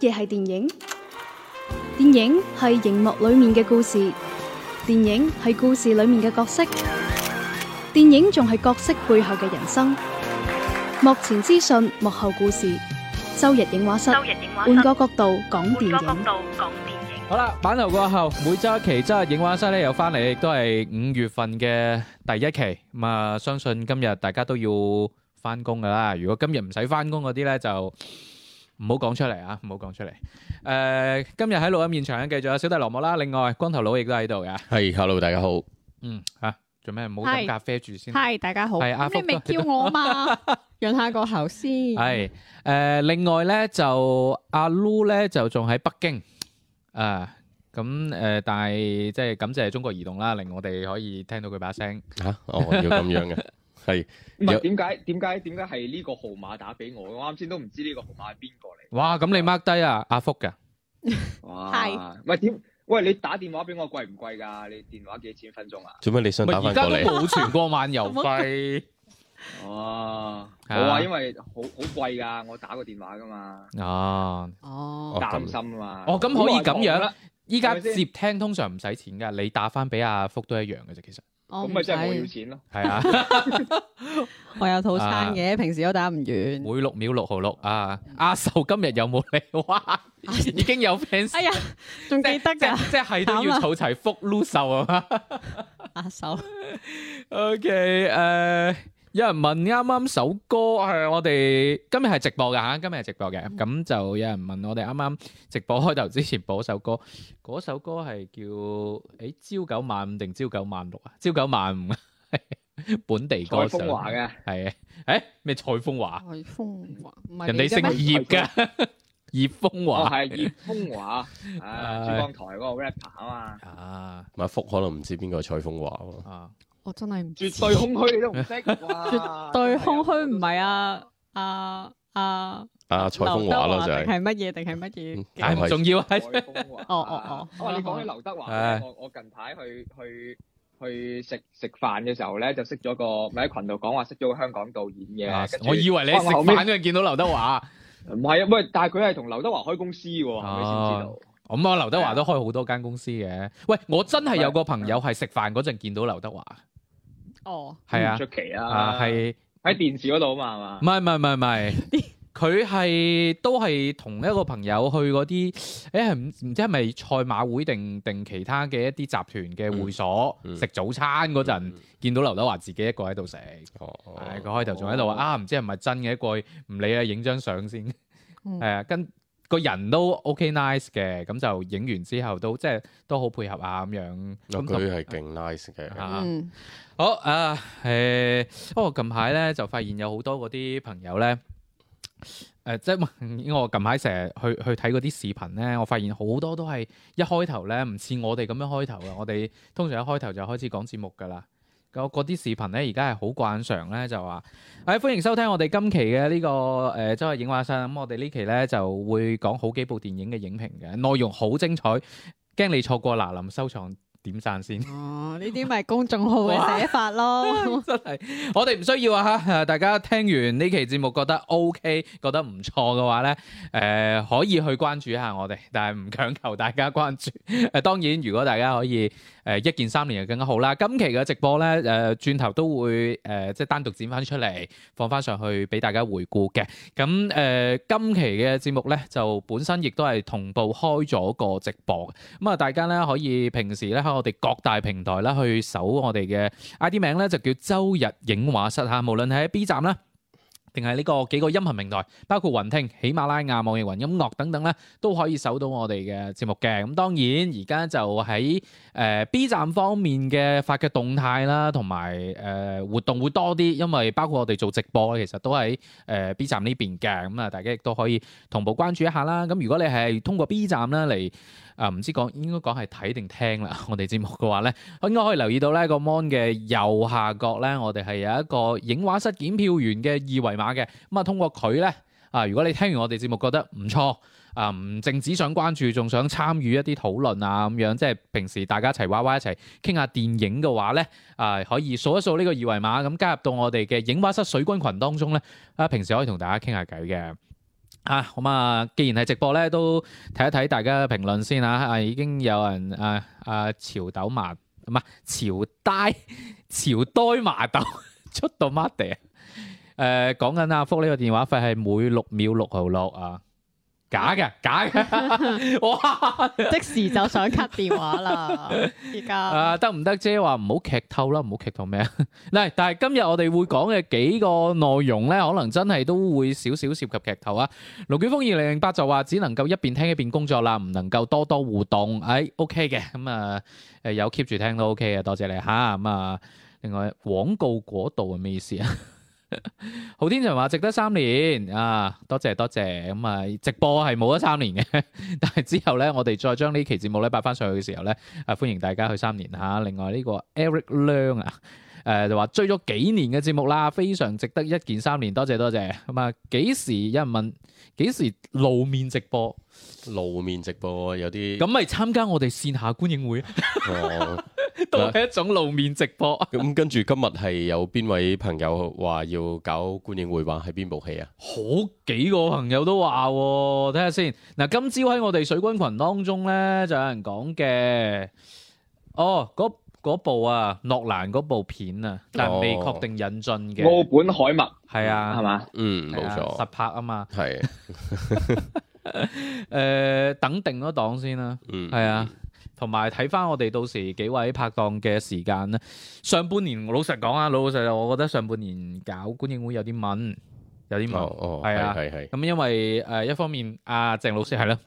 乜嘢係電影？電影係熒幕裏面嘅故事，電影係故事裏面嘅角色，電影仲係角色背後嘅人生。幕前資訊，幕後故事。周日映畫室，換個角度講電影。好啦，版頭過後，每周一期，周日映畫室咧又翻嚟，亦都係五月份嘅第一期。咁啊，相信今日大家都要翻工噶啦。如果今日唔使翻工嗰啲咧，就。唔好講出嚟啊！唔好講出嚟。誒、呃，今日喺錄音現場繼續有小弟羅莫啦。另外，光頭佬亦都喺度嘅。係、hey,，hello，大家好。嗯，吓、啊、做咩？冇飲咖啡住先。係 Hey,，大家好。係阿福都未叫我嘛？潤 下個喉先。係，誒，另外咧就阿 Lu 咧就仲喺北京。誒、啊，咁、嗯、誒、呃，但係即係感謝中國移動啦，令我哋可以聽到佢把聲。吓、啊，我要咁樣嘅、啊。 係唔係？點解點解點解係呢個號碼打俾我？我啱先都唔知呢個號碼係邊個嚟。哇！咁你 mark 低啊，阿福噶。係。喂，點？喂，你打電話俾我貴唔貴噶？你電話幾錢分鐘啊？做咩你想打翻過嚟？唔係而家都冇全光漫遊費。哦。我話因為好好貴噶，我打個電話噶嘛。哦。哦。擔心啊嘛。哦，咁可以咁樣。依家接聽通常唔使錢噶，你打翻俾阿福都一樣嘅啫，其實。咁咪即係我真要錢咯，係啊， 我有套餐嘅，啊、平時都打唔完。每六秒六毫六啊，阿壽今日有冇嚟？哇，哎、呀已經有 fans，哎呀，仲記得啊，即係都要湊齊福禄壽啊阿壽，OK 誒、uh,。有人問啱啱首歌，係我哋今日係直播㗎吓？今日係直播嘅。咁就有人問我哋啱啱直播開頭之前播首歌，嗰首歌係叫誒朝九晚五定朝九晚六啊？朝九晚五啊，本地歌手蔡風華嘅，係啊，誒咩蔡風華？蔡風華，唔係人哋姓葉嘅葉風華，係葉風華，珠江台嗰個 rapper 啊嘛，啊，阿福可能唔知邊個蔡風華喎。我真係唔知詞，絕對空虛你都唔識。絕對空虛唔係啊啊啊！阿蔡峰華咯就係，係乜嘢？定係乜嘢？唔重要啊！哦哦哦，我話你講起劉德華咧，我我近排去去去食食飯嘅時候咧，就識咗個咪喺羣度講話識咗個香港導演嘅。我以為你食飯嗰陣見到劉德華，唔係啊？喂，但係佢係同劉德華開公司喎，我先知道。咁啊，劉德華都開好多間公司嘅。喂，我真係有個朋友係食飯嗰陣見到劉德華。哦，係啊，出奇啊，係喺電視嗰度啊嘛，係嘛？唔係唔係唔係，佢係都係同一個朋友去嗰啲，誒唔唔知係咪賽馬會定定其他嘅一啲集團嘅會所食早餐嗰陣，見到劉德華自己一個喺度食，係佢開頭仲喺度話啊，唔知係咪真嘅，一個唔理啊，影張相先，係啊跟。個人都 OK nice 嘅，咁就影完之後都即係都好配合啊咁樣。咁佢係勁 nice 嘅。嚇，好啊，誒、嗯，我、uh, 欸、不過近排咧就發現有好多嗰啲朋友咧，誒、呃，即係我近排成日去去睇嗰啲視頻咧，我發現好多都係一開頭咧唔似我哋咁樣開頭嘅，我哋通常一開頭就開始講節目㗎啦。嗰啲視頻咧，而家係好慣常咧，就話：誒、哎、歡迎收聽我哋今期嘅呢、這個誒、呃、周日映畫室。咁、嗯、我哋呢期咧就會講好幾部電影嘅影評嘅，內容好精彩，驚你錯過，嗱臨收藏點贊先。哦，呢啲咪公眾號嘅寫法咯，真係 我哋唔需要啊嚇！大家聽完呢期節目覺得 OK，覺得唔錯嘅話咧，誒、呃、可以去關注一下我哋，但係唔強求大家關注。誒當然，如果大家可以。誒一鍵三連就更加好啦！今期嘅直播咧，誒、呃、轉頭都會誒、呃、即係單獨剪翻出嚟放翻上去俾大家回顧嘅。咁、嗯、誒、呃、今期嘅節目咧，就本身亦都係同步開咗個直播嘅。咁、嗯、啊，大家咧可以平時咧喺我哋各大平台咧去搜我哋嘅 I D 名咧就叫周日映畫室嚇，無論喺 B 站啦，定係呢個幾個音頻平台，包括雲聽、喜馬拉雅、網易雲音樂等等咧，都可以搜到我哋嘅節目嘅。咁當然而家就喺誒 B 站方面嘅發嘅動態啦，同埋誒活動會多啲，因為包括我哋做直播其實都喺誒 B 站呢邊嘅。咁啊，大家亦都可以同步關注一下啦。咁如果你係通過 B 站啦嚟。啊，唔知講應該講係睇定聽啦。我哋節目嘅話咧，應該可以留意到呢個 Mon 嘅右下角咧，我哋係有一個映畫室檢票員嘅二維碼嘅。咁啊，通過佢咧，啊，如果你聽完我哋節目覺得唔錯，啊，唔淨止想關注，仲想參與一啲討論啊咁樣，啊，即係平時大家一齊玩玩一齊傾下電影嘅話咧，啊，可以掃一掃呢個二維碼，咁、啊、加入到我哋嘅映畫室水軍群當中咧，啊，平時可以同大家傾下偈嘅。啊，咁啊，既然係直播咧，都睇一睇大家嘅評論先嚇。啊，已經有人啊、啊潮豆麻，唔、啊、係潮呆潮呆麻豆出到乜地啊？誒、啊，講緊阿福呢個電話費係每六秒六毫六啊。假嘅，假嘅，哇！即時就想 cut 電話啦，而家誒，得唔得啫？話唔好劇透啦，唔好劇透咩啊？嚟， 但係今日我哋會講嘅幾個內容咧，可能真係都會少少涉及劇透啊。盧建峰二零零八就話只能夠一邊聽一邊工作啦，唔能夠多多互動。誒、哎、，OK 嘅，咁、嗯、啊、誒、嗯、有 keep 住聽都 OK 嘅，多謝你吓。咁啊、嗯，另外廣告嗰度係咩意思啊？ 好 天就話值得三年啊，多謝多謝，咁啊，直播係冇得三年嘅，但係之後咧，我哋再將呢期節目咧擺翻上去嘅時候咧，啊歡迎大家去三年吓、啊。另外呢個 Eric Leung 啊，誒就話追咗幾年嘅節目啦，非常值得一見三年，多謝多謝。咁啊幾時有人問？幾時露面直播？露面直播有啲咁咪參加我哋線下觀影會。哦 都係一種露面直播、 嗯。咁跟住今日係有邊位朋友話要搞觀影會話，係邊部戲啊？好幾個朋友都話、哦，睇下先。嗱，今朝喺我哋水軍群當中咧，就有人講嘅，哦，嗰部啊，諾蘭嗰部片啊，但未確定引進嘅、哦《澳本海默》係啊，係嘛？嗯是，冇錯，實拍啊嘛，係。誒，等定咗檔先啦。嗯，係啊、嗯。同埋睇翻我哋到時幾位拍檔嘅時間咧，上半年老實講啊，老老實實，我覺得上半年搞觀影會有啲悶，有啲悶，係、哦哦、啊，咁、嗯、因為誒、呃、一方面阿、啊、鄭老師係啦。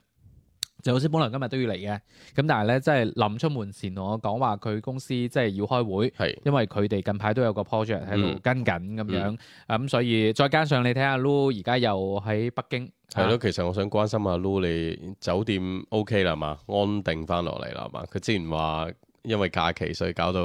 就好似本嚟今日都要嚟嘅，咁但係咧，即係臨出門前同我講話，佢公司即係要開會，係是因為佢哋近排都有個 project 喺度跟緊咁樣，咁、嗯嗯、所以再加上你睇下 Lu 而家又喺北京，係咯、啊。其實我想關心下 Lu，你酒店 OK 啦嘛？安定翻落嚟啦嘛？佢之前話因為假期所以搞到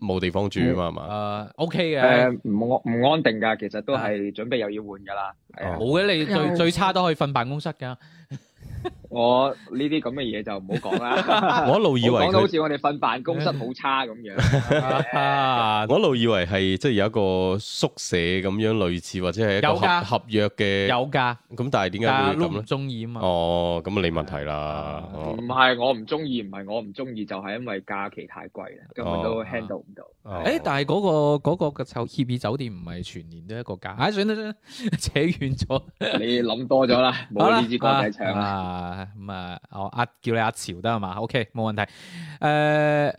冇地方住、嗯、啊嘛？啊，OK 嘅，唔安唔安定噶，其實都係準備又要換噶啦。冇嘅，你最 最差都可以瞓辦公室噶。 我呢啲咁嘅嘢就唔好講啦。 我一路以為佢講到好似我哋瞓辦公室好差咁樣。 我一路以為係即係有一個宿舍咁樣類似或者係有合合約嘅。有噶的。咁但係點解會咁咧？中意啊嘛。哦，咁啊你問題啦。唔係、啊、我唔中意，唔係我唔中意，就係、是、因為假期太貴啦，根本都 handle 唔到。誒，但係嗰、那個嗰、那個嘅酒協議酒店唔係全年都一個價。唉、啊，算啦算啦，扯遠咗。 你諗多咗啦，冇呢支歌太長啦。啊啊啊咁啊，我、啊、啊叫你阿、啊、潮得係嘛，OK 冇問題。誒、啊，呢、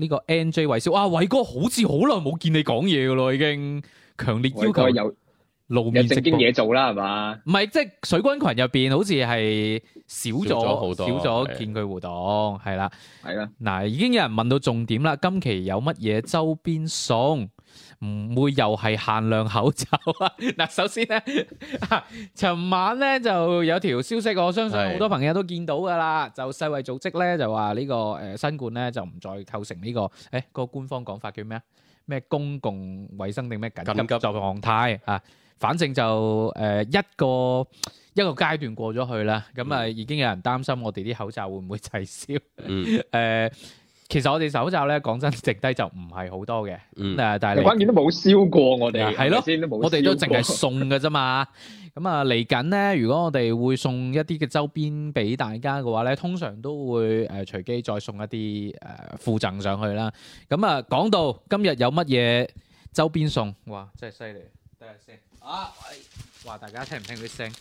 這個 N J 韋少，哇、啊、韋哥好似好耐冇見你講嘢噶咯，已經強烈要求有露面直播嘢做啦，係嘛？唔係即係水軍群入邊好似係少咗好多少咗見佢互動，係啦的，係啦的。嗱、啊，已經有人問到重點啦，今期有乜嘢周邊送？唔會又係限量口罩啊！嗱，首先咧，啊，尋晚咧就有條消息，我相信好多朋友都見到噶啦，就世衛組織咧就話呢、這個誒、呃、新冠咧就唔再構成呢、這個誒，那個官方講法叫咩啊？咩公共衛生定咩緊急狀態急急啊？反正就誒、呃、一個一個階段過咗去啦，咁啊、嗯、已經有人擔心我哋啲口罩會唔會滯銷？誒、嗯。 呃其實我哋手罩咧，講真，剩低就唔係好多嘅。嗯，但係你關鍵都冇燒過我哋，係咯的，我哋都淨係送嘅啫嘛。咁 啊，嚟緊咧，如果我哋會送一啲嘅周邊俾大家嘅話咧，通常都會誒隨機再送一啲誒、呃、附贈上去啦。咁啊，講到今日有乜嘢周邊送，哇，真係犀利！等下先，啊，喂、哎！話大家聽唔聽到啲聲？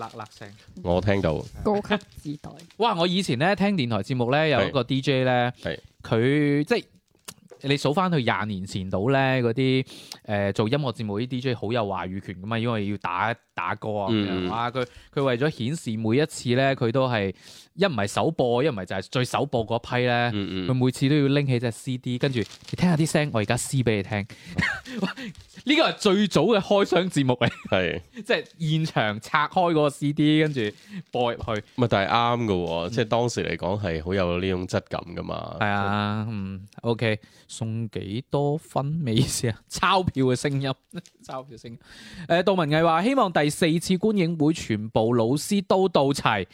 啦啦聲，我聽到。高級字代，哇！我以前咧聽電台節目咧，有一個 DJ 咧，係，佢即係你數翻去廿年前度咧，啲誒、呃、做音樂節目啲 DJ 好有話語權㗎嘛，因為要打。打歌啊，哇！佢佢為咗顯示每一次咧，佢都係一唔係首播，一唔係就係最首播嗰批咧。佢、嗯嗯、每次都要拎起隻 CD，跟住聽下啲聲，我而家撕俾你聽。呢個係最早嘅開箱節目嚟，是即係現場拆開個 CD，跟住播入去。咪但係啱嘅喎，即係當時嚟講係好有呢種質感噶嘛。係、嗯、啊，好嗯，OK，送幾多分咩意思啊？鈔票嘅聲音，鈔票嘅聲音，誒、呃、杜文毅話希望第。四次觀影會，全部老師都到齊，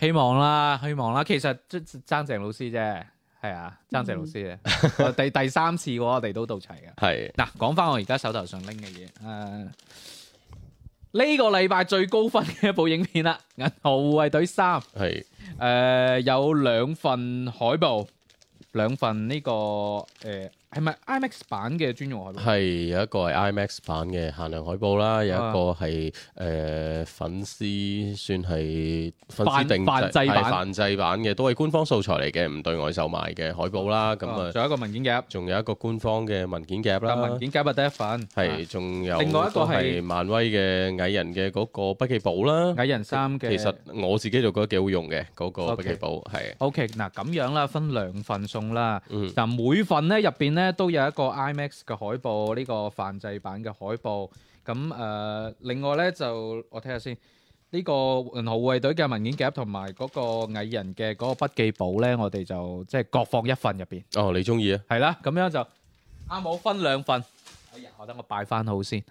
希望啦，希望啦。其實爭鄭老師啫，係啊，爭鄭老師啊。第 第三次我哋都到齊嘅，係嗱的。講翻我而家手頭上拎嘅嘢，誒、呃，呢、這個禮拜最高分嘅一部影片啦，《銀河護衛隊三》係誒的、呃，有兩份海報，兩份呢、這個誒。呃係咪 IMAX 版嘅專用海報？係有一個係 IMAX 版嘅限量海報啦，有一個係誒粉絲算係粉絲定製係仿製版嘅，都係官方素材嚟嘅，唔對外售賣嘅海報啦。咁啊，仲有一個文件夾，仲有一個官方嘅文件夾啦。但文件夾就得一份，係仲有另外一個係漫威嘅蟻人嘅嗰個筆記簿啦，蟻人三嘅。其實我自己就覺得幾好用嘅嗰個筆記簿係。OK，嗱咁樣啦，分兩份送啦。嗱每份咧入邊咧。咧都有一個 IMAX 嘅海報，呢個泛製版嘅海報。咁誒，另外咧就我睇下先，呢個《銀河護衛隊》嘅文件夾同埋嗰個藝人嘅嗰個筆記簿咧，我哋就即係各放一份入邊。哦，你中意啊？係啦，咁樣就啱好分兩份。哎呀，我等我擺翻好先。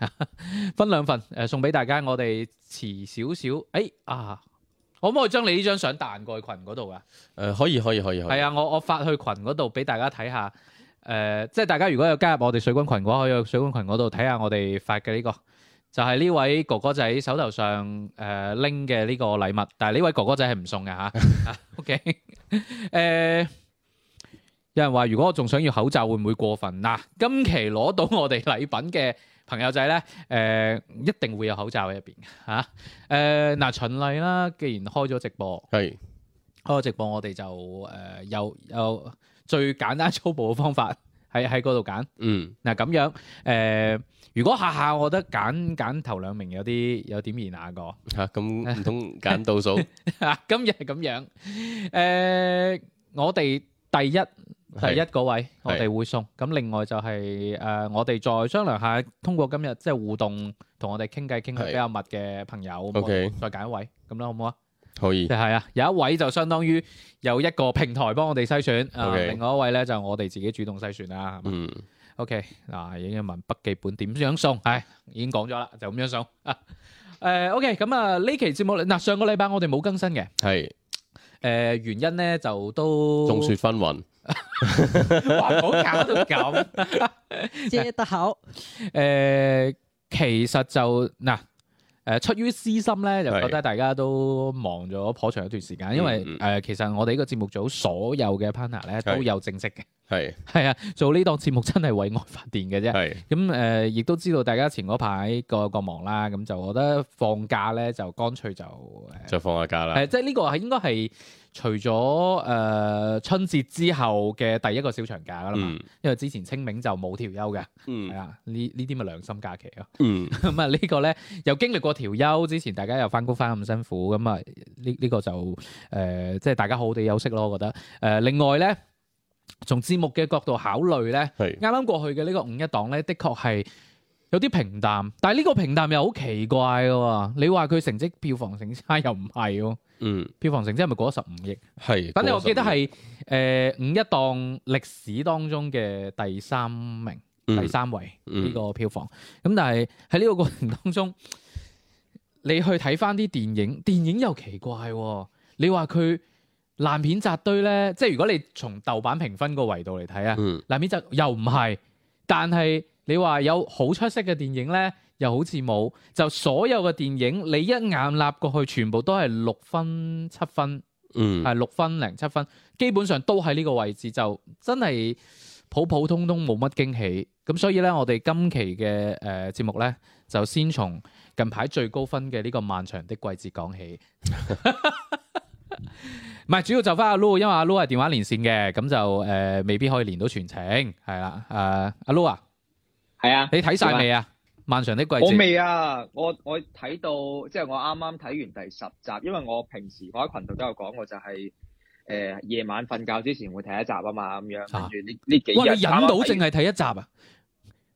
分兩份誒，送俾大家。我哋遲少少。誒啊，可唔可以將你呢張相彈過去羣嗰度啊？誒，可以，可以，可以，可以。係啊，我我發去羣嗰度俾大家睇下。誒、呃，即係大家如果有加入我哋水軍群嘅話，可以去水軍群嗰度睇下我哋發嘅呢、這個，就係、是、呢位哥哥仔手頭上誒拎嘅呢個禮物，但係呢位哥哥仔係唔送嘅吓。啊、 OK，誒、呃，有人話如果我仲想要口罩會唔會過分？嗱、呃，今期攞到我哋禮品嘅朋友仔咧，誒、呃，一定會有口罩喺入邊吓。誒、啊、嗱、呃，循、呃、例啦，既然開咗直播，係是開咗直播我，我哋就誒，有有。有最簡單粗暴嘅方法喺喺嗰度揀。嗯。嗱咁樣，誒，如果下下我覺得揀揀頭兩名有啲有點兒難，個嚇咁唔通揀倒數。今日係咁樣，誒，我哋第一第一個位我哋會送。咁另外就係誒，我哋再商量下，通過今日即係互動同我哋傾偈傾得比較密嘅朋友，我哋再揀一位，咁啦，好唔好啊？可以，就係啊，有一位就相當於有一個平台幫我哋篩選，Okay. 啊，另外一位咧就是、我哋自己主動篩選啦。嗯、mm.，OK，嗱、啊、已經問筆記本點樣送，係、哎、已經講咗啦，就咁樣送。誒、啊呃、，OK，咁啊呢期節目嗱、啊、上個禮拜我哋冇更新嘅，係誒是、呃、原因咧就都眾說紛紜，話講假都咁遮得口好。誒、嗯，其實就嗱。啊誒，出於私心咧，是就覺得大家都忙咗頗長一段時間，嗯、因為誒、呃，其實我哋呢個節目組所有嘅 partner 咧是都有正式嘅，係係是啊，做呢檔節目真係為愛發電嘅啫，係咁誒，亦、呃、都知道大家前嗰排個個忙啦，咁就覺得放假咧就乾脆就、呃、就放下假啦，誒，即係呢個係應該係。除咗誒、呃、春節之後嘅第一個小長假啦嘛，嗯、因為之前清明就冇調休嘅，係啊、嗯，呢呢啲咪良心假期咯。咁啊、嗯、 呢個咧又經歷過調休，之前大家又翻工翻咁辛苦，咁啊呢呢個就誒、呃、即係大家好好地休息咯，我覺得誒、呃、另外咧，從節目嘅角度考慮咧，啱啱是過去嘅呢個五一檔咧，的確係。有啲平淡，但係呢個平淡又好奇怪嘅喎。你話佢成績票房成差又唔係喎。嗯，票房成績係咪過咗十五億？係是。反正我記得係誒億、呃、五一檔歷史當中嘅第三名、嗯、第三位呢、嗯、個票房。咁但係喺呢個過程當中，你去睇翻啲電影，電影又奇怪。你話佢爛片紮堆咧，即係如果你從豆瓣評分個維度嚟睇啊，爛、嗯、片紮又唔係，但係。你話有好出色嘅電影呢，又好似冇，就所有嘅電影，你一眼立過去，全部都係六分七分，嗯，係六分零七分，基本上都喺呢個位置，就真係普普通通驚，冇乜驚喜咁。所以呢，我哋今期嘅誒節目呢，就先從近排最高分嘅呢個《漫長的季節》講起，唔係 主要就翻阿 Lo，因為阿 Lo 係電話連線嘅，咁就誒、呃、未必可以連到全程係啦。誒、呃啊，阿 Lo 啊。係啊，你睇晒未啊？麼漫長的季節，我未啊，我我睇到即係我啱啱睇完第十集，因為我平時我喺群度都有講過就係、是、誒、呃、夜晚瞓覺之前會睇一集啊嘛，咁樣跟住呢呢幾日忍、啊、到淨係睇一集啊？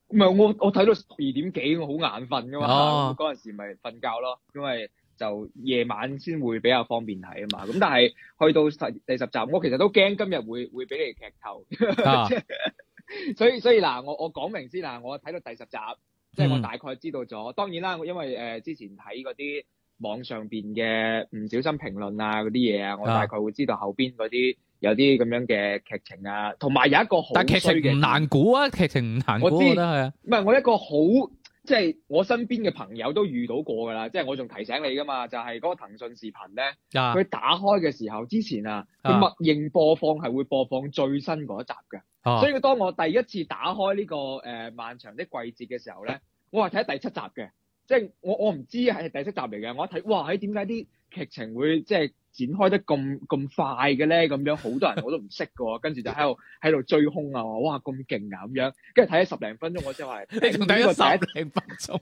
唔係我我睇到十二點幾，我好眼瞓噶嘛，嗰陣時咪瞓覺咯，因為就夜晚先會比較方便睇啊嘛。咁但係去到第第十集，我其實都驚今日會會俾你劇透。啊 所以所以嗱，我我講明先啦，我睇到第十集，即係我大概知道咗。嗯、當然啦，因為誒、呃、之前睇嗰啲網上邊嘅唔小心評論啊嗰啲嘢啊，我大概會知道後邊嗰啲有啲咁樣嘅劇情啊，同埋有，有一個好但劇情唔難估啊，劇情唔難估，我覺得唔係我一個好。即係我身邊嘅朋友都遇到過㗎啦，即係我仲提醒你㗎嘛，就係、是、嗰個騰訊視頻咧，佢、啊、打開嘅時候之前啊，佢默認播放係會播放最新嗰一集嘅，啊、所以當我第一次打開呢、這個誒、呃《漫長的季節》嘅時候咧，我係睇第七集嘅，即係我我唔知係第七集嚟嘅，我一睇，哇！點解啲劇情會即係？展開得咁咁快嘅咧，咁樣好多人我都唔識嘅喎，跟住就喺度喺度追空啊！哇，咁勁啊！咁樣，跟住睇咗十零分鐘，我即係話你仲睇咗十零分鐘，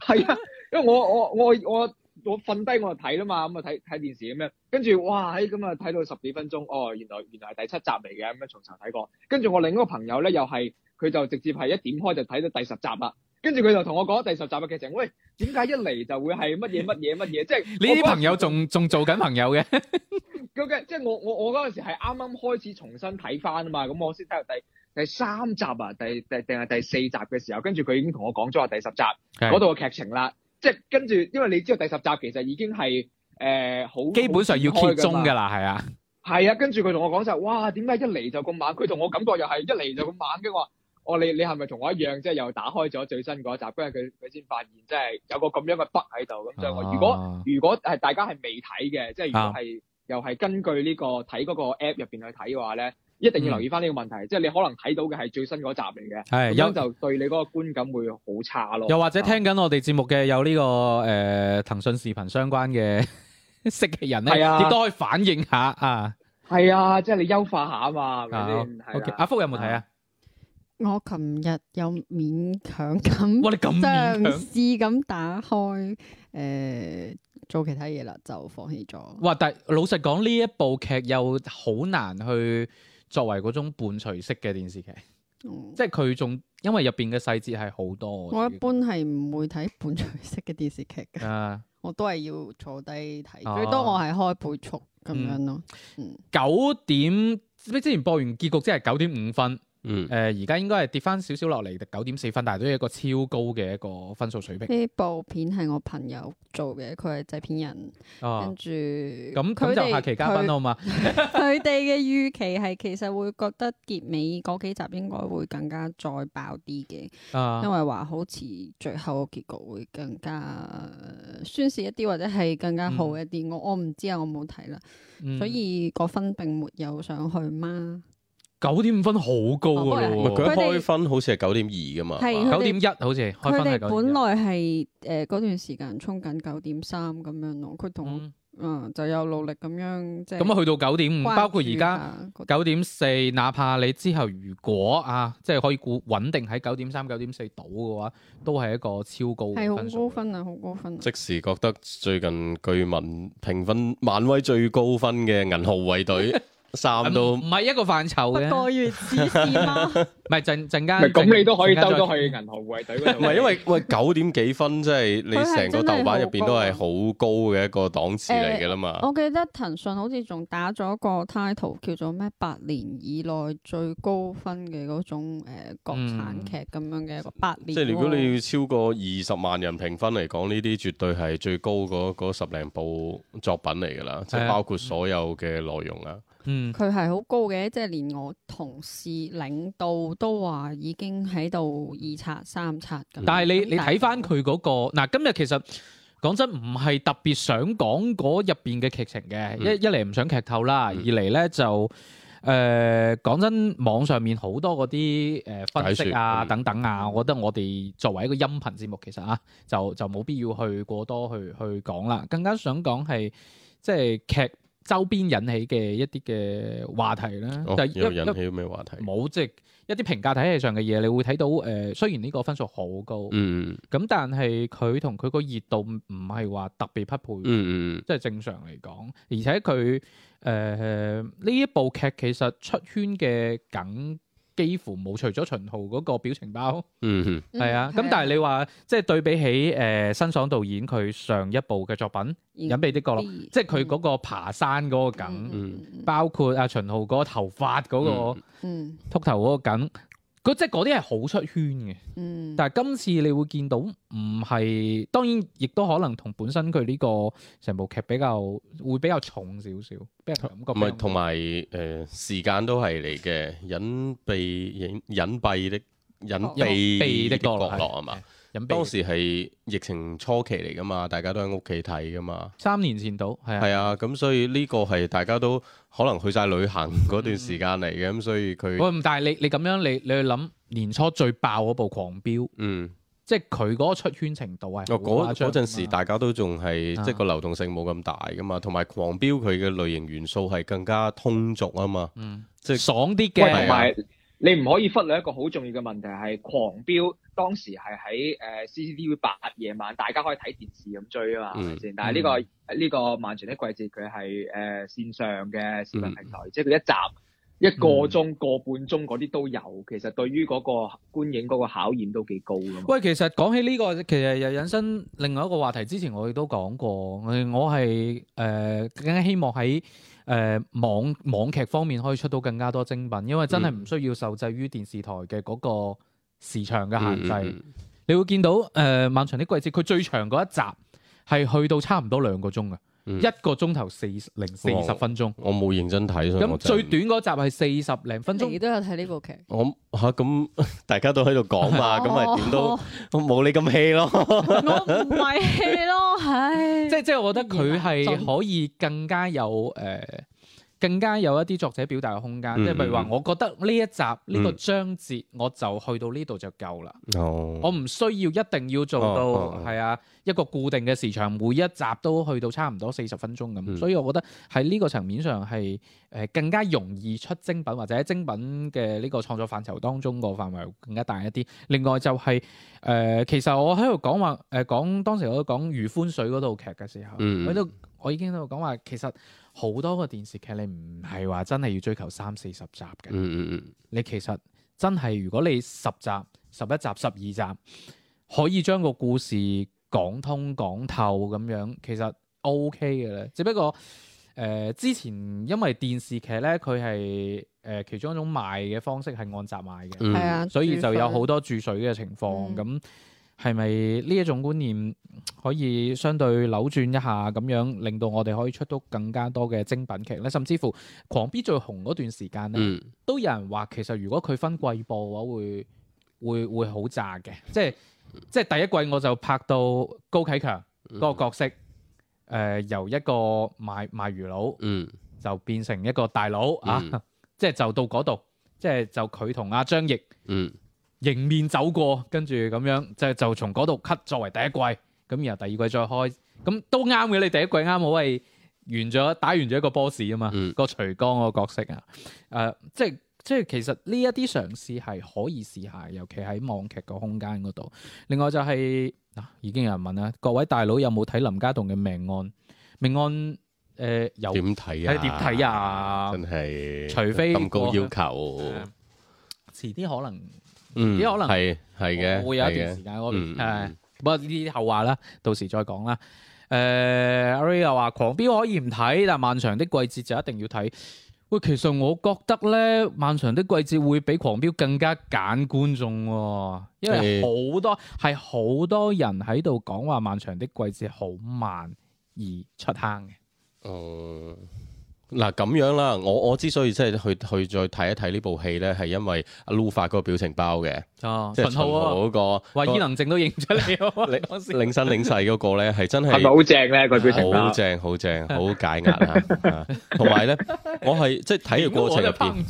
係 啊，因為我我我我我瞓低我就睇啦嘛，咁啊睇睇電視咁樣，跟住哇，喺咁啊睇到十幾分鐘，哦，原來原來係第七集嚟嘅，咁樣從頭睇過，跟住我另一個朋友咧又係佢就直接係一點開就睇到第十集啦。跟住佢就同我講第十集嘅劇情，喂，點解一嚟，就會係乜嘢乜嘢乜嘢？即係 你啲朋友仲仲做緊朋友嘅究竟？即 係 我我我嗰陣時係啱啱開始重新睇翻啊嘛，咁我先睇到第第三集啊，第第定係第四集嘅時候，跟住佢已經同我講咗話第十集嗰度嘅劇情啦。即係跟住，因為你知道第十集其實已經係誒好基本上要揭盅噶啦，係啊，係啊。跟住佢同我講就話，哇，點解一嚟就咁猛？佢同我感覺又係一嚟就咁猛嘅話。 你你係咪同我一樣，即係又打開咗最新嗰一集，跟住佢佢先發現，即係有個咁樣嘅 bug 喺度咁。所以我如果如果係大家係未睇嘅，即係如果係又係根據呢個睇嗰個 app 入邊去睇嘅話咧，一定要留意翻呢個問題。即係你可能睇到嘅係最新嗰集嚟嘅，咁樣就對你嗰個觀感會好差咯。又或者聽緊我哋節目嘅有呢個誒騰訊視頻相關嘅識嘅人咧，亦都可以反映下啊。係啊，即係你優化下啊嘛，阿福有冇睇啊？我琴日有勉強咁嘗試咁打開，誒、呃、做其他嘢啦，就放棄咗。哇！但係老實講，呢一部劇又好難去作為嗰種伴隨式嘅電視劇，嗯、即係佢仲因為入邊嘅細節係好多。我，我一般係唔會睇伴隨式嘅電視劇噶，啊、我都係要坐低睇，啊、最多我係開倍速咁樣咯。九、嗯嗯、點，你之前播完結局即係九點五分。嗯，誒、呃，而家應該係跌翻少少落嚟，九點四分，但係都係一個超高嘅一個分數水平。呢部片係我朋友做嘅，佢係製片人。哦、跟住着咁，佢就下期嘉賓好嘛。佢哋嘅預期係其實會覺得結尾嗰幾集應該會更加再爆啲嘅，哦、因為話好似最後嘅結局會更加宣泄一啲，或者係更加好一啲，嗯。我我唔知啊，我冇睇啦，所以個分並沒有上去嗎？九點五分好高㗎喇，佢開分好似係九點二噶嘛，九點一好似係開分。佢哋本來係誒嗰段時間衝緊九點三咁樣咯，佢同，嗯，嗯，就有努力咁樣即係。咁啊，去到九點五，包括而家九點四，哪怕你之後如果啊，即、就、係、是、可以估穩定喺九點三、九點四到嘅話，都係一個超高分。係好高分啊，好高分、啊。即時覺得最近據聞評分漫威最高分嘅銀河護衛隊，三都唔係、啊、一個範疇嘅，一個月事件咯。唔係陣陣間，咁你都可以兜到去銀河護衛隊嗰度。唔係因為喂九點幾分，即係 你成個豆瓣入邊都係好高嘅一個檔次嚟嘅啦嘛，欸。我記得騰訊好似仲打咗個 title 叫做咩？八年以內最高分嘅嗰種，誒、呃、國產劇咁樣嘅一個八年。即係如果你要超過二十萬人評分嚟講，呢啲絕對係最高嗰十零部作品嚟噶啦，即係包括所有嘅內容啊。嗯嗯，佢係好高嘅，即係連我同事領導都話已經喺度二刷三刷咁。嗯、但係你你睇翻佢嗰個嗱，嗯、今日其實講真唔係特別想講嗰入邊嘅劇情嘅、嗯，一一嚟唔想劇透啦，嗯、二嚟咧就誒講、呃、真網上面好多嗰啲誒分析啊說等等啊，的我覺得我哋作為一個音頻節目，其實啊就就冇必要去過多去去講啦，更加想講係即係劇。周邊引起嘅一啲嘅話題啦，就引起咩話題？冇、哦，即係一啲評價體系上嘅嘢，你會睇到誒、呃。雖然呢個分數好高，嗯，咁但係佢同佢個熱度唔係話特別匹配，嗯嗯即係正常嚟講。而且佢誒呢一部劇其實出圈嘅梗。幾乎冇除咗秦昊嗰個表情包，嗯，哼啊、嗯，係啊，咁但係你話，即係對比起誒、呃、辛爽導演佢上一部嘅作品《隱秘的角落》嗯，即係佢嗰個爬山嗰個梗，嗯嗯包括阿、啊、秦昊嗰個頭髮嗰、那個，嗯，禿頭嗰個梗。即係嗰啲係好出圈嘅，但係今次你會見到唔係，當然亦都可能同本身佢呢個成部劇比較會比較重少少，俾人感覺。唔係，同埋誒時間都係嚟嘅隱秘隱隱蔽的隱秘的角落啊嘛。當時係疫情初期嚟噶嘛，大家都喺屋企睇噶嘛。三年前到，係啊。係啊，咁所以呢個係大家都可能去晒旅行嗰段時間嚟嘅，咁、嗯、所以佢。喂，但係你你咁樣，你你去諗年初最爆嗰部《狂飆》，嗯，即係佢嗰個出圈程度啊。嗰嗰陣時大家都仲係即係個流動性冇咁大噶嘛，同埋《狂飆》佢嘅類型元素係更加通俗啊嘛，嗯、即係爽啲嘅，唔係的。你唔可以忽略一個好重要嘅問題係狂飆，當時係喺誒 CCTV 八夜晚，大家可以睇電視咁追啊嘛，係咪先？但係、這、呢個呢、嗯、個漫長的季節，佢係誒線上嘅視頻平台，嗯、即係佢一集一個鐘、個半鐘嗰啲都有。其實對於嗰個觀影嗰個考驗都幾高嘅。喂，其實講起呢、這個，其實又引申另外一個話題。之前我哋都講過，我係誒、呃、更加希望喺。誒、呃、網網劇方面可以出到更加多精品，因為真係唔需要受制於電視台嘅嗰個時長嘅限制。嗯、你會見到誒《漫、呃、長的季節》，佢最長嗰一集係去到差唔多兩個鐘嘅。一個鐘頭四零四十分鐘，我冇認真睇。咁最短嗰集係四十零分鐘。你都有睇呢部劇？我嚇咁，啊、大家都喺度講嘛，咁咪點都冇、哦、你咁氣咯。 我唔係氣咯，唉，即係即係，我覺得佢係可以更加有誒，呃更加有一啲作者表達嘅空間，即係、嗯、譬如話，我覺得呢一集呢個章節我就去到呢度就夠啦。哦、我唔需要一定要做到係啊一個固定嘅時長，哦哦、每一集都去到差唔多四十分鐘咁。嗯、所以，我覺得喺呢個層面上係誒更加容易出精品，或者精品嘅呢個創作範疇當中個範圍更加大一啲。另外就係、是，誒、呃、其實我喺度講話，誒講當時我講余歡水嗰套劇嘅時候，嗯、我都我已經喺度講話，其實。好多個電視劇，你唔係話真係要追求三四十集嘅。嗯嗯嗯，你其實真係如果你十集、十一集、十二集可以將個故事講通講透咁樣，其實 OK 嘅咧。只不過誒、呃，之前因為電視劇咧，佢係誒其中一種賣嘅方式係按集賣嘅，係啊、嗯，所以就有好多注水嘅情況咁。嗯嗯係咪呢一種觀念可以相對扭轉一下咁樣，令到我哋可以出到更加多嘅精品劇咧？甚至乎狂 B 最紅嗰段時間咧，嗯、都有人話其實如果佢分季播嘅話，會會會好炸嘅。即係即係第一季我就拍到高啟強嗰個角色，誒、嗯呃、由一個賣賣魚佬、嗯、就變成一個大佬、嗯、啊！即係就到嗰度，即係就佢同阿張譯。嗯迎面走過，跟住咁樣就就從嗰度 cut 作為第一季，咁然後第二季再開，咁都啱嘅。你第一季啱，好係完咗打完咗一個 boss 啊嘛，個、嗯、徐江嗰個角色啊，誒、呃、即係即係其實呢一啲嘗試係可以試下，尤其喺網劇個空間嗰度。另外就係、是、啊，已經有人問啦，各位大佬有冇睇林家棟嘅命案？命案誒、呃、有點睇啊？點睇、哎、啊？真係是，除非咁、那個、高要求，啊、遲啲可能。嗯，可能係係嘅，會有一段時間嗰，不過呢啲後話啦，到時再講啦。誒、呃，阿 Ray 又話狂飆可以唔睇，但漫長的季節就一定要睇。喂，其實我覺得咧，漫長的季節會比狂飆更加揀觀眾、哦，因為好多係好、嗯、多人喺度講話漫長的季節好慢而出坑嘅。哦、嗯。嗱咁樣啦，我我之所以即係去去再睇一睇呢部戲咧，係因為阿 Lufa 嗰個表情包嘅，即係秦昊嗰個，話伊能靜都認出嚟，擰身擰勢嗰個咧係真係，係咪好正咧？嗰表情好正，好正，好 解壓 啊！同埋咧，我係即係睇嘅過程入邊，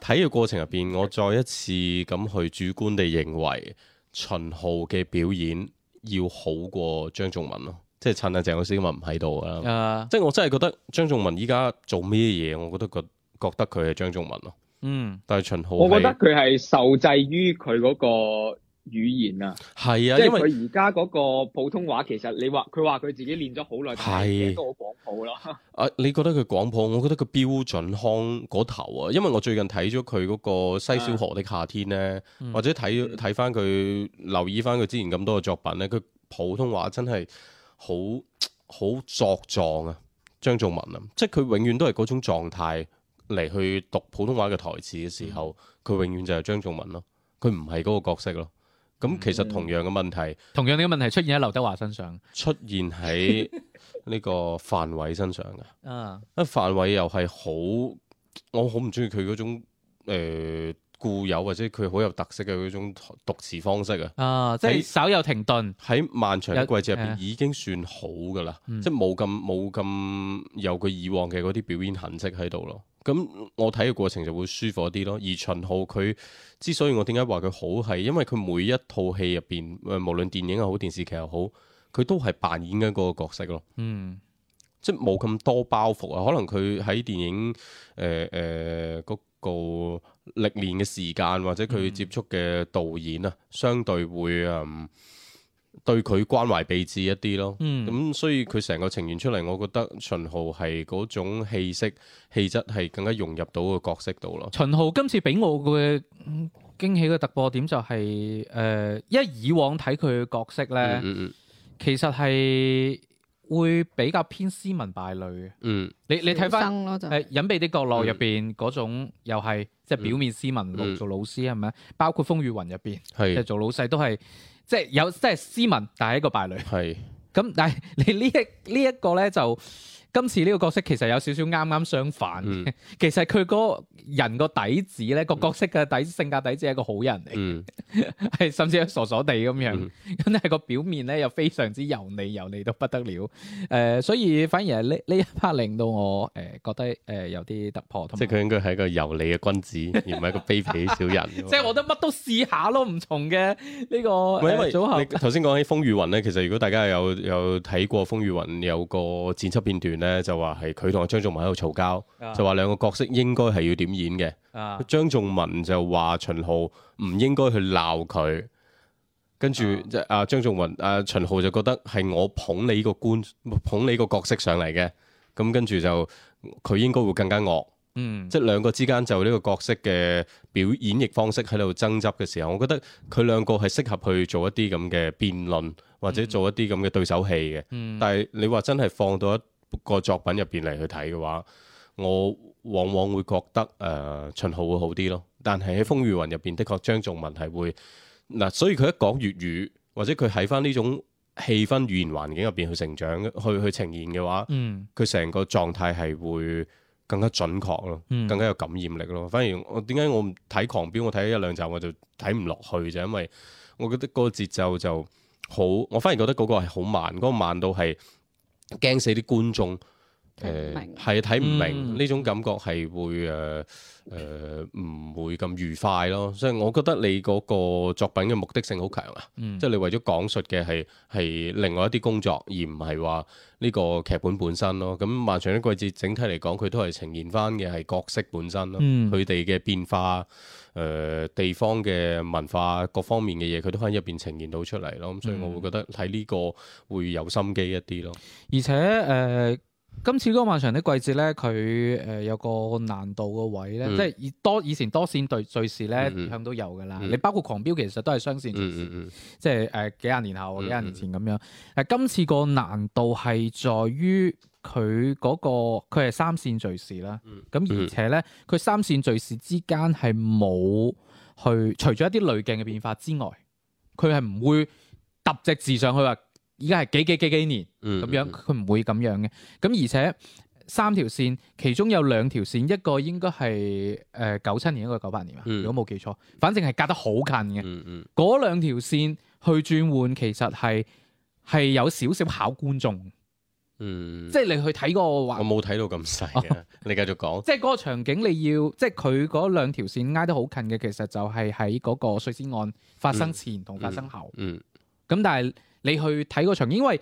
睇嘅 過，過程入邊， 我再一次咁去主觀地認為秦昊嘅表演要好過張仲文咯。即係趁阿、啊、鄭老師咁啊唔喺度啊，uh, 即係我真係覺得張頌文依家做咩嘢？我覺得覺覺得佢係張頌文咯、啊。嗯，但係秦昊，我覺得佢係受制於佢嗰個語言啊，係啊，因為佢而家嗰個普通話，其實你話佢話佢自己練咗好耐，係是都好廣普啦。啊，你覺得佢廣普？我覺得佢標準腔嗰頭啊，因為我最近睇咗佢嗰個《西小河的夏天》呢咧、嗯，或者睇睇翻佢留意翻佢之前咁多嘅作品咧，佢普通話真係。好好作狀啊，張仲文啊，即係佢永遠都係嗰種狀態嚟去讀普通話嘅台詞嘅時候，佢、嗯、永遠就係張仲文咯，佢唔係嗰個角色咯。咁其實同樣嘅問題，嗯、同樣呢個問題出現喺劉德華身上，出現喺呢個范偉身上嘅。啊，啊范偉又係好，我好唔中意佢嗰種、呃固有或者佢好有特色嘅嗰種讀詞方式啊、哦，即係稍在有停頓。喺漫長嘅季節入邊已經算好噶啦，嗯、即係冇咁冇咁有佢以往嘅嗰啲表演痕跡喺度咯。咁我睇嘅過程就會舒服啲咯。而秦昊佢之所以我點解話佢好，係因為佢每一套戲入邊，無論電影又好、電視劇又好，佢都係扮演緊嗰個角色咯。嗯，即係冇咁多包袱啊。可能佢喺電影誒誒、呃呃呃個歷練嘅時間或者佢接觸嘅導演啊，嗯、相對會嗯對佢關懷備至一啲咯。咁、嗯、所以佢成個呈現出嚟，我覺得秦昊係嗰種氣息、氣質係更加融入到個角色度咯。秦昊今次俾我嘅驚喜嘅突破點就係、是、誒、呃，因為以往睇佢嘅角色咧，嗯嗯嗯其實係。會比較偏斯文敗類，嗯，你你睇翻，係隱秘的角落入邊嗰種又係即係表面斯文，嗯、做老師係咪？包括雲面《風雨雲》入邊，係做老細都係即係有即係、就是、斯文，但係一個敗類，係咁、嗯， 但係你、這個、呢一呢一個咧就。今次呢個角色其實有少少啱啱相反、嗯，其實佢個人個底子咧，嗯、個角色嘅底子性格底子係一個好人嚟，嗯、 甚至係傻傻地咁樣，咁但係個表面咧又非常之油膩油膩到不得了，誒、呃，所以反而係呢呢一 part 令到我誒、呃、覺得誒、呃、有啲突破。即係佢應該係一個油膩嘅君子， 而唔係一個卑鄙小人。 即係我覺得乜都試下咯，唔同嘅呢、呢個組合。你頭先講起《風雨雲》咧，其實如果大家有有睇過《風雨雲》有個剪輯片段咧就話係佢同阿張頌文喺度嘈交，啊、就話兩個角色應該係要點演嘅。張頌、啊、文就話秦昊唔應該去鬧佢，跟住即係張頌文阿、啊、秦昊就覺得係我捧你呢個官捧你個角色上嚟嘅，咁跟住就佢應該會更加惡。嗯，即係兩個之間就呢個角色嘅表演繹方式喺度爭執嘅時候，我覺得佢兩個係適合去做一啲咁嘅辯論，或者做一啲咁嘅對手戲嘅。嗯、但係你話真係放到一個作品入邊嚟去睇嘅話，我往往會覺得誒、呃、秦浩會好啲咯。但係喺《風雨雲》入邊，的確張頌文係會嗱、啊，所以佢一講粵語，或者佢喺翻呢種氣氛、語言環境入邊去成長、去去呈現嘅話，佢成、嗯、個狀態係會更加準確咯，嗯、更加有感染力咯。反而我點解我唔睇《狂飆》，我睇咗一兩集我就睇唔落去就因為我覺得嗰個節奏就好，我反而覺得嗰個係好慢，嗰、那個慢到係。驚死啲觀眾，誒係睇唔明呢、嗯、種感覺係會誒誒唔會咁愉快咯，所以我覺得你嗰個作品嘅目的性好強啊，嗯、即係你為咗講述嘅係係另外一啲工作，而唔係話呢個劇本本身咯。咁漫長嘅季節整體嚟講，佢都係呈現翻嘅係角色本身咯，佢哋嘅變化。誒、呃、地方嘅文化各方面嘅嘢，佢都可喺入邊呈現到出嚟咯，咁所以我會覺得睇呢個會有心機一啲咯、嗯。而且誒、呃，今次呢個漫長的季節咧，佢誒有個難度嘅位咧，嗯、即係以多以前多線對敘事咧，一向、嗯嗯、都有噶啦。嗯、你包括狂飆其實都係雙線敘事，嗯嗯嗯即係誒、呃、幾廿年後幾廿年前咁樣。誒，今次個難度係在於。佢嗰、那個佢係三線敘事啦，咁、嗯、而且呢，佢三線敘事之間係冇去除咗一啲濾鏡嘅變化之外，佢係唔會揼隻字上去話，而家係幾幾幾幾年咁、嗯嗯、樣，佢唔會咁樣嘅。咁而且三條線其中有兩條線，一個應該係誒九七年，一個九八年啊，嗯、如果冇記錯，反正係隔得好近嘅。嗰、嗯嗯嗯、兩條線去轉換，其實係係有少少考觀眾。嗯，即係你去睇個畫，我冇睇到咁細啊！你繼續講，即係嗰個場景，你要即係佢嗰兩條線挨得好近嘅，其實就係喺嗰個碎屍案發生前同發生後。嗯，咁但係你去睇嗰場景，因為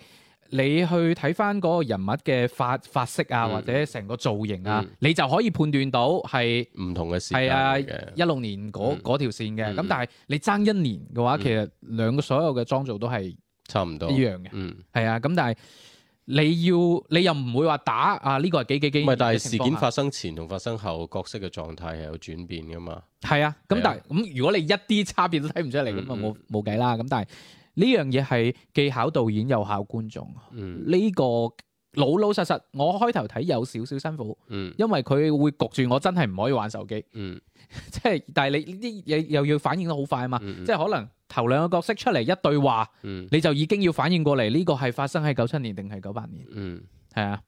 你去睇翻嗰個人物嘅髮髮色啊，或者成個造型啊，你就可以判斷到係唔同嘅時間啊，一六年嗰嗰條線嘅，咁但係你爭一年嘅話，其實兩個所有嘅妝造都係差唔多一樣嘅。嗯，係啊，咁但係。你要你又唔會話打啊，呢個係幾幾幾，唔係，但係事件發生前同發生後角色嘅狀態係有轉變噶嘛？係啊，咁但係，咁如果你一啲差別都睇唔出嚟，咁啊，冇冇計啦。咁但係呢樣嘢係既考導演又考觀眾，嗯，呢個。老老實實，我開頭睇有少少辛苦，因為佢會焗住我，真係唔可以玩手機。即係、嗯， 但係你呢啲嘢又要反應得好快啊嘛！嗯、即係可能頭兩個角色出嚟一對話，嗯、你就已經要反應過嚟呢、呢個係發生喺九七年定係九八年？係、嗯、啊。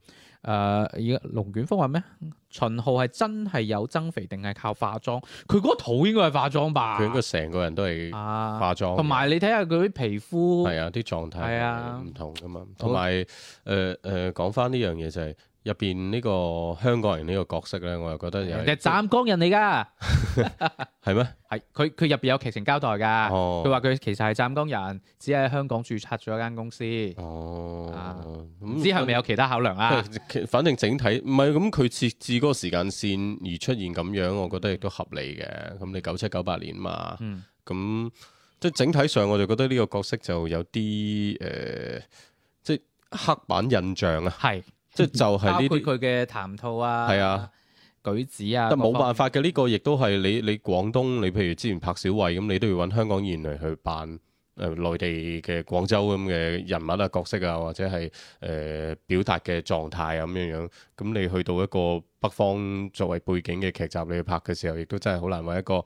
誒而家龍捲風話咩？秦昊係真係有增肥定係靠化妝？佢嗰個肚應該係化妝吧？佢應該成個人都係化妝。同埋、啊、你睇下佢啲皮膚係啊啲狀態係啊唔同噶嘛。同埋誒誒講翻呢樣嘢就係、是。入邊呢個香港人呢個角色咧，我又覺得又係湛江人嚟噶，係咩 嗎？係佢佢入邊有劇情交代噶，佢話佢其實係湛江人，只喺香港注冊咗一間公司。哦，咁之後係咪有其他考量啊？反正整體唔係咁，佢設置嗰個時間線而出現咁樣，我覺得亦都合理嘅。咁你九七九八年嘛，咁、嗯、即係整體上，我就覺得呢個角色就有啲誒、呃，即係刻板印象啊，係。即係就係呢，包括佢嘅談吐啊，係啊，舉止啊，但冇辦法嘅呢、嗯、個，亦都係你你廣東，你譬如之前拍小慧咁，你都要揾香港演員嚟去扮誒、呃、內地嘅廣州咁嘅人物啊角色啊，或者係誒、呃、表達嘅狀態啊咁樣樣。咁你去到一個北方作為背景嘅劇集你去拍嘅時候，亦都真係好難搵一個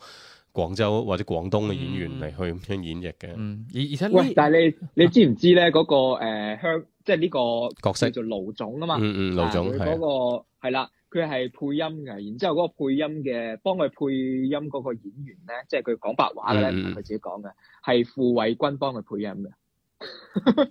廣州或者廣東嘅演員嚟去咁樣演繹嘅、嗯。嗯，而而且喂，但係你你知唔知咧嗰個誒香？啊啊即係呢個角色叫做盧總啊嘛，嗯嗯，盧總係嗰、那個係啦，佢係的配音嘅，然之後嗰個配音嘅幫佢配音嗰個演員咧，即係佢講白話嘅咧，唔係、嗯嗯、自己講嘅，係傅衛軍幫佢配音嘅。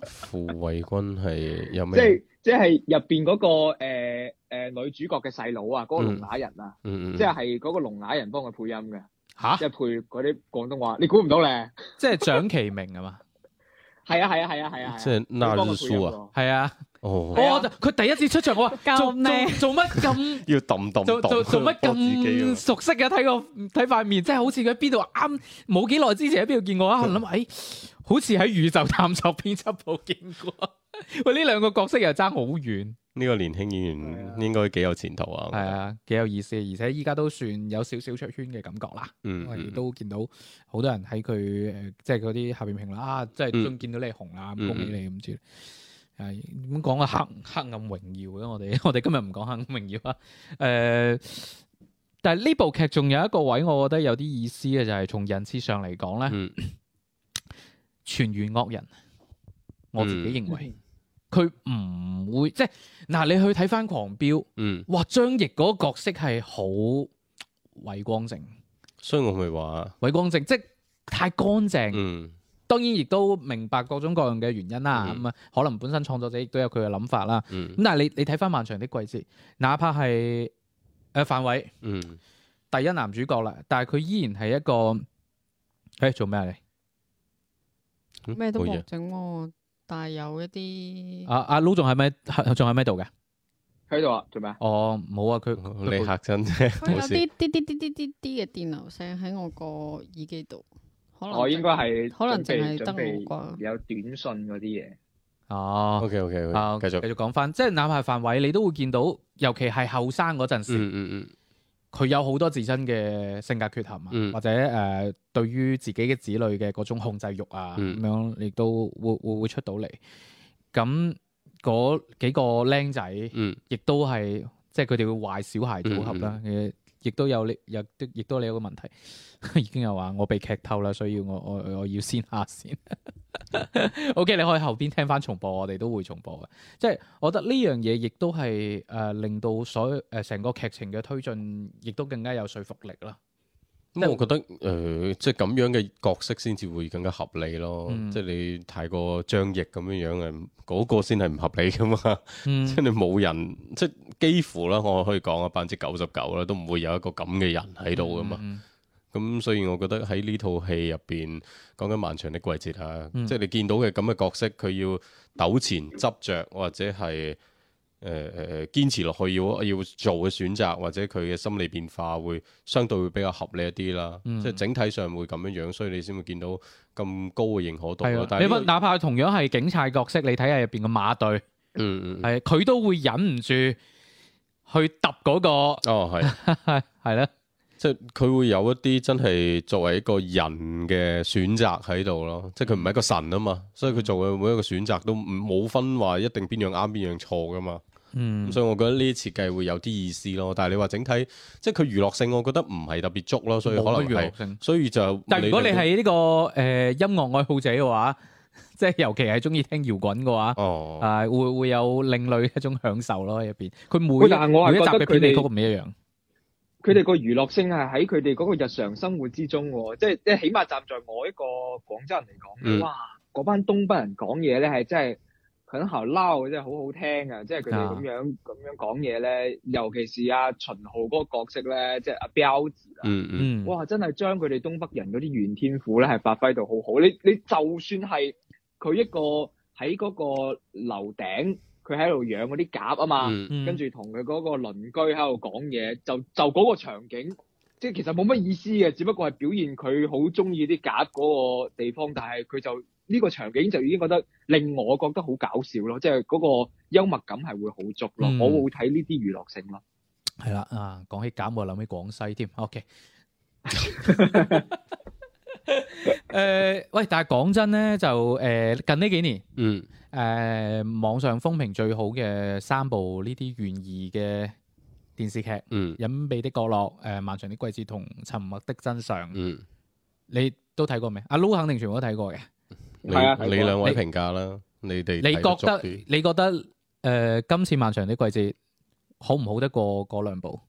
傅 衛軍係有咩？ 即係即係入邊嗰個誒、呃呃、女主角嘅細佬啊，嗰、那個聾啞人啊，嗯嗯嗯，即係係嗰個聾啞人幫佢配音嘅，嚇、啊，即係配嗰啲廣東話，你估唔到咧，即係蔣奇明係嘛？係啊係啊係啊係啊，即係拉住樹啊，係啊，哦，我就佢第一次出場，我話 做咩做乜咁要氹氹做做乜咁熟悉嘅、啊？睇個睇塊面，即係、就是、好似喺邊度啱，冇幾耐之前喺邊度見過啊？諗下、啊，誒，好似喺宇宙探索編輯部見過、啊， 喂，呢兩個角色又爭好遠。呢個年輕演員應該幾有前途啊！係啊，幾有意思，而且依家都算有少少出圈嘅感覺啦、嗯。嗯，因為都見到好多人喺佢誒，即係嗰啲下邊評論啊，即係終於見到你紅啦，嗯、恭喜你咁唔知係點、呃、講啊？嗯、黑黑暗榮耀啊！我哋我哋今日唔講黑暗榮耀啊。誒、呃，但係呢部劇仲有一個位，我覺得有啲意思嘅，就係、是、從人設上嚟講咧、嗯嗯，全員惡人，我自己認為佢唔。會即係嗱，你去睇翻《狂飆》，嗯，哇，張譯嗰角色係好偉光正，所以我咪話，偉光正即係太乾淨。嗯，當然亦都明白各種各樣嘅原因啦。咁啊、嗯，可能本身創作者亦都有佢嘅諗法啦。咁、嗯、但係你你睇翻《漫長的季節》，哪怕係誒、呃、范偉，嗯，第一男主角啦，但係佢依然係一個誒、欸、做咩嚟？啊？咩都冇整喎、啊。但係有一啲阿阿 Lu 仲喺咩？仲喺咩度嘅？喺度啊？做咩、哦、啊？哦，冇啊！佢你嚇親啫。有啲啲啲啲啲啲啲嘅電流聲喺我個耳機度，可能我應該係可能淨係得我有短信嗰啲嘢。哦，哦，OK OK OK，哦、繼續繼續講返，即係哪怕範圍你都會見到，尤其係後生嗰陣時嗯。嗯嗯。佢有好多自身嘅性格缺陷啊，嗯、或者誒、呃、對於自己嘅子女嘅嗰種控制欲啊，咁、嗯、樣亦都會會、會出到嚟。咁幾個僆仔，亦、嗯、都係，即係佢哋會壞小孩組合啦。嗯嗯嗯亦都有你，有也都亦都你有個問題， 已經又話我被劇透啦，所以我我我要先下線。O K，你可以後邊聽翻重播，我哋都會重播嘅。即、就、係、是、我覺得呢樣嘢亦都係誒令到所誒成、呃、個劇情嘅推進，亦都更加有說服力啦。咁、嗯、我覺得誒、呃，即係咁樣嘅角色先至會更加合理咯。嗯、即係你太過張譯咁樣樣嘅，嗰、那個先係唔合理噶嘛。嗯、即係你冇人，即係幾乎啦，我可以講啊，百分之九十九啦，都唔會有一個咁嘅人喺度噶嘛。咁、嗯嗯、所以我覺得喺呢套戲入邊講緊漫長的季節啊，嗯、即係你見到嘅咁嘅角色，佢要糾纏執着，或者係。誒誒堅持落去要要做嘅選擇，或者佢嘅心理變化會相對會比較合理一啲啦，嗯、即係整體上會咁樣樣，所以你先會見到咁高嘅認可度。係的、這個、你問哪怕同樣係警察角色，你睇下入邊嘅馬隊，嗯嗯，係佢都會忍唔住去揼嗰、嗰個。哦，係係係咧，即係佢會有一啲真係作為一個人嘅選擇喺度咯，即係佢唔係一個神啊嘛，所以佢做嘅每一個選擇都冇分話一定邊樣啱邊樣錯噶嘛。嗯，所以我覺得呢啲設計會有啲意思咯。但係你話整體，即係佢娛樂性，我覺得唔係特別足咯。所以可能娛樂性，所以就但係如果你係呢、這個誒、呃、音樂愛好者嘅話，即係尤其係中意聽搖滾嘅話，哦、啊會會有另類一種享受咯。入邊佢每，但係我係覺得佢哋唔一樣。佢哋個娛樂性係喺佢哋嗰個日常生活之中，即係即係起碼站在我一個廣州人嚟講，哇、嗯！嗰班東北人講嘢咧係真係。佢啲喉撈真係好好聽啊！即係佢哋咁樣咁 Yeah. 樣講嘢咧，尤其是阿秦昊嗰個角色咧，即係阿彪子啊！嗯嗯、mm，hmm. 哇！真係將佢哋東北人嗰啲原天賦咧係發揮到好好。你你就算係佢一個喺嗰個樓頂，佢喺度養嗰啲鴿啊嘛，mm hmm. 跟住同佢嗰個鄰居喺度講嘢，就就嗰個場景，即係其實冇乜意思嘅，只不過係表現佢好中意啲鴿嗰個地方，但係佢就。呢個場景就已經覺得令我覺得好搞笑咯，即係嗰個幽默感係會好足咯。嗯、我會睇呢啲娛樂性咯。係啦，啊，講起減，我諗起廣西添。OK，誒，喂，但係講真咧，就誒、呃、近呢幾年，嗯，誒、呃、網上風評最好嘅三部呢啲懸疑嘅電視劇，嗯，《隱秘的角落》呃、誒《漫長的季節》同《沉默的真相》，嗯，你都睇過未？阿 Low 肯定全部都睇過嘅。係啊，你兩位評價啦，你哋你，你覺得你覺得誒、呃、今次漫長的季節好唔好得過嗰兩部？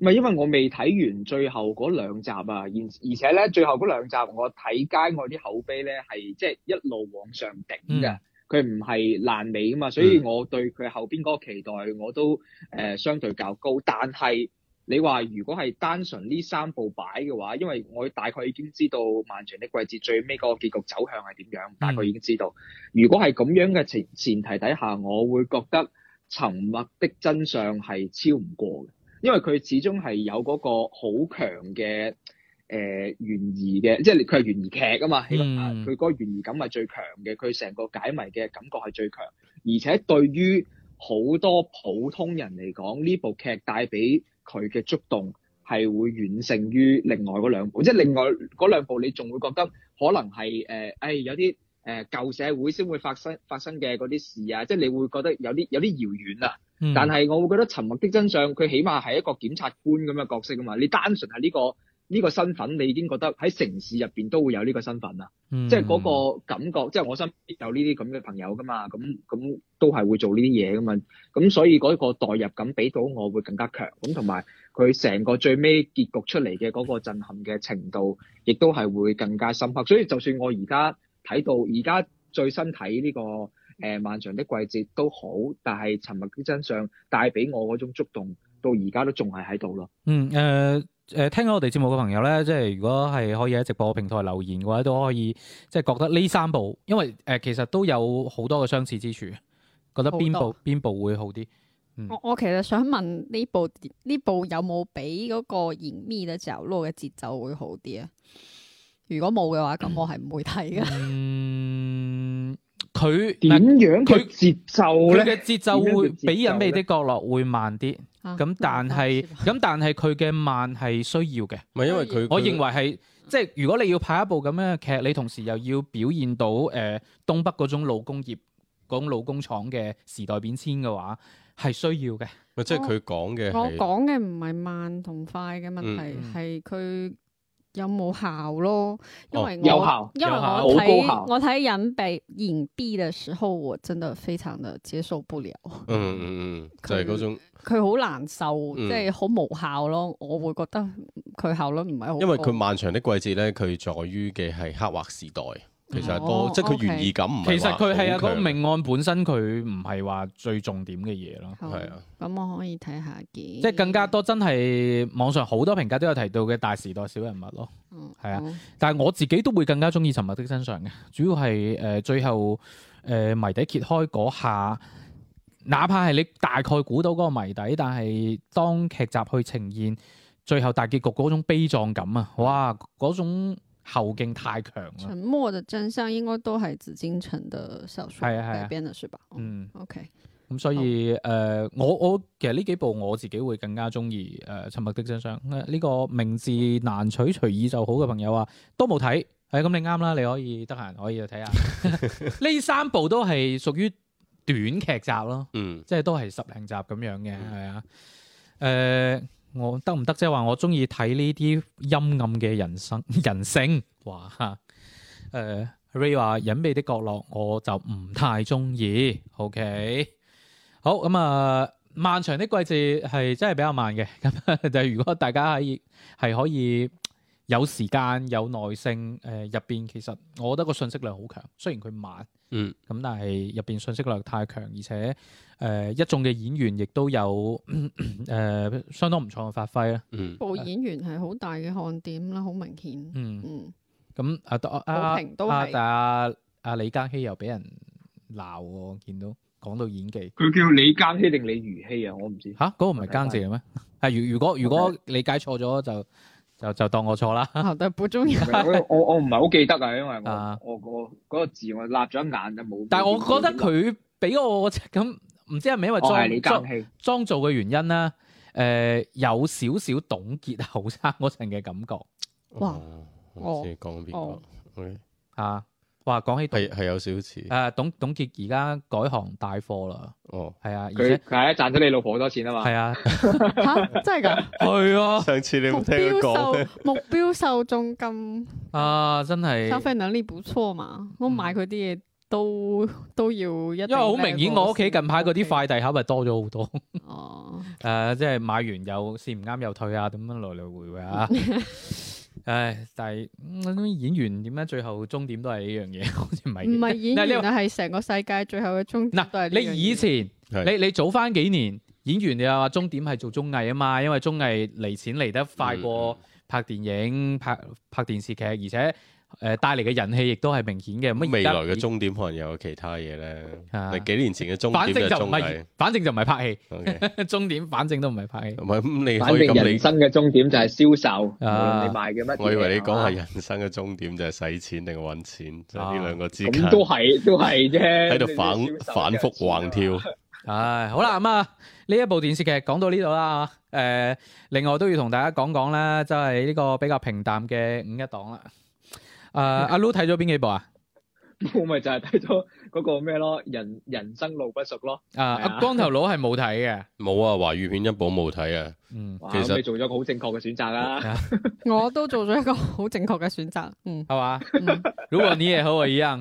唔係因為我未睇完最後嗰兩集啊，然而且咧最後嗰兩集我睇街外啲口碑咧係即係一路往上頂㗎，佢唔係爛尾啊嘛，所以我對佢後邊嗰個期待我都誒、呃、相對較高，但係。你話如果係單純呢三部擺嘅話，因為我大概已經知道漫長的季節最尾嗰個結局走向係點樣，嗯、大概已經知道。如果係咁樣嘅前前提底下，我會覺得沉默的真相係超唔過嘅，因為佢始終係有嗰個好強嘅誒、呃、懸疑嘅，即係佢係懸疑劇啊嘛，佢嗰、嗯、個懸疑感係最強嘅，佢成個解謎嘅感覺係最強，而且對於好多普通人嚟講，呢部劇帶俾佢嘅觸動係會遠勝於另外嗰兩部，即係另外嗰兩部你仲會覺得可能係誒，誒、呃哎、有啲誒、呃、舊社會先會發生發生嘅嗰啲事啊，即係你會覺得有啲有啲遙遠啊。嗯、但係我會覺得沉默的真相佢起碼係一個檢察官咁嘅角色啊嘛，你單純係呢、這個。呢個身份你已經覺得喺城市入邊都會有呢個身份啦，即係嗰個感覺，嗯、即係我身邊有呢啲咁嘅朋友噶嘛，咁咁都係會做呢啲嘢噶嘛，咁所以嗰個代入感俾到我會更加強，咁同埋佢成個最尾結局出嚟嘅嗰個震撼嘅程度，亦都係會更加深刻。所以就算我而家睇到而家最新睇呢、這個誒、呃《漫長的季節》都好，但係《沉默的真相》帶的帶俾我嗰種觸動到而家都仲係喺度咯。嗯誒。呃誒、呃，聽我哋節目嘅朋友咧，即係如果係可以喺直播平台留言嘅話，都可以，即係覺得呢三部，因為誒、呃、其實都有好多嘅相似之處，覺得邊部邊多部會好啲。嗯、我我其實想問呢部呢部有冇比嗰個隱秘的角落嘅節奏會好啲啊？如果冇嘅話，咁我係唔會睇㗎。嗯，佢點樣節？佢節奏咧？節奏會比隱秘的角落會慢啲。咁但係，咁但係佢嘅慢係需要嘅，唔係因為佢，我認為係即係如果你要拍一部咁樣嘅劇，你同時又要表現到誒、呃、東北嗰種老工業、嗰種老工廠嘅時代變遷嘅話，係需要嘅。即係佢講嘅，我講嘅唔係慢同快嘅問題，係佢、嗯。嗯。有冇效咯？因為我有效因為我睇效我睇隱秘隱蔽的時候，我真的非常的接受不了。嗯嗯嗯，就係嗰種佢好難受，即係好無效咯。嗯、我會覺得佢效率唔係好。因為佢漫長的季節咧，佢在於嘅係刻畫時代。其實多，哦、即係佢懸疑感其實佢係啊，個命案本身佢唔係話最重點嘅嘢咯，係好啊。咁我可以睇下嘅，即係更加多真係網上好多評價都有提到嘅大時代小人物咯，係、嗯、啊。嗯、但係我自己都會更加中意沉默的真相嘅，主要係誒、呃、最後誒謎底揭開嗰下，哪怕係你大概估到嗰個謎底，但係當劇集去呈現最後大結局嗰種悲壯感啊，哇嗰種。後勁太強喇。沉默的真相應該都係紫金陳的小說改編嘅，是吧？嗯，OK。咁所以誒、uh,，我我其實呢幾部我自己會更加中意誒，呃《沉默的真相》呢、這個名字難取隨意就好嘅朋友啊，都冇睇，係、欸、咁你啱啦，你可以得閒可以去睇下。呢 三部都係屬於短劇集咯，嗯、就是，即係都係十零集咁樣嘅，係啊，誒、uh,。我得唔得？即係話我中意睇呢啲陰暗嘅人生人性。哇吓！誒、呃，Ray 話隱秘的角落，我就唔太中意。OK，好咁啊、嗯，漫長的季節係真係比較慢嘅。咁 就如果大家係係可以有時間、有耐性，誒、呃，入邊其實我覺得個信息量好強。雖然佢慢，嗯，咁但係入邊信息量太強，而且。誒一眾嘅演員亦都有誒相當唔錯嘅發揮咧，部演員係好大嘅看點啦，好明顯。嗯嗯。咁啊，阿阿阿阿李嘉熙又俾人鬧喎，見到講到演技，佢叫李嘉熙定李如希啊？我唔知。嚇，嗰個唔係嘉字嘅咩？係如如果如果理解錯咗就就就當我錯啦。但係我中意。我我唔係好記得啊，因為我我個字我擸咗眼就冇。但係我覺得佢俾我咁。唔知係咪因為裝裝造嘅原因咧？誒，有少少董潔後生嗰陣嘅感覺。哇！先講邊個？吓，哇！講起係係有少似。誒，董董潔而家改行帶貨啦。哦，係啊，而且佢一賺咗你老婆好多錢啊嘛。係啊，吓真係噶？係啊。上次你冇聽佢講目標受眾金啊，真係。消費能力唔錯嘛，我買佢啲嘢。都都要一,一，因為好明顯我屋企近排嗰啲快遞盒咪多咗好多。哦，誒，即係買完又試唔啱又退啊，咁樣來來回回啊！ 唉，但係、嗯、演員點解最後終點都係呢樣嘢， 好似唔係。唔係演員係、啊、成個世界最後嘅終點，嗱、呃，你以前你你早翻幾年演員你又話終點係做綜藝啊嘛，因為綜藝嚟錢嚟得快過拍電影、拍拍電視劇，而且。誒，帶嚟嘅人氣亦都係明顯嘅。乜未來嘅終點可能有其他嘢咧？係幾年前嘅終點就唔係，反正就唔係拍戲。終點反正都唔係拍戲。唔係咁，你可以咁。人生嘅終點就係銷售，無論你賣嘅乜。我以爲你講係人生嘅終點就係使錢定搵錢，就呢兩個之間。咁都係，都係啫。喺度反反覆橫跳。唉，好啦，咁啊，呢一部電視劇講到呢度啦，誒，另外都要同大家講講啦，就係呢個比較平淡嘅五一檔啦。誒，阿 Lu 睇咗邊幾部啊？我咪就係睇咗嗰個咩咯，人人生路不熟咯。啊，光頭佬係冇睇嘅。冇啊，華語片一部冇睇啊。嗯，其實你做咗個好正確嘅選擇啦。我都做咗一個好正確嘅選擇，嗯，係嘛？如果你也和我一樣，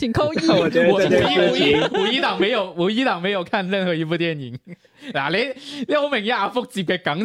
五一五一五一檔沒有五一檔沒有看任何一部電影，嗱，你你好明顯阿福接嘅梗。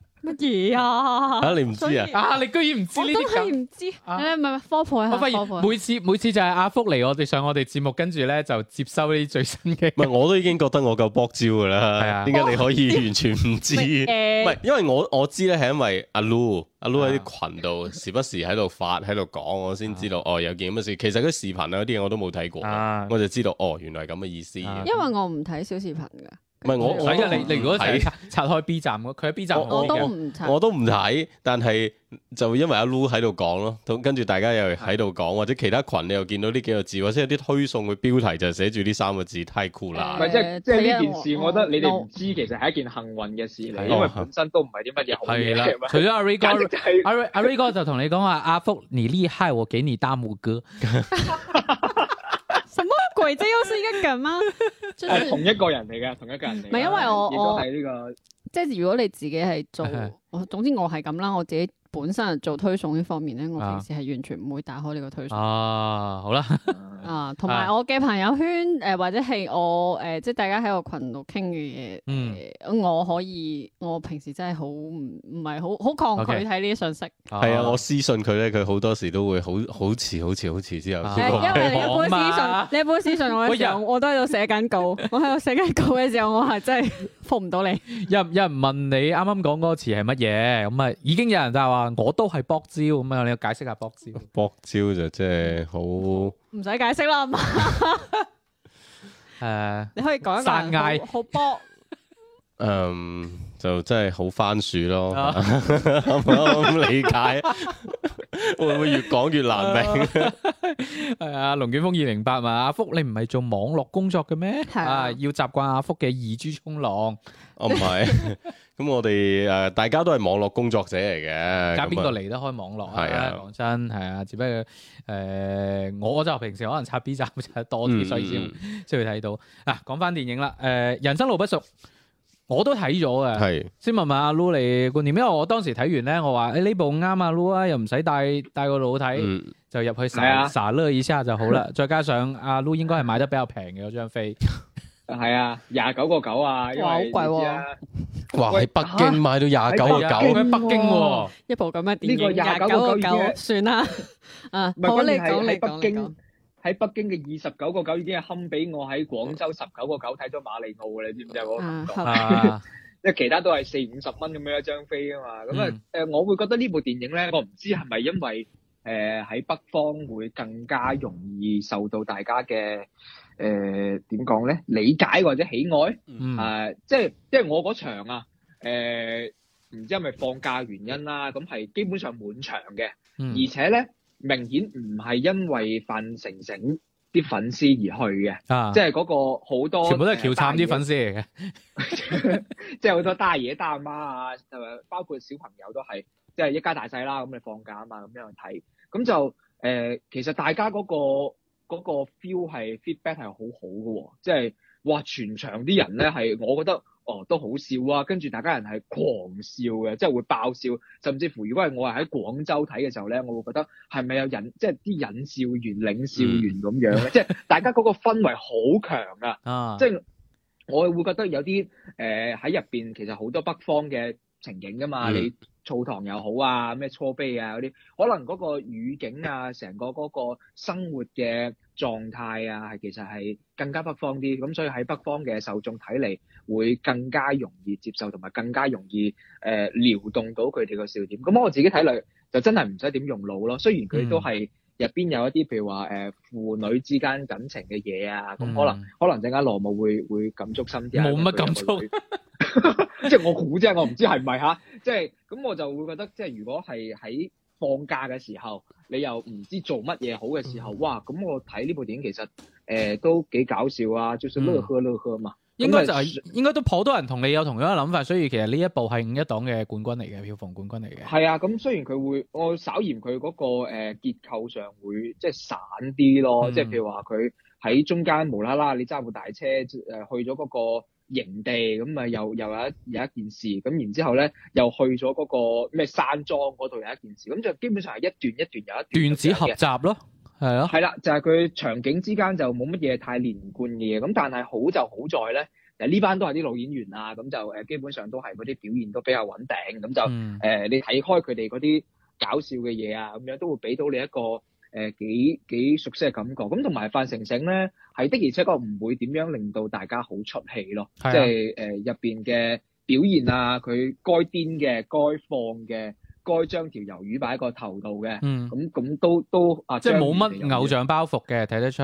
乜嘢啊？啊，你唔知啊？啊，你居然唔知你啲咁？我唔知，唔係唔係科普啊！我發現每次每次就係阿福嚟我哋上我哋節目，跟住咧就接收呢啲最新嘅。唔係，我都已經覺得我夠搏招噶啦。係啊。點解你可以完全唔知？唔係，因為我我知咧，係因為阿 Lu 阿 Lu 喺啲群度時不時喺度發喺度講，我先知道哦有件咁嘅事。其實嗰視頻啊嗰啲嘢我都冇睇過，我就知道哦原來係咁嘅意思。因為我唔睇小視頻噶。唔係我，依家你你如果拆開 B 站佢喺 B 站我都唔，我都唔睇，但係就因為阿 Lu 喺度講咯，跟住大家又喺度講，或者其他群你又見到呢幾個字，或者有啲推送嘅標題就寫住呢三個字，太酷啦！唔係即係即係呢件事，我覺得你哋唔知其實係一件幸運嘅事，嚟，因為本身都唔係啲乜嘢好嘢嘅。除咗阿 Ray 哥，阿 Ray 阿 Ray 哥就同你講啊，阿福你厲害，我給你大拇哥。什麼鬼？即係好似一個咁啊，係同一個人嚟嘅，同一個人嚟。唔係因為我我係呢個，即係如果你自己係做，我 總之我係咁啦，我自己。本身係做推送呢方面咧，我平時係完全唔會打開呢個推送。啊，好啦。啊，同埋我嘅朋友圈誒，或者係我誒，即係大家喺個群度傾嘅嘢，嗯，我可以，我平時真係好唔唔係好好抗拒睇呢啲信息。係啊，我私信佢咧，佢好多時都會好好遲、好遲、好遲之後。因為你一般私信，你一般私信我，我都喺度寫緊稿，我喺度寫緊稿嘅時候，我係真係覆唔到你。有人人問你啱啱講嗰個詞係乜嘢？咁啊，已經有人就係話。我都係搏招咁啊，你要解釋下搏招。搏招就即係好，唔使解釋啦。誒， uh, 你可以講一講，好搏藝。嗯博，um, 就真係好番薯咯，uh, 嗯嗯、理解 會唔會越講越難明？係、uh, 嗯、啊，龍捲風二零八嘛，阿福你唔係做網絡工作嘅咩？係啊，啊，要習慣阿福嘅二 G 衝浪。 哦，唔不係，咁我哋誒，大家都係網絡工作者嚟嘅，而家邊個離得開網絡啊？係啊樣，講的真係啊，只不過誒、呃，我就平時可能刷 B 站刷得多啲，所以先先會睇到。嗱，講、啊、翻電影啦，誒、呃，人生路不熟，我都睇咗嘅。係的，先問問阿 Lu 嚟觀點，因為我當時睇完咧，我話誒呢部啱啊 Lu 啊，又唔使帶帶個腦睇，嗯、就入去查查 Lu 一下就好啦。再加上阿 Lu 應該係買得比較平嘅嗰張飛。 係啊，廿九個九啊，因為好貴啊，哇喺北京買到廿九個九喺北京，一部咁嘅電影廿九個九算啦，啊，唔係關鍵係喺北京喺北京嘅二十九個九已經係堪比我喺廣州十九個九睇咗《馬里奧》啦，你知唔知我嘅諗法？因為其他都係四五十蚊咁樣一張飛啊嘛，咁啊誒，我會覺得呢部電影咧，我唔知係咪因為誒喺北方會更加容易受到大家嘅。誒點講咧？理解或者喜愛，誒、嗯呃、即係即係我嗰場、呃、是是啊！誒唔知係咪放假原因啦？咁係基本上滿場嘅，嗯、而且咧明顯唔係因為范丞丞啲粉絲而去嘅，啊、即係嗰個好多全部都係喬杉啲粉絲嚟嘅，呃、 即係好多大爺大媽啊，係包括小朋友都係，即係一家大細啦。咁、嗯、你放假啊嘛，咁樣去睇，咁就誒、呃、其實大家嗰、那個。嗰個 feel 係 feedback 係好好嘅喎，即係哇全場啲人咧係，我覺得哦都好笑啊，跟住大家人係狂笑嘅，即係會爆笑，甚至乎如果係我係喺廣州睇嘅時候咧，我會覺得係咪有人即係啲引笑員領笑員咁樣咧？嗯、 即係大家嗰個氛圍好強啊！啊，即係我會覺得有啲誒喺入邊其實好多北方嘅情景㗎嘛，嗯、你。澡堂又好啊，咩搓背啊嗰啲，可能嗰個語境啊，成個嗰個生活嘅狀態啊，係其實係更加北方啲，咁所以喺北方嘅受眾睇嚟會更加容易接受，同埋更加容易誒、呃、撩動到佢哋個笑點，咁我自己睇嚟就真係唔使點用腦咯。雖然佢都係入邊有一啲，譬如話誒父女之間感情嘅嘢啊，咁可能、嗯、可能陣間羅母會會感觸深啲，啊。冇乜感觸。 即係我估，啫，我唔知係唔係吓，即係咁我就會覺得，即係如果係喺放假嘅時候，你又唔知做乜嘢好嘅時候，嗯、哇！咁我睇呢部電影其實誒都幾搞笑啊，嗯、就是樂呵樂呵嘛。應該就係應該都好多人同你有同樣嘅諗法，所以其實呢一部係五一檔嘅冠軍嚟嘅，票房冠軍嚟嘅。係啊、嗯，咁、嗯、雖然佢會，我稍嫌佢嗰個誒結構上會即係散啲咯，即係譬如話佢喺中間無啦啦你揸部大車誒去咗嗰、那個。營地咁啊，又又有一有一件事，咁然之後咧，又去咗嗰、嗰個咩山莊嗰度有一件事，咁就基本上係一段一段有一段,有一段,段子合集咯，係啊，係啦，就係佢場景之間就冇乜嘢太連貫嘅，嘢。咁但係好就好在咧，其實呢班都係啲老演員啊，咁就誒基本上都係嗰啲表現都比較穩定，咁就誒、嗯呃、你睇開佢哋嗰啲搞笑嘅嘢啊，咁樣都會俾到你一個。誒幾幾熟悉嘅感覺，咁同埋范丞丞咧係的，而且確唔會點樣令到大家好出戲咯，即係誒入邊嘅表現啊，佢該癲嘅、該放嘅、該將條魷魚擺喺個頭度嘅，嗯，咁咁都都啊，即係冇乜偶像包袱嘅，睇得出。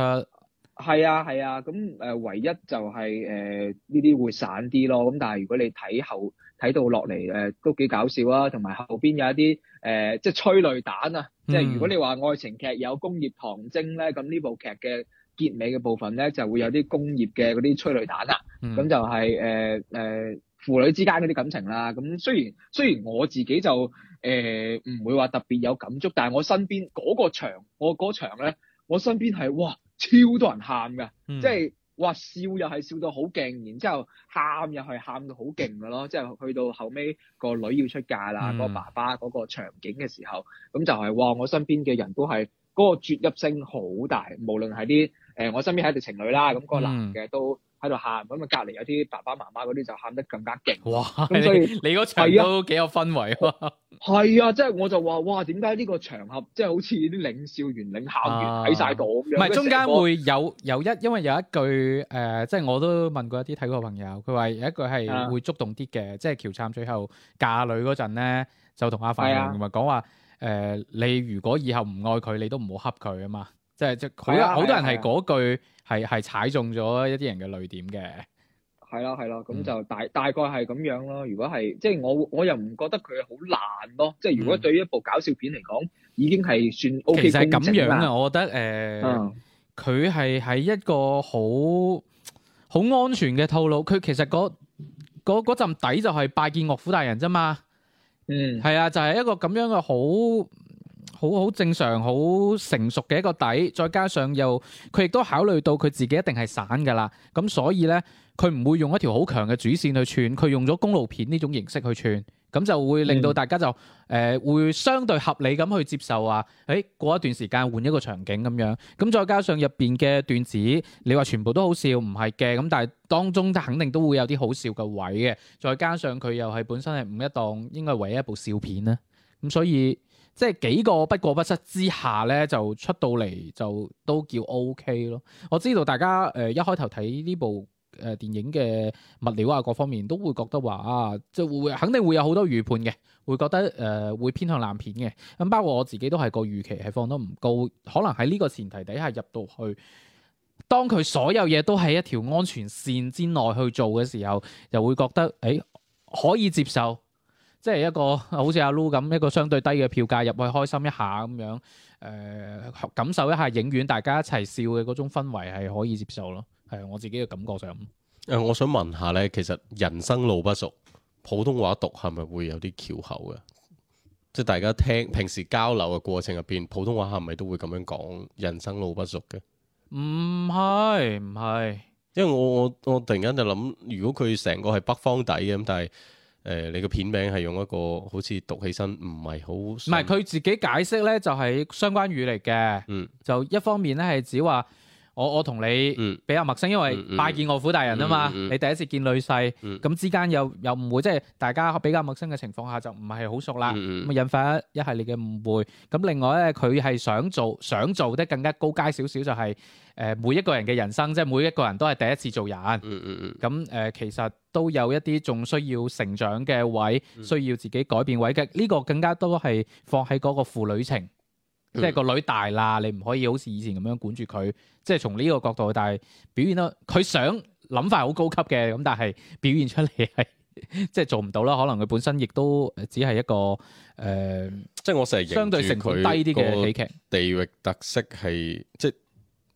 係啊係啊，咁誒唯一就係誒呢啲會散啲咯，咁但係如果你睇後睇到落嚟誒都幾搞笑啊，同埋後邊有一啲。誒、呃，即係催淚彈啊！即係如果你話愛情劇有工業糖精咧，咁呢、嗯、部劇嘅結尾嘅部分咧，就會有啲工業嘅嗰啲催淚彈啦、啊。咁、嗯、就係誒誒，父、呃呃、女之間嗰啲感情啦。咁雖然雖然我自己就誒唔、呃、會話特別有感觸，但係我身邊嗰個場，我嗰場咧，我身邊係哇超多人喊㗎，嗯、即係。哇！笑又係笑到好勁，然之後喊又係喊到好勁噶咯，即係去到後尾個女要出嫁啦，嗯、個爸爸嗰個場景嘅時候，咁就係、係、哇！我身邊嘅人都係嗰、嗰個啜泣聲好大，無論係啲誒我身邊係一對情侶啦，咁、個男嘅都。嗯喺度喊，咁啊隔籬有啲爸爸媽媽嗰啲就喊得更加勁。哇！咁所以你嗰場都幾有氛圍喎。係啊，即係我就話，哇！點解呢個場合即係好似啲領笑員、領喊員喺晒度咁樣？唔係中間會有有一，因為有一句誒，即係我都問過一啲睇過朋友，佢話有一句係會觸動啲嘅，即係喬杉最後嫁女嗰陣咧，就同阿凡同埋講話誒，你如果以後唔愛佢，你都唔好恰佢啊嘛。即係即好好多人係嗰句係係、啊、踩中咗一啲人嘅淚點嘅。係啦係啦，咁、啊、就大、嗯、大概係咁樣咯。如果係即係我我又唔覺得佢好爛咯。嗯、即係如果對於一部搞笑片嚟講，已經係算 O K 工程啦。其實係咁樣嘅，我覺得誒，佢係喺一個好好安全嘅套路。佢其實嗰嗰陣底就係拜見岳父大人啫嘛。嗯，係啊，就係、是、一個咁樣嘅好。好好正常、好成熟嘅一個底，再加上又佢亦都考慮到佢自己一定係散噶啦，咁所以呢，佢唔會用一條好強嘅主線去串，佢用咗公路片呢種形式去串，咁就會令到大家就誒、呃、會相對合理咁去接受啊！誒、哎、過一段時間換一個場景咁樣，咁再加上入邊嘅段子，你話全部都好笑唔係嘅，咁但係當中肯定都會有啲好笑嘅位嘅，再加上佢又係本身係五一檔，應該係唯一一部笑片呢。咁所以。即係幾個不過不失之下咧，就出到嚟就都叫 OK 咯。我知道大家誒，一開頭睇呢部誒電影嘅物料啊各方面都會覺得話啊，即係會肯定會有好多預判嘅，會覺得誒會偏向爛片嘅。咁包括我自己都係個預期係放得唔高，可能喺呢個前提底下入到去，當佢所有嘢都喺一條安全線之內去做嘅時候，就會覺得誒可以接受。即係一個好似阿 Lu 咁一,一個相對低嘅票價入去，開心一下咁樣，誒、呃、感受一下影院大家一齊笑嘅嗰種氛圍係可以接受咯，係我自己嘅感覺上，咁、呃。我想問下咧，其實人生路不熟，普通話讀係咪會有啲翹口嘅？即係大家聽平時交流嘅過程入邊，普通話係咪都會咁樣講人生路不熟嘅？唔係唔係，因為我我我突然間就諗，如果佢成個係北方底嘅咁，但係。誒、欸，你個片名係用一個好似讀起身唔係好，唔係佢自己解釋咧，就係、是、相關語嚟嘅，嗯，就一方面咧係指話，我我同你比較陌生，因為拜見岳父大人啊嘛，你第一次見女婿，咁之間又又唔會，即係大家比較陌生嘅情況下就唔係好熟啦，咁引發一系列嘅誤會。咁另外咧，佢係想做想做得更加高階少少，就係誒每一個人嘅人生，即係每一個人都係第一次做人。咁誒，其實都有一啲仲需要成長嘅位，需要自己改變位嘅呢個更加都係放喺嗰個父女情。即係個女大啦，你唔可以好似以前咁樣管住佢。即係從呢個角度去，但係表現得佢想諗法好高級嘅，咁但係表現出嚟係即係做唔到啦。可能佢本身亦都只係一個誒，呃、即係我成日相對成本低啲嘅喜劇，地域特色係即。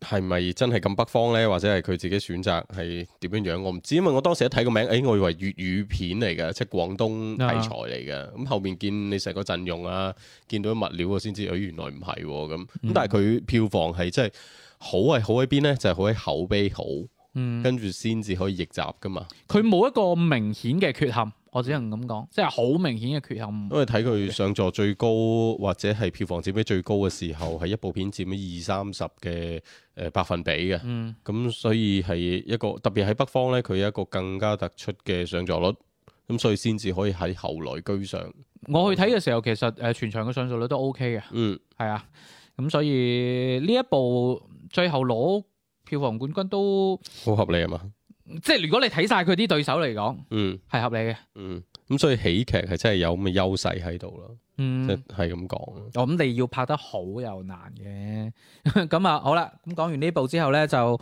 係咪真係咁北方咧，或者係佢自己選擇係點樣樣？我唔知，因為我當時一睇個名，誒、欸，我以為粵語片嚟嘅，即係廣東題材嚟嘅。咁、啊、後面見你成個陣容啊，見到啲物料我先知，誒，原來唔係喎咁。咁但係佢票房係即係好係好喺邊咧？就係、是、好喺口碑好，嗯、跟住先至可以逆襲噶嘛。佢冇一個明顯嘅缺陷。我只能咁講，即係好明顯嘅缺陷。因為睇佢上座最高或者係票房佔比最高嘅時候，係一部片佔咗二三十嘅誒百分比嘅。嗯，咁所以係一個特別喺北方咧，佢有一個更加突出嘅上座率，咁所以先至可以喺後來居上。我去睇嘅時候，嗯、其實誒全場嘅上座率都 OK 嘅。嗯，係啊，咁所以呢一部最後攞票房冠軍都好合理吖嘛？即係如果你睇晒佢啲對手嚟講，嗯，係合理嘅，嗯，咁所以喜劇係真係有咁嘅優勢喺度咯。嗯，即係咁講。我諗你要拍得好又難嘅，咁 啊、嗯、好啦。咁講完呢部之後咧，就誒、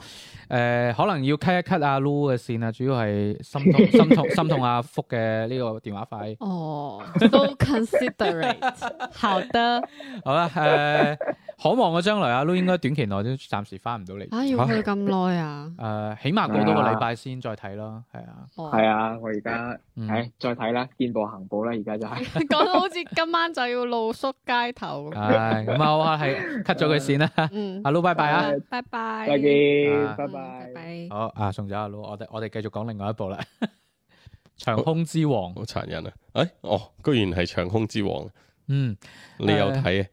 呃、可能要 cut 一 cut 阿 Lu 嘅線啊，主要係心痛 心痛心痛阿福嘅呢個電話費。 哦，so considerate， 好得，好啦，誒，可望嘅將來阿 Lu 應該短期內都暫時翻唔到嚟。啊，要去咁耐啊？誒、 呃，起碼過多個禮拜先再睇咯，係啊，係啊、 嗯，我而家誒再睇啦，見步行步啦，而家就係。講到好似今晚。今晚就要露宿街頭。係咁啊，好啊，係 cut 咗佢線啦。嗯，阿盧拜拜啊，拜拜，拜拜，拜拜。好啊，送走阿盧，我哋我哋繼續講另外一部啦， 《長空之王》好。好殘忍啊！誒、哎，哦，居然係《長空之王》。嗯，你有睇、呃？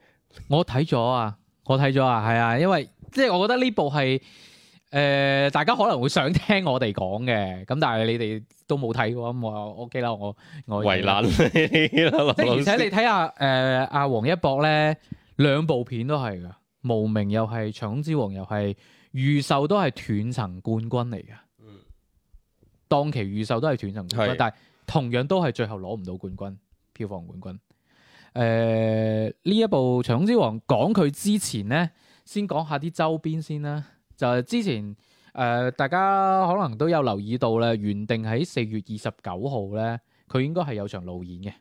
我睇咗啊，我睇咗啊，係啊，因為即係我覺得呢部係。誒、呃，大家可能會想聽我哋講嘅，咁但係你哋都冇睇過，咁我 OK 啦，我我為難你啦。 而且你睇下，誒、呃，阿王一博咧，兩部片都係噶，《無名》又係《長空之王》，又係預售都係斷層冠軍嚟嘅。嗯。檔期預售都係斷層冠軍，是但係同樣都係最後攞唔到冠軍，票房冠軍。誒、呃，呢一部《長空之王》，講佢之前咧，先講下啲周邊先啦。就係之前誒、呃，大家可能都有留意到咧，原定喺四月二十九號咧，佢應該係有場路演嘅。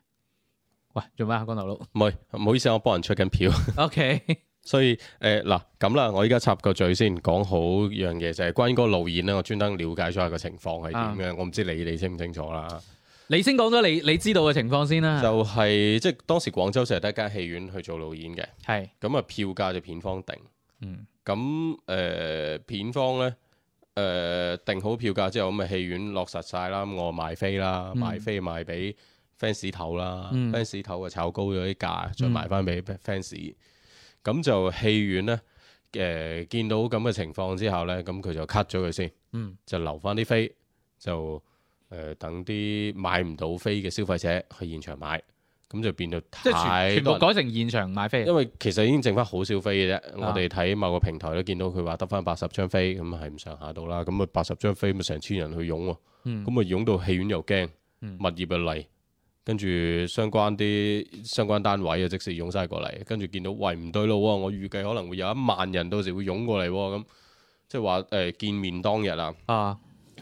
喂，做咩啊，江大佬？唔係，唔好意思，我幫人出緊票。OK。所以誒嗱咁啦，我依家插個嘴先，講好一樣嘢就係、是、關於嗰個路演咧，我專登了解咗個情況係點樣。嗯、我唔知你哋清唔清楚啦。你先講咗你你知道嘅情況先啦。就係、是、即係當時廣州成日得間戲院去做路演嘅。係是。咁啊，票價就片方定。嗯。咁誒、呃、片方呢，誒、呃、定好票價之後，咁咪戲院落實晒啦，咁我買、嗯、買賣飛啦，買飛賣俾 fans 頭啦，fans 頭啊炒高咗啲價，再賣翻俾 fans。咁、嗯、就戲院呢，誒、呃、見到咁嘅情況之後呢，咁佢就 cut 咗佢先，嗯、就留翻啲飛，就誒、呃、等啲買唔到飛嘅消費者去現場買。咁就變到太，即全部改成現場買飛。因為其實已經剩翻好少飛嘅啫，啊、我哋睇某個平台都見到佢話得翻八十張飛，咁係唔上下到啦。咁啊八十張飛，咪成千人去湧喎、啊，咁啊湧到戲院又驚，物業啊嚟，跟住相關啲相關單位啊，即時湧晒過嚟，跟住見到喂唔、哎、對路喎，我預計可能會有一萬人到時會湧過嚟喎，咁即係話誒見面當日啊，啊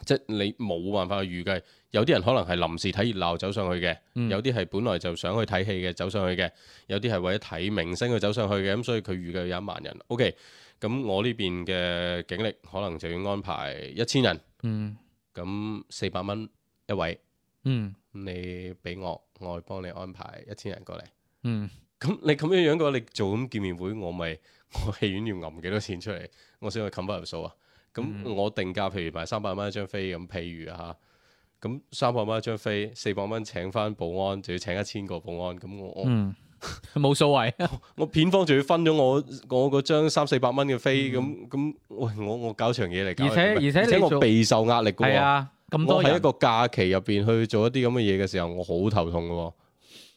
即係你冇辦法去預計。有啲人可能係臨時睇熱鬧走上去嘅，嗯、有啲係本來就想去睇戲嘅走上去嘅，有啲係為咗睇明星去走上去嘅，咁所以佢預計有一萬人。O K，咁我呢邊嘅警力可能就要安排一千人。嗯，咁四百蚊一位。嗯，你俾我，我會幫你安排一千人過嚟。嗯，咁你咁樣樣嘅話，你做咁見面會，我咪我戲院要揞幾多錢出嚟，我先去冚翻入數啊。咁我定價譬如賣三百蚊一張飛咁，譬如嚇。咁三百蚊一張飛，四百蚊請翻保安，就要請一千個保安，咁我、嗯、 我冇所謂。我片方仲要分咗我我嗰張三四百蚊嘅飛，咁咁喂我我搞場嘢嚟搞，而且而且我備受壓力嘅。係啊，咁多我喺一個假期入邊去做一啲咁嘅嘢嘅時候，我好頭痛嘅。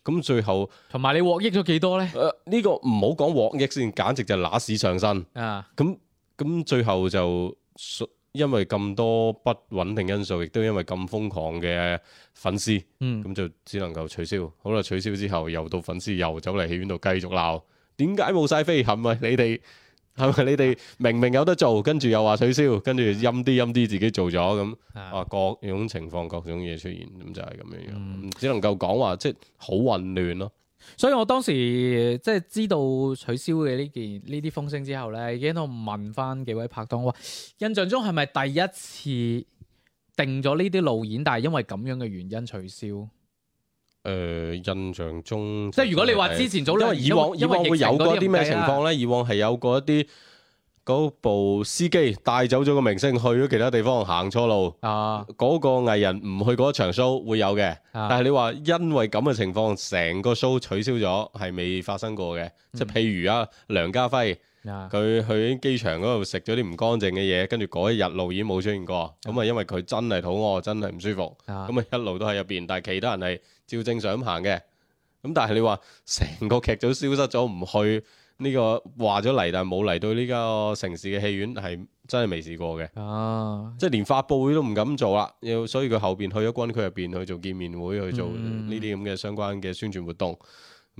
咁最後同埋你獲益咗幾多咧？誒、呃、呢、這個唔好講獲益先，簡直就攞屎上身。啊！咁咁最後就。因為咁多不穩定因素，亦都因為咁瘋狂嘅粉絲，咁、嗯、就只能夠取消。好啦，取消之後，又到粉絲又走嚟戲院度繼續鬧，點解冇晒飛？係咪你哋？係咪你哋明明有得做，跟住又話取消，跟住陰啲陰啲自己做咗咁啊？各種情況、各種嘢出現，咁就係咁樣樣，嗯、只能夠講話即係好混亂咯。所以我當時即係知道取消嘅呢件呢啲風聲之後咧，已經喺度問翻幾位拍檔話：印象中係咪第一次定咗呢啲路演，但係因為咁樣嘅原因取消？誒、呃，印象中、就是、即係如果你話之前早兩日，因為以往以往會有過啲咩情況咧？以往係有過一啲。部司機帶走咗個明星去咗其他地方行錯路，嗰、啊、個藝人唔去嗰場 show 會有嘅，啊、但係你話因為咁嘅情況，成個 show 取消咗係未發生過嘅，即係、嗯、譬如啊，梁家輝佢、啊、去機場嗰度食咗啲唔乾淨嘅嘢，跟住嗰一日路已經冇出現過，咁啊因為佢真係肚餓，真係唔舒服，咁啊一路都喺入邊，但係其他人係照正常咁行嘅，咁但係你話成個劇組消失咗唔去。呢個話咗嚟，但係冇嚟到呢個城市嘅戲院係真係未試過嘅。哦、啊，即係連發布會都唔敢做啦，要所以佢後邊去咗軍區入邊去做見面會，去做呢啲咁嘅相關嘅宣傳活動。咁、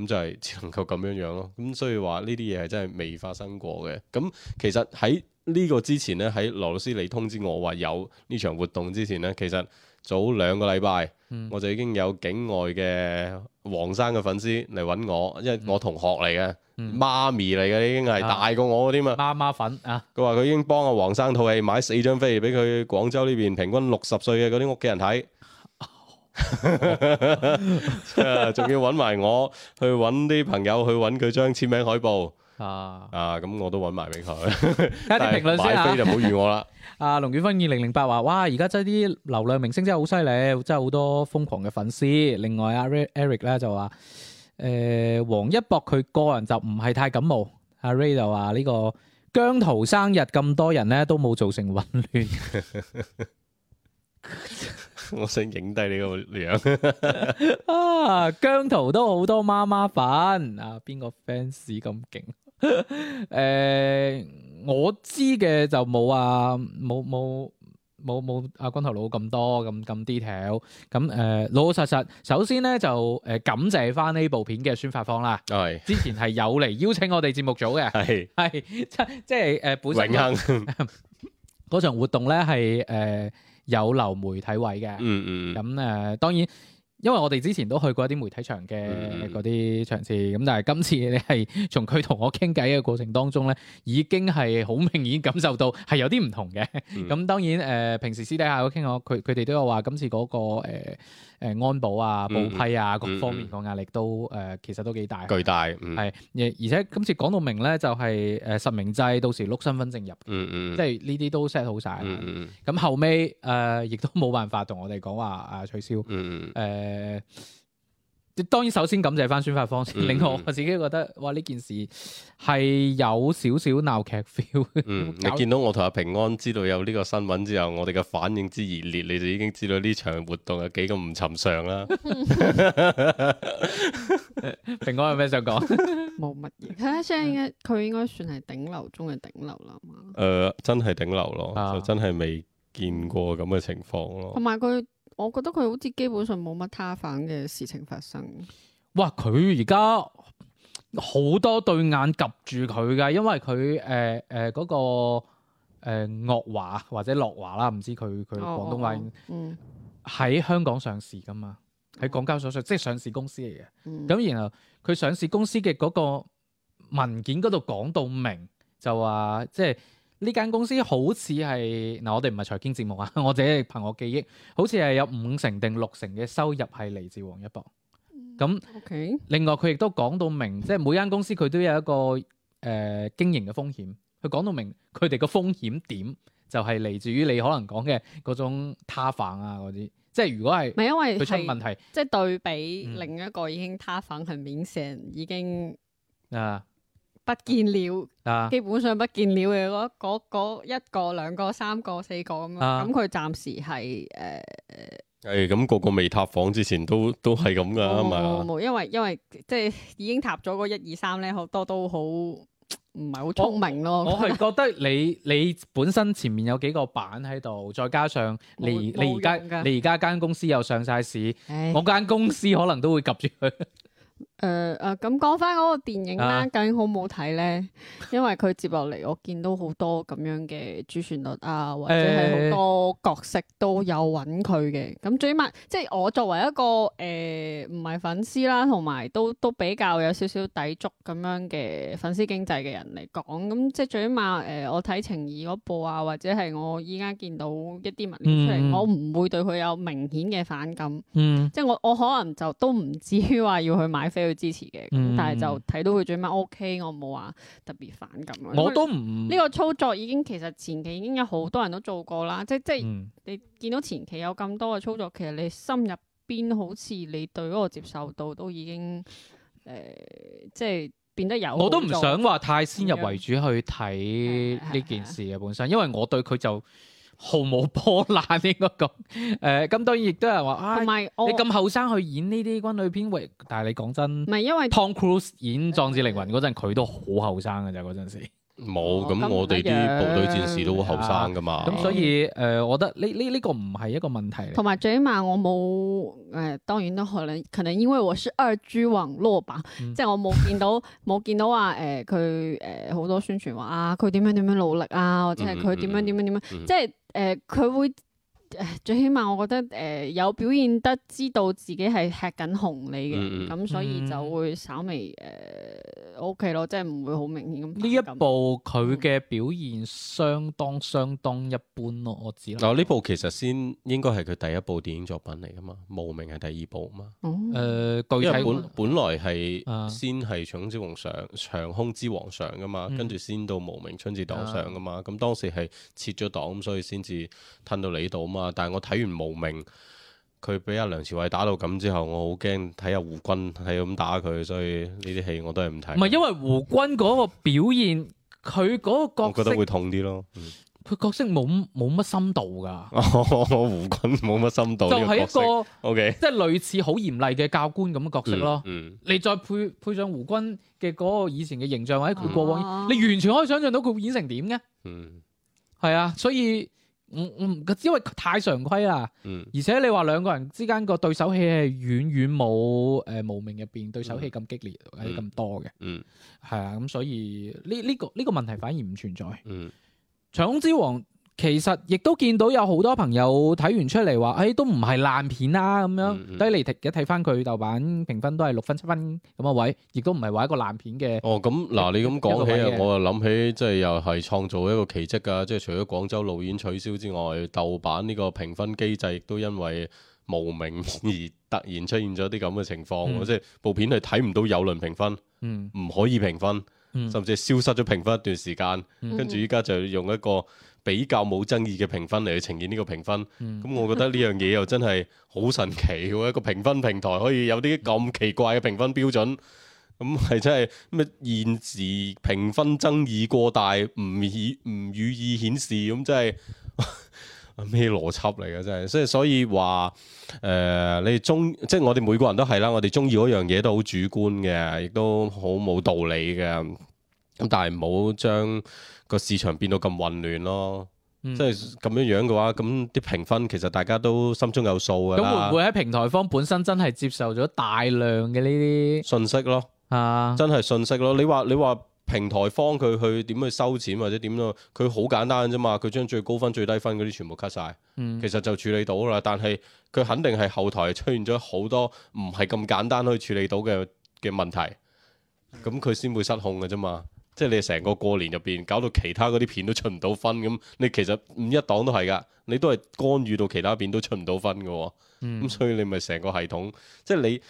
嗯、就係只能夠咁樣樣咯。咁所以話呢啲嘢係真係未發生過嘅。咁其實喺呢個之前呢，喺羅老師你通知我話有呢場活動之前呢，其實早兩個禮拜、嗯、我就已經有境外嘅黃生嘅粉絲嚟揾我，嗯、因為我同學嚟嘅。媽咪嚟嘅已經係大過我添啊！媽媽粉啊！佢話佢已經幫阿黃生套戲買四張飛，俾佢廣州呢邊平均六十歲嘅嗰啲屋企人睇，仲要揾埋我去揾啲朋友去揾佢張簽名海報啊！啊，咁我都揾埋俾佢。睇啲評論先啊！買飛就唔好預我啦。啊，龍捲風二零零八話：哇！而家真係啲流量明星真係好犀利，真係好多瘋狂嘅粉絲。另外阿 Eric 咧，就話。誒、呃，黃一博佢個人就唔係太感冒，阿、啊、Ray 就話呢、這個姜濤生日咁多人咧都冇造成混亂。我想影低你個樣啊！姜濤都好多媽媽粉啊，邊個 fans 咁勁？誒、 啊，我知嘅就冇啊，冇冇。冇冇，阿君頭佬咁多咁咁 detail，咁誒老老實實。首先咧就誒、呃、感謝翻呢部片嘅宣發方啦。係、哎。之前係有嚟邀請我哋節目組嘅。係是。係 即即係、呃、本身嗰永恆 場活動咧係誒有留媒體位嘅、嗯。嗯嗯。咁誒、呃、當然。因為我哋之前都去過一啲媒體場嘅嗰啲場次，咁但係今次你係從佢同我傾偈嘅過程當中咧，已經係好明顯感受到係有啲唔同嘅。咁、嗯、當然誒、呃，平時私底下都傾我，佢佢哋都有話今次嗰、嗰個、呃誒安保啊、報批啊，各方面個壓力都誒、嗯嗯呃，其實都幾大，巨大，係、嗯，而而且今次講到明咧，就係、是、誒、呃、實名制，到時碌身份證入，嗯嗯、即係呢啲都 set 好晒。咁、嗯嗯、後尾誒、呃，亦都冇辦法同我哋講話誒取消，誒、嗯。嗯嗯呃當然，首先感謝翻宣發方。另外，我自己覺得，嗯嗯哇！呢件事係有少少鬧劇 feel。嗯，你見到我同阿平安知道有呢個新聞之後，我哋嘅反應之熱烈，你就已經知道呢場活動有幾咁唔尋常啦。 平安有咩想講？冇乜嘢。佢應該，佢應該算係頂流中嘅頂流啦嘛。誒、呃，真係頂流咯，啊、就真係未見過咁嘅情況咯。同埋佢。我覺得佢好似基本上冇乜他反嘅事情發生。哇！佢而家好多對眼 𥄫 住佢嘅，因為佢誒誒嗰個誒樂、呃、華或者樂華啦，唔知佢佢廣東話，喺、哦哦哦嗯、香港上市噶嘛？喺港交所上，哦、即係上市公司嚟嘅。咁、嗯、然後佢上市公司嘅嗰個文件嗰度講到明，就話即係。呢間公司好似係嗱，我哋唔係財經節目啊，我自己憑我記憶，好似係有五成定六成嘅收入係嚟自王一博。咁，Okay，另外佢亦都講到明，即係每間公司佢都有一個誒、呃、經營嘅風險。佢講到明，佢哋個風險點就係、是、嚟自於你可能講嘅嗰種塌房啊嗰啲。即係如果係，係因為佢出問題，即係、就是、對比、嗯、另一個已經塌房，很明顯已經啊。不見了，基本上不見了嘅嗰嗰嗰一個兩個三個四個咁啊，咁佢暫時係誒誒，咁、呃欸嗰個個未塌房之前都都係咁噶，唔係，冇因為因為，因為即係已經塌咗嗰一二三咧，好多都好唔係好聰明咯。我係 覺得你你本身前面有幾個板喺度，再加上你你而家你而家間公司又上晒市，唉我間公司可能都會及住佢。誒誒，咁講翻嗰個電影啦，究竟好唔好睇咧？ 因為佢接落嚟，我見到好多咁樣嘅主旋律啊，或者係好多角色都有搵佢嘅。咁最起碼，即係我作為一個誒唔係粉絲啦，同埋都都比較有少少抵觸咁樣嘅粉絲經濟嘅人嚟講，咁即係最起碼誒，我睇情義嗰部啊，或者係我依家見到一啲物料出嚟，我唔會對佢有明顯嘅反感。即係我我可能就都唔至於話要去買。非去支持嘅，但係就睇到佢最尾 O K，我冇話特別反感。我都唔呢個操作已經，其實前期已經有好多人都做過啦，即係即係、嗯、你見到前期有咁多嘅操作，其實你心入邊好似你對嗰個接受度都已經誒、呃，即係變得有。我都唔想話太先入為主去睇呢、嗯、件事啊，嗯、本身因為我對佢就。毫無波瀾應該講、 嗯，誒咁當然亦都有人話，啊有、哎、你咁後生去演呢啲軍旅片，喂！但係你講真，唔係因為 Tom Cruise 演壯志凌雲嗰陣，佢都好後生㗎咋嗰陣時。 冇，咁、哦、我哋啲部隊戰士都好後生㗎嘛，咁、哦、所以誒、呃，我覺得呢呢呢個唔係一個問題。同埋最起碼我冇誒、呃，當然都可能可能因為我是二 G 網絡吧，嗯、即係我冇見到冇 見到啊誒，佢誒好多宣傳話啊，佢點樣點樣努力啊，或者係佢點樣點樣點樣，嗯嗯、即係誒佢會。最起碼我覺得誒有表現得知道自己係吃緊紅利嘅，咁所以就會稍微誒 O K 咯，即係唔會好明顯咁。呢一部佢嘅表現相當相當一般咯，我知。嗱呢部其實先應該係佢第一部電影作品嚟噶嘛，《無名》係第二部嘛。誒，因為本本來係先係《長之王上》《長空之王上》噶嘛，跟住先到《無名》《春節檔上》噶嘛。咁當時係切咗檔，咁所以先至褪到你度嘛。但係我睇完無名，佢俾阿梁朝偉打到咁之後，我好驚睇下胡軍係咁打佢，所以呢啲戲我都係唔睇。唔係因為胡軍嗰個表現，佢嗰 個角色我覺得會痛啲咯。佢角色冇冇乜深度噶， 胡軍冇乜深度， 就係一個，即係 類似好嚴厲嘅教官咁嘅角色咯。嗯、你再配配上胡軍嘅嗰個以前嘅形象，或者佢過往，啊、你完全可以想象到佢會演成點嘅。嗯，係啊，所以。我我，因為、嗯、太常規啦，嗯、而且你話兩個人之間個對手戲係遠遠冇誒無名入邊對手戲咁激烈，咁、嗯、多嘅，係啊、嗯，咁、嗯、所以呢呢、這個呢、這個問題反而唔存在。長空、嗯、之王。其實亦都見到有好多朋友睇完出嚟話，誒、欸、都唔係爛片啦、啊、咁樣。低嚟提嘅睇翻佢豆瓣評分都係六分七分咁啊位，亦都唔係話一個爛片嘅。哦，咁嗱，你咁講起啊，我又諗起即係又係創造一個奇蹟㗎。即係除咗廣州路演取消之外，豆瓣呢個評分機制亦都因為無名而突然出現咗啲咁嘅情況，嗯、即係部片係睇唔到有論評分，唔、嗯、可以評分，甚至消失咗評分一段時間，跟住依家就用一個比較冇爭議嘅評分嚟去呈現呢個評分。咁、嗯、我覺得呢樣嘢又真係好神奇喎！嗯、 一個評分平台可以有啲咁奇怪嘅評分標準，咁係真係咩現時評分爭議過大，唔以唔予以顯示，咁真係。 咩邏輯？嚟嘅真係，所以所以話誒，你哋中即係我哋每個人都係啦，我哋中意嗰樣嘢都好主觀嘅，亦都好冇道理嘅。咁但係唔好將個市場變到咁混亂咯。嗯、即係咁樣樣嘅話，咁啲評分其實大家都心中有數啊。咁會唔會喺平台方本身真係接受咗大量嘅呢啲信息咯？啊，真係信息咯！你話你話。平台方佢去點去收錢或者點樣？佢好簡單啫嘛，佢將最高分最低分嗰啲全部 cut 曬，嗯、其實就處理到啦。但係佢肯定係後台出現咗好多唔係咁簡單可以處理到嘅嘅問題，咁佢先會失控嘅啫嘛。即係你成個過年入邊搞到其他嗰啲片都出唔到分，咁你其實五一檔都係噶，你都係干預到其他片都出唔到分嘅喎。咁、嗯嗯、所以你咪成個系統，即係你。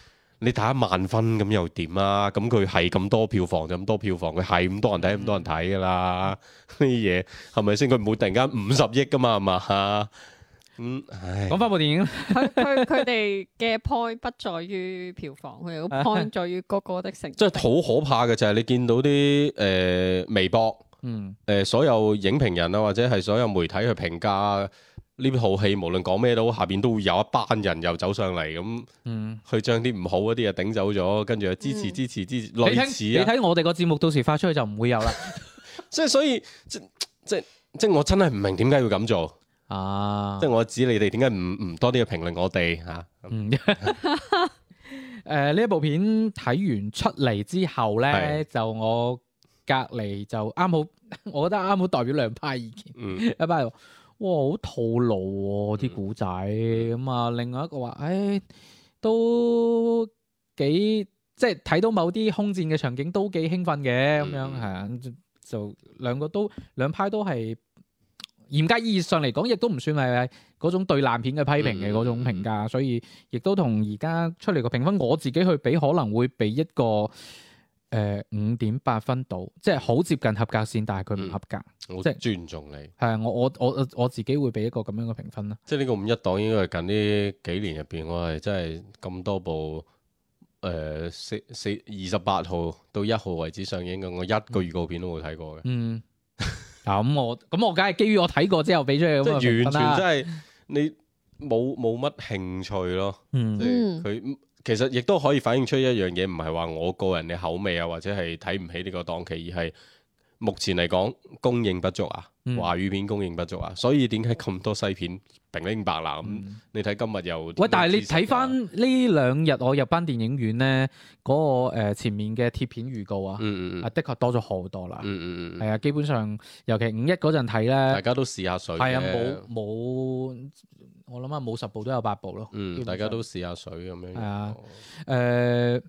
你打一萬分咁又點啊？咁佢係咁多票房就咁多票房，佢係咁多人睇咁多人睇㗎啦。呢啲嘢係咪先？佢唔會突然間五十億㗎嘛，係嘛嚇？嗯，講翻部電影，佢佢哋嘅 point 不在於票房，佢哋嘅 point 在於個個的成績。即係好可怕嘅就係、是、你見到啲誒、呃、微博，嗯、呃，誒所有影評人啊，或者係所有媒體去評價。呢部戲無論講咩都，下邊都會有一班人又走上嚟咁，去將啲唔好嗰啲嘢頂走咗，跟住支持支持支持，類似、嗯。你睇我哋個節目到時發出去就唔會有啦。即係所以，即係即係我真係唔明點解要咁做啊！即係我指你哋點解唔唔多啲去評論我哋吓。誒，呢一部片睇完出嚟之後咧，就我隔籬就啱好，我覺得啱好代表兩派意見。嗯，阿哇，好套路喎啲古仔咁啊！嗯、另外一個話，唉，都幾即係睇到某啲空戰嘅場景都幾興奮嘅咁、嗯、樣係啊，就兩個都兩派都係嚴格意義上嚟講，亦都唔算係嗰種對爛片嘅批評嘅嗰、嗯、種評價，所以亦都同而家出嚟個評分我自己去比，可能會畀一個。誒，五點八分到，即係好接近合格線，但係佢唔合格。即、嗯、尊重你，係啊，我我我我自己會俾一個咁樣嘅評分啦。即係呢個五一檔，應該係近呢幾年入邊，我係真係咁多部誒四四二十八號到一號為止上映嘅，我一個預告片都冇睇過嘅、嗯。嗯，咁、嗯、 我咁我梗係基於我睇過之後俾出嚟，咁嘅評分啦。即係完全真係你冇冇乜興趣咯。嗯，佢、嗯。其實亦都可以反映出一樣嘢，唔係話我個人嘅口味啊，或者係睇唔起呢個檔期，而係目前嚟講，供應不足啊，華語片供應不足啊，所以點解咁多西片？明明白啦，咁、呃呃、你睇今日又喂，但係你睇翻呢兩日我入班電影院咧，嗰、那個誒、呃、前面嘅貼片預告啊，嗯嗯嗯，嗯的確多咗好多啦、嗯，嗯嗯嗯，係啊，基本上尤其五一嗰陣睇咧，大家都試下水，係啊，冇冇，我諗下冇十部都有八部咯，嗯，大家都試下水咁樣，係啊，誒、呃，呢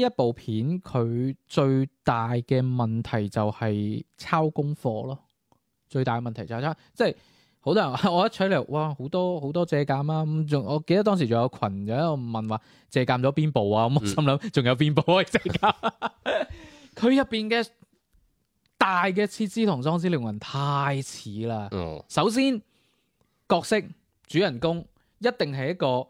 一部片佢最大嘅問題就係抄功課咯，最大嘅問題就係即係。好多人，我一取嚟，哇！好多好多借鑑啊！咁仲，我記得當時仲有羣友喺度問話借鑑咗邊部啊？嗯、咁我心諗仲有邊部可以借鑑？佢入邊嘅大嘅設置同《壯志凌雲》太似啦。首先角色主人公一定係一個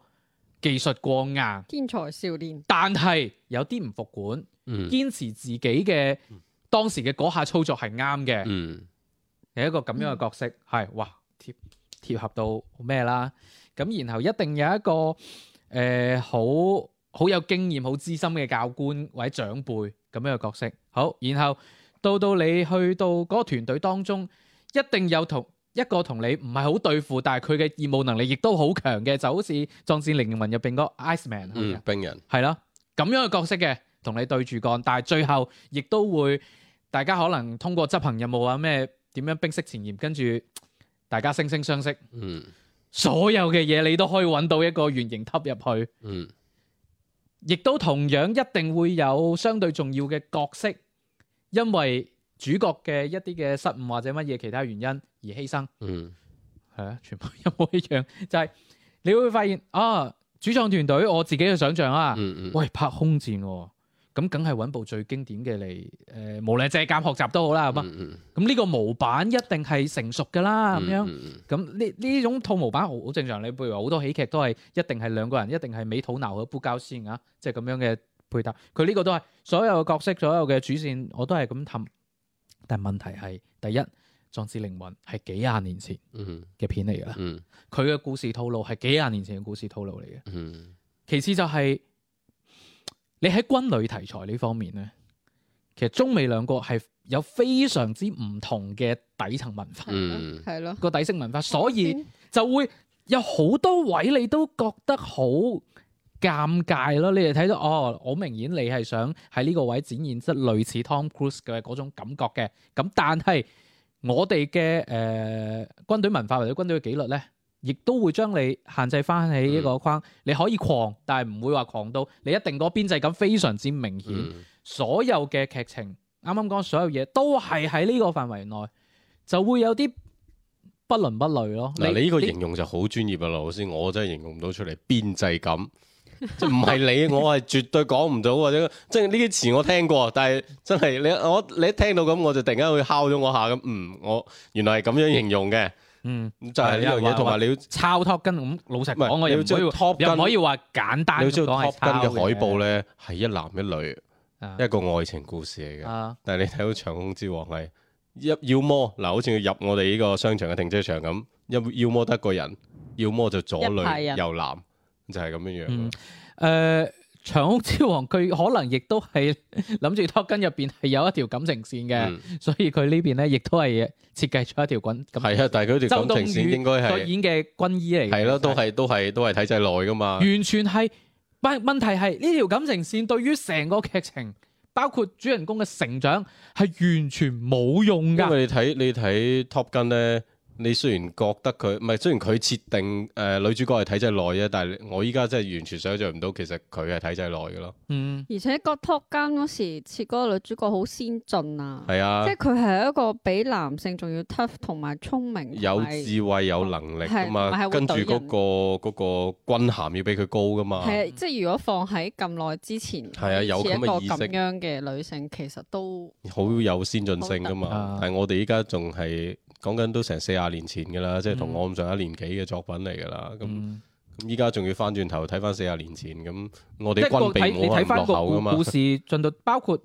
技術過硬天才少年，但係有啲唔服管，嗯、堅持自己嘅當時嘅嗰下操作係啱嘅。嗯，係、嗯、一個咁樣嘅角色，係哇！貼貼合到咩啦？咁然後一定有一個誒好好有經驗、好資深嘅教官或者長輩咁樣嘅角色。好，然後到到你去到嗰個團隊當中，一定有同一個同你唔係好對付，但係佢嘅業務能力亦都好強嘅，就好似《壯志凌雲》入邊個 Ice Man，嗯，冰人係咯，咁樣嘅角色嘅同你對住幹，但係最後亦都會大家可能通過執行任務啊咩點樣冰釋前嫌，跟住。大家惺惺相惜，嗯、所有嘅嘢你都可以揾到一個圓形插入去，亦都，嗯、同樣一定會有相對重要嘅角色，因為主角嘅一啲嘅失誤或者乜嘢其他原因而犧牲，係，嗯、啊，全部一模一樣，就係，是，你會發現啊，主創團隊我自己嘅想象啊，嗯嗯，喂，拍空戰㗎，啊。咁梗係揾部最經典嘅嚟，誒、呃，無論借鑑學習都好啦，咁、嗯。呢、嗯、個模板一定係成熟㗎啦，咁樣。咁呢呢種套模板好正常，你譬如話好多喜劇都係一定係兩個人一定係美土鬧嘅不交先啊，即係咁樣嘅配搭。佢呢個都係所有角色所有嘅主線，我都係咁氹。但係問題係，第一《壯志凌雲》係幾廿年前嘅片嚟㗎，佢嘅故事套路係幾廿年前嘅故事套路嚟嘅。其次就係、是。你喺軍旅題材呢方面咧，其實中美兩國係有非常之唔同嘅底層文，文化，係咯個底層文化，所以就會有好多位你都覺得好尷尬咯。你哋睇到哦，好明顯你係想喺呢個位展現出係類似 Tom Cruise 嘅嗰種感覺嘅，咁但係我哋嘅誒軍隊文化或者軍隊嘅紀律咧。亦都會將你限制翻喺一個框，嗯、你可以狂，但係唔會話狂到你一定個邊際感非常之明顯。嗯、所有嘅劇情，啱啱講所有嘢都係喺呢個範圍內，就會有啲不倫不類咯。嗱你，你呢個形容就好專業啦，你老師，我真係形容唔到出嚟。邊際感 即係唔係你，我係絕對講唔到或者即係呢啲詞我聽過，但係真係你我你一聽到咁，我就突然間會敲咗我下咁。嗯，我原來係咁樣形容嘅。嗯，就係呢樣嘢，同埋喂你要抄托根咁老實講，我認為只要又唔可以話簡單嚟講係。托根嘅海報咧係、嗯、一男一女，啊、一個愛情故事嚟嘅。啊、但係你睇到《長空之王》係一要麼嗱，好似要入我哋呢個商場嘅停車場咁，要一要麼得個人，要麼就左女右男，就係、是、咁樣樣、嗯。誒、呃。長空之王佢可能亦都係諗住 Top Gun 入邊係有一條感情線嘅，嗯、所以佢呢邊咧亦都係設計咗一條滾係啊，但係佢條感情線應該係周冬雨演嘅軍醫嚟，係咯，都係都係都係體制內噶嘛。完全係，問問題係呢條感情線對於成個劇情，包括主人公嘅成長係完全冇用噶。因為你睇你睇 Top Gun 咧。你雖然覺得佢唔係，雖然佢設定誒、呃、女主角係體制內啫，但係我依家真係完全想像唔到，其實佢係體制內嘅咯。嗯，而且個 talk 間嗰時設嗰個女主角好先進啊，係啊，即係佢係一個比男性仲要 tough 同埋聰明，有，有智慧有能力啊嘛，哦、跟住嗰、那個嗰、那個、那個、軍銜要比佢高噶嘛。係、啊，即係如果放喺咁耐之前，係啊，有咁樣嘅女性其實都好有先進性噶嘛。啊、但係我哋依家仲係。講緊都成四十年前噶啦，即係同我咁上一年幾嘅作品嚟噶啦。咁依家仲要翻轉頭睇翻四十年前，咁我哋軍備唔可以落後噶嘛。你睇翻個故事進度包括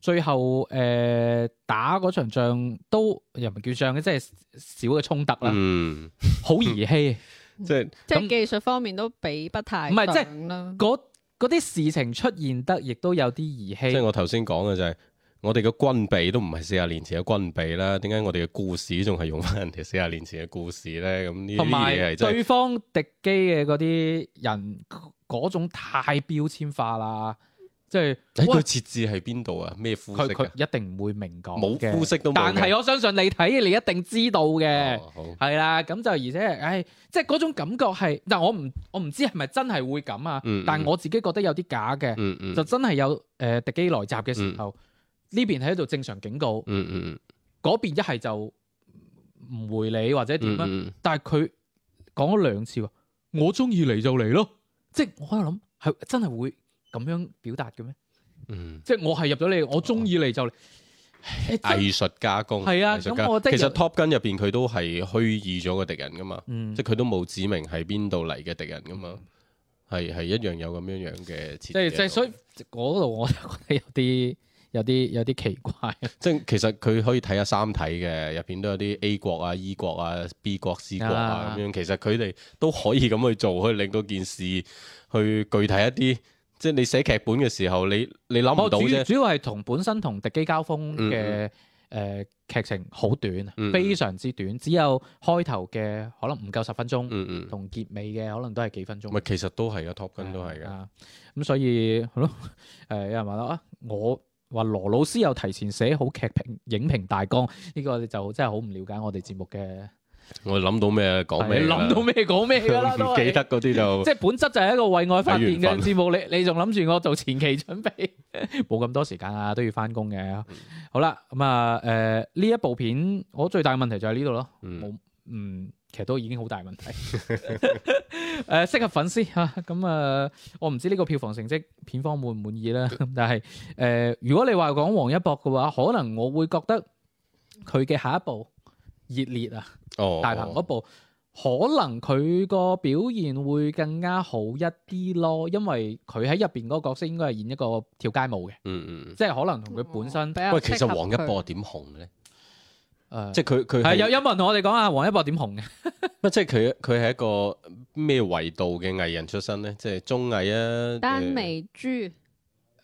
最後誒、呃、打嗰場仗都又唔叫仗嘅，即係少嘅衝突啦。嗯，好兒戲，即係那即係技術方面都比不太強啦。嗰嗰啲事情出現得亦都有啲兒戲。即係我頭先講嘅就係我哋嘅軍備都唔係四十年前嘅軍備啦，點解我哋嘅故事仲係用翻人哋四十年前嘅故事咧？咁呢同埋係對方敵機嘅嗰啲人，嗰種太標籤化啦，即係喺個設置喺邊度啊？咩膚色、啊？佢一定唔會明講，冇膚色都。但係我相信你睇你一定知道嘅，係啦、哦。咁就而且，唉、哎，即係嗰種感覺係，但係我唔我唔知係咪真係會咁啊？嗯嗯但係我自己覺得有啲假嘅，嗯嗯就真係有誒敵機來襲嘅時候。嗯呢邊喺度正常警告，嗰邊一係就唔回你或者點樣。但係佢講咗兩次，我中意嚟就嚟咯。即係我喺度諗，係真係會咁樣表達嘅咩？即係我係入咗你，我中意嚟就嚟。藝術加工係啊。咁我其實 Top Gun 入邊佢都係虛擬咗個敵人噶嘛，即係佢都冇指明係邊度嚟嘅敵人噶嘛，係係一樣有咁樣樣嘅設。即係即係，所以嗰度我就覺得有啲。有啲有啲奇怪即，即係其實佢可以睇下《三體》嘅入邊都有啲 A 國啊、啊 E 國啊、B 國、C 國啊咁樣，其實佢哋都可以咁去做，可以令到件事去具體一啲。即係你寫劇本嘅時候，你你諗唔到啫。主要主要係同本身同敵機交鋒嘅，誒劇情好短，嗯嗯非常之短，只有開頭嘅可能唔夠十分鐘，同、嗯嗯、結尾嘅可能都係幾分鐘。咪、嗯、其實都係啊，Top Gun 都係噶。咁、嗯嗯嗯、所以好咯，誒、嗯、有人話啦啊我。我話羅老師又提前寫好劇評影評大綱，呢、這個就真係好唔了解我哋節目嘅。我諗到咩講咩，諗、啊、到咩講咩啦。 唔記得嗰啲就是， 即係本質就係一個為愛發電嘅節目，分你你仲諗住我做前期準備？冇 咁多時間啊，都要翻工嘅。好啦，咁、嗯、啊，誒呢一部片，我最大嘅問題就喺呢度咯。嗯。其實都已經好大問題、 呃，誒，適合粉絲吓，咁啊，嗯、我唔知呢個票房成績片方滿唔滿意啦。但係誒、呃，如果你話講王一博嘅話，可能我會覺得佢嘅下一部《熱烈》啊，哦、大鵬嗰部，可能佢個表現會更加好一啲咯，因為佢喺入邊嗰個角色應該係演一個跳街舞嘅，嗯嗯，即係可能同佢本身。喂，其實王一博點紅嘅咧？誒，呃、即係佢佢係有有冇人同我哋講啊？王一博點紅嘅？ 即係佢佢係一個咩維度嘅藝人出身咧？即係綜藝啊？單眉珠，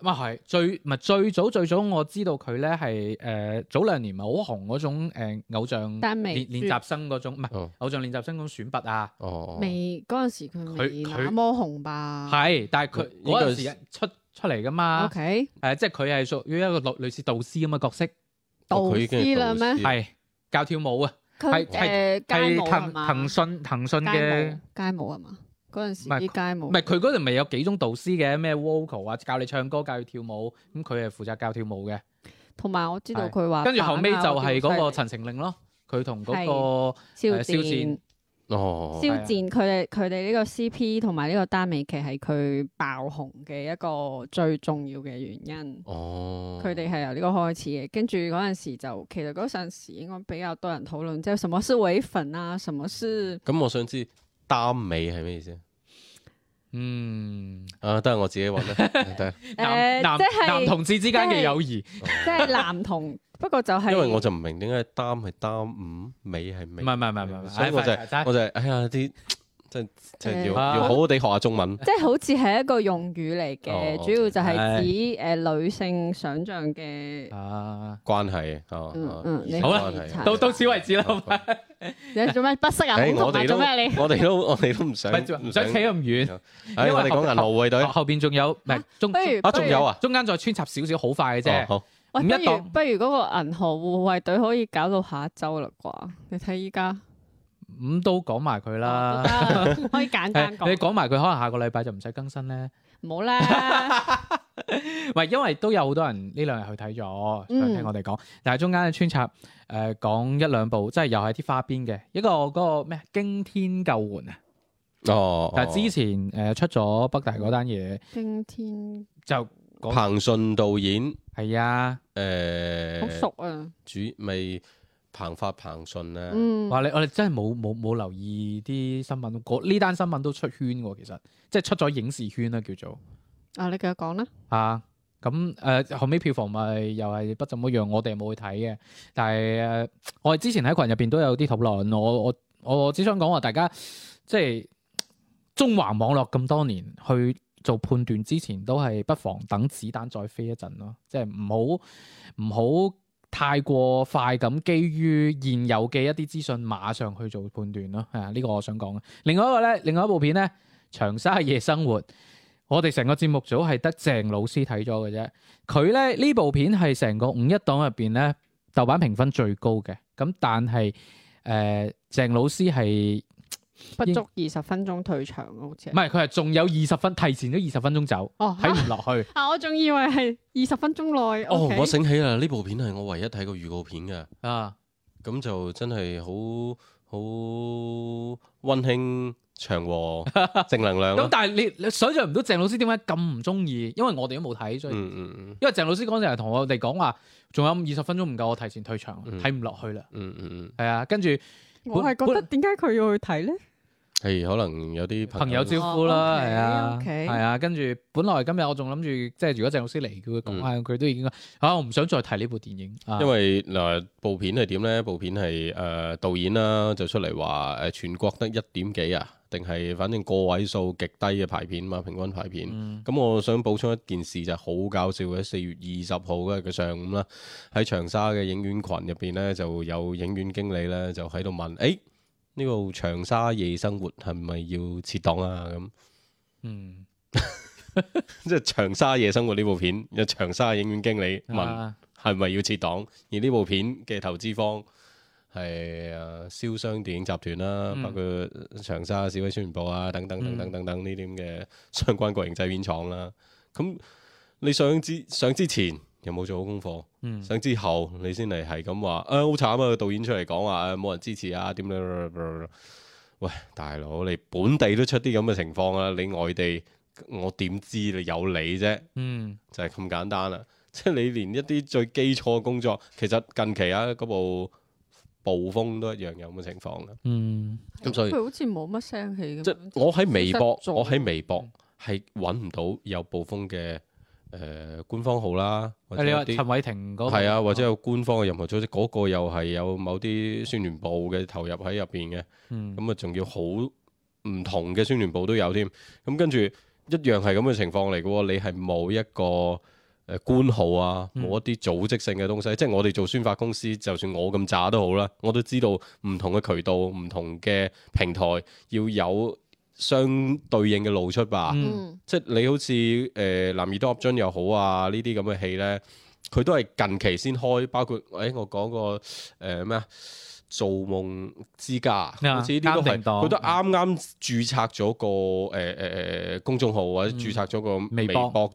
唔係、呃、最唔係最早最早我知道佢咧係誒早兩年咪好紅嗰種誒、呃、偶像練練習生嗰種唔係偶像練習生嗰種選拔啊？哦，未嗰陣時佢佢冇紅吧？係，但係佢嗰陣時出出嚟噶嘛？OK，係、呃、即係佢係屬於一個類類似導師咁嘅角色。導師啦咩？係、哦、教跳舞啊，係誒他，係騰騰訊騰訊嘅街舞啊嘛，陣時街，街舞，唔係佢嗰陣咪有幾種導師嘅咩 vocal 啊，ocal，教你唱歌，教你跳舞，咁佢係負責教跳舞嘅。同埋我知道佢話，跟住後尾就係個陳情令咯，佢同個誒肖戰。呃哦，肖戰佢哋佢哋呢個 CP 同埋呢個耽美劇係佢爆紅嘅一個最重要嘅原因。哦，佢哋係由呢個開始嘅，跟住嗰陣時就其實嗰陣時應該比較多人討論，即、就、係、是、什麼是唯粉啊，什麼是咁、嗯、我想知耽美係咩意思？嗯，啊，都係我自己揾啦。男男即係男同志之間嘅友誼，即係男同不過就係，因為我就唔明點解擔係擔五，尾係尾，唔係唔係唔係，所以我就我就係哎呀啲。即即要要好好地學下中文，即好似係一個用語嚟嘅，主要就係指誒女性想象嘅關係。哦，好啦，到到此為止啦。你做咩不識啊？好同埋做咩你我哋都我哋都唔想唔想扯咁遠。哎，我哋講銀河護衛隊，後邊仲有唔係不如啊？仲有啊？中間再穿插少少，好快嘅啫。好，哎，不如，不如嗰個銀河護衛隊可以搞到下一週啦啩？你睇依家。咁、嗯、都講埋佢啦， 可以簡單講、哎。你講埋佢，可能下個禮拜就唔使更新咧。唔好要啦，唔 因為都有好多人呢兩日去睇咗，想聽我哋講。嗯、但係中間穿插嘅誒講一兩部，即係又係啲花邊嘅一個嗰個咩《驚天救援》啊、哦。哦，但係之前誒、呃、出咗北大嗰單嘢，《驚天》就說彭順導演係啊，誒好、呃、熟啊，主咪。彭發彭信咧，話、嗯、你我哋真係冇冇冇留意啲新聞，呢單新聞都出圈嘅，其實，其實即係出咗影視圈啦，叫做啊，你繼續講啦。啊，咁誒、呃、後尾票房咪又係不怎麼樣，我哋冇去睇嘅，但係我哋之前喺群入邊都有啲討論，我我我只想講話大家即係中華網絡咁多年去做判斷之前，都係不妨等子彈再飛一陣咯，即係唔好唔好。太過快，咁，基於現有嘅一啲資訊，馬上去做判斷咯。係啊，呢、這個我想講。另外一個咧，另外一部片咧，《長沙夜生活》，我哋成個節目組係得鄭老師睇咗嘅啫。佢咧，呢部片係成個五一檔入邊咧豆瓣評分最高嘅。咁但係誒、呃，鄭老師係。不足二十分鐘退場好似唔係佢，係仲有二十分，提前咗二十分鐘走哦，睇唔落去啊！ 我仲以為係二十分鐘內、okay? 哦，我醒起啦，呢部片係我唯一睇過預告片㗎啊！咁就真係好好溫馨、祥和、正能量。咁但係你你想象唔到鄭老師點解咁唔中意，因為我哋都冇睇，所以、嗯嗯、因為鄭老師嗰陣係同我哋講話，仲有二十分鐘唔夠，我提前退場，睇唔落去啦、嗯。嗯嗯嗯，係啊、嗯，跟住。ending ス il 我係覺得點解佢要去睇咧？係、哎、可能有啲朋,朋友招呼啦，係啊、哦，係、okay, okay, 啊，跟住本來今日我仲諗住，即係如果鄭老師嚟，佢講下佢都已經啊，我唔想再提呢部電影，啊、因為嗱部片係點咧？部片係誒、呃、導演啦就出嚟話誒全國得一點幾啊，定係反正個位數極低嘅排片啊嘛，平均排片。咁、嗯嗯、我想補充一件事就係好搞笑嘅，四月二十號嗰日嘅上午啦，喺長沙嘅影院群入邊咧就有影院經理咧就喺度問誒。誒呢部《長沙夜生活》係咪要撤檔啊？咁，嗯，即係《長沙夜生活》呢部片，有長沙影院經理問係咪要撤檔，啊、而呢部片嘅投資方係啊，瀟湘電影集團啦，嗯、包括長沙市委宣傳部啊，等等等等等等呢啲嘅相關國營製片廠啦、啊。咁你上之上之前有冇做好功課？嗯、想之後你先嚟係咁話，誒好慘啊！導演出嚟講話誒冇人支持啊，點點點點點。喂，大佬，你本地都出啲咁嘅情況啊，你外地我點知你有你啫？嗯，就係咁簡單啦、啊。即、就、係、是、你連一啲最基礎嘅工作，其實近期啊嗰部暴風都一樣有咁嘅情況啦、啊。嗯，咁、嗯、所以佢好似冇乜聲氣。即就我喺微博，措我喺微博係揾唔到有暴風嘅。誒、呃、官方號啦，誒你話陳偉霆嗰個係啊，或者有官方嘅任何組織，嗰、哦、個又係有某啲宣傳部嘅投入喺入邊嘅，咁啊仲要好唔同嘅宣傳部都有添，咁、嗯嗯、跟住一樣係咁嘅情況嚟嘅，你係冇一個誒官號啊，冇一啲組織性嘅東西，嗯、即係我哋做宣發公司，就算我咁渣都好啦，我都知道唔同嘅渠道、唔同嘅平台要有。相對應嘅露出吧，嗯、即係你好似誒《南極大合張》又好啊，這這呢啲咁嘅戲咧，佢都係近期先開，包括誒、哎、我講個誒咩啊，造、呃、夢之家，啊、好似呢啲都係佢都啱啱註冊咗個誒誒誒公眾號或者註冊咗個微博帳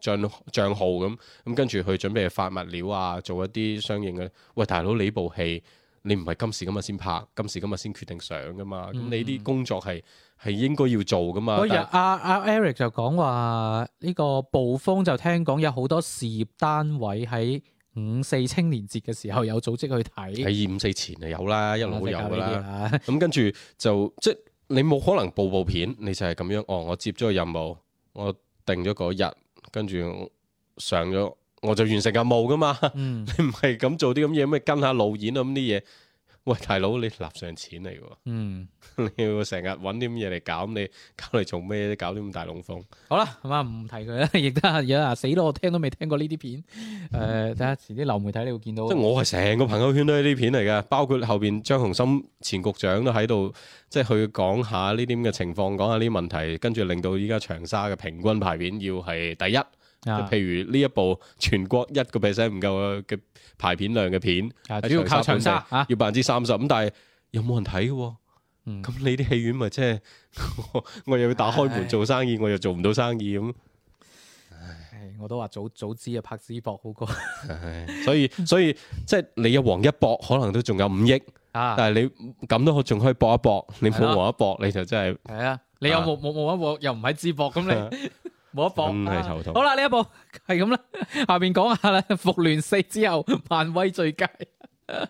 賬號咁，咁、嗯、跟住佢準備發物料啊，做一啲相應嘅，喂大佬你部戲。你唔係今時今日先拍，今時今日先決定上噶嘛？咁、嗯嗯、你啲工作係係應該要做噶嘛？嗰日阿阿 Eric 就講話呢個暴風就聽講有好多事業單位喺五四青年節嘅時候有組織去睇。喺五四前就有啦，一路都有噶啦。咁、嗯啦嗯、跟住就即係你冇可能部部片，你就係咁樣。哦，我接咗個任務，我定咗嗰日，跟住上咗。我就完成任務噶嘛，嗯、你唔係咁做啲咁嘢咩跟下路演啊咁啲嘢，喂大佬你立上錢嚟㗎，嗯、 你要成日揾啲咁嘢嚟搞，你搞嚟做咩？搞啲咁大龍鳳。好啦，咁啊唔提佢啦，亦都係死咯，我聽都未聽過呢啲片。誒睇下遲啲流媒體你會見到。即係我係成個朋友圈都係呢啲片嚟嘅，包括後邊張宏森前局長都喺度，即係去講下呢啲咁嘅情況，講下呢啲問題，跟住令到依家長沙嘅平均排片要係第一。譬如呢一部全國一個 percent 唔夠嘅排片量嘅片，要靠長沙、嗯、要百分之三十咁。但係有冇人睇喎、啊？咁你啲戲院咪即係， 我又要打開門做生意，哎、我又做唔到生意咁。唉、哎，我都話早早知啊，拍淄博好過。 所以所以即係、就是、你一王一博可能都仲有五億啊，哎、但係你咁都仲可以搏一搏，你冇王一博的你就真係。係的啊，你有冇冇冇一搏？又唔喺淄博咁你。冇得放、啊，好啦，呢一部係咁啦，下邊講下啦。《復聯四》之後，漫威最佳，誒、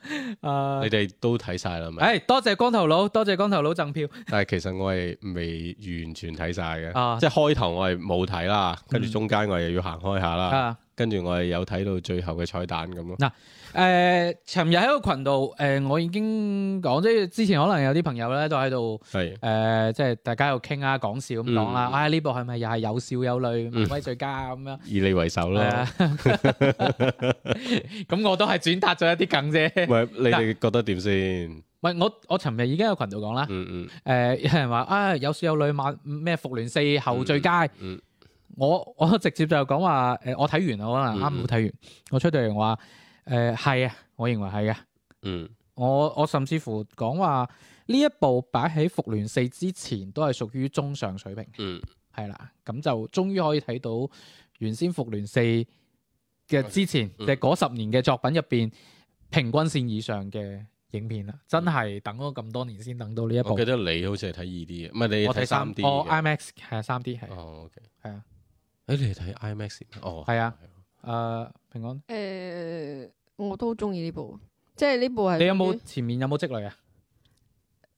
啊，你哋都睇晒啦係咪？誒、哎，多謝光頭佬，多謝光頭佬贈票。但係其實我係未完全睇晒嘅，啊、即係開頭我係冇睇啦，跟住中間我又要行開下啦。嗯嗯啊跟住我哋有睇到最後嘅彩蛋咁咯。嗱，誒，尋日喺個群度，誒，我已經講咗，之前可能有啲朋友咧都喺度，係誒，即係大家又傾啊，講笑咁講啦。哎，呢部係咪又係有笑有淚，漫威最佳咁樣？以你為首啦。咁我都係轉達咗一啲梗啫。喂你哋覺得點先？喂我，我尋日已經喺群度講啦。嗯嗯。誒，有人話啊，有笑有淚，漫咩復聯四後最佳。我我直接就講話，誒，我睇完，我可能啱好睇完，mm hmm. 我出到嚟話，誒、呃，係啊，我認為係嘅，嗯、mm，hmm. 我我甚至乎講話呢一部擺喺復聯四之前都係屬於中上水平，嗯、mm，係、hmm. 啦，咁就終於可以睇到原先復聯四嘅之前嘅嗰、mm hmm. 十年嘅作品入邊平均線以上嘅影片啦，真係等咗咁多年先等到呢一部。我記得你好似係睇二 D 嘅，唔係你我睇三 D 我 IMAX 係三 D 係，哦、oh,，OK，係啊。誒、欸、你係睇 IMAX？哦，係啊，誒、呃、平安。誒、呃、我都好中意呢部，即係呢部係。你有冇前面誒有冇積累啊？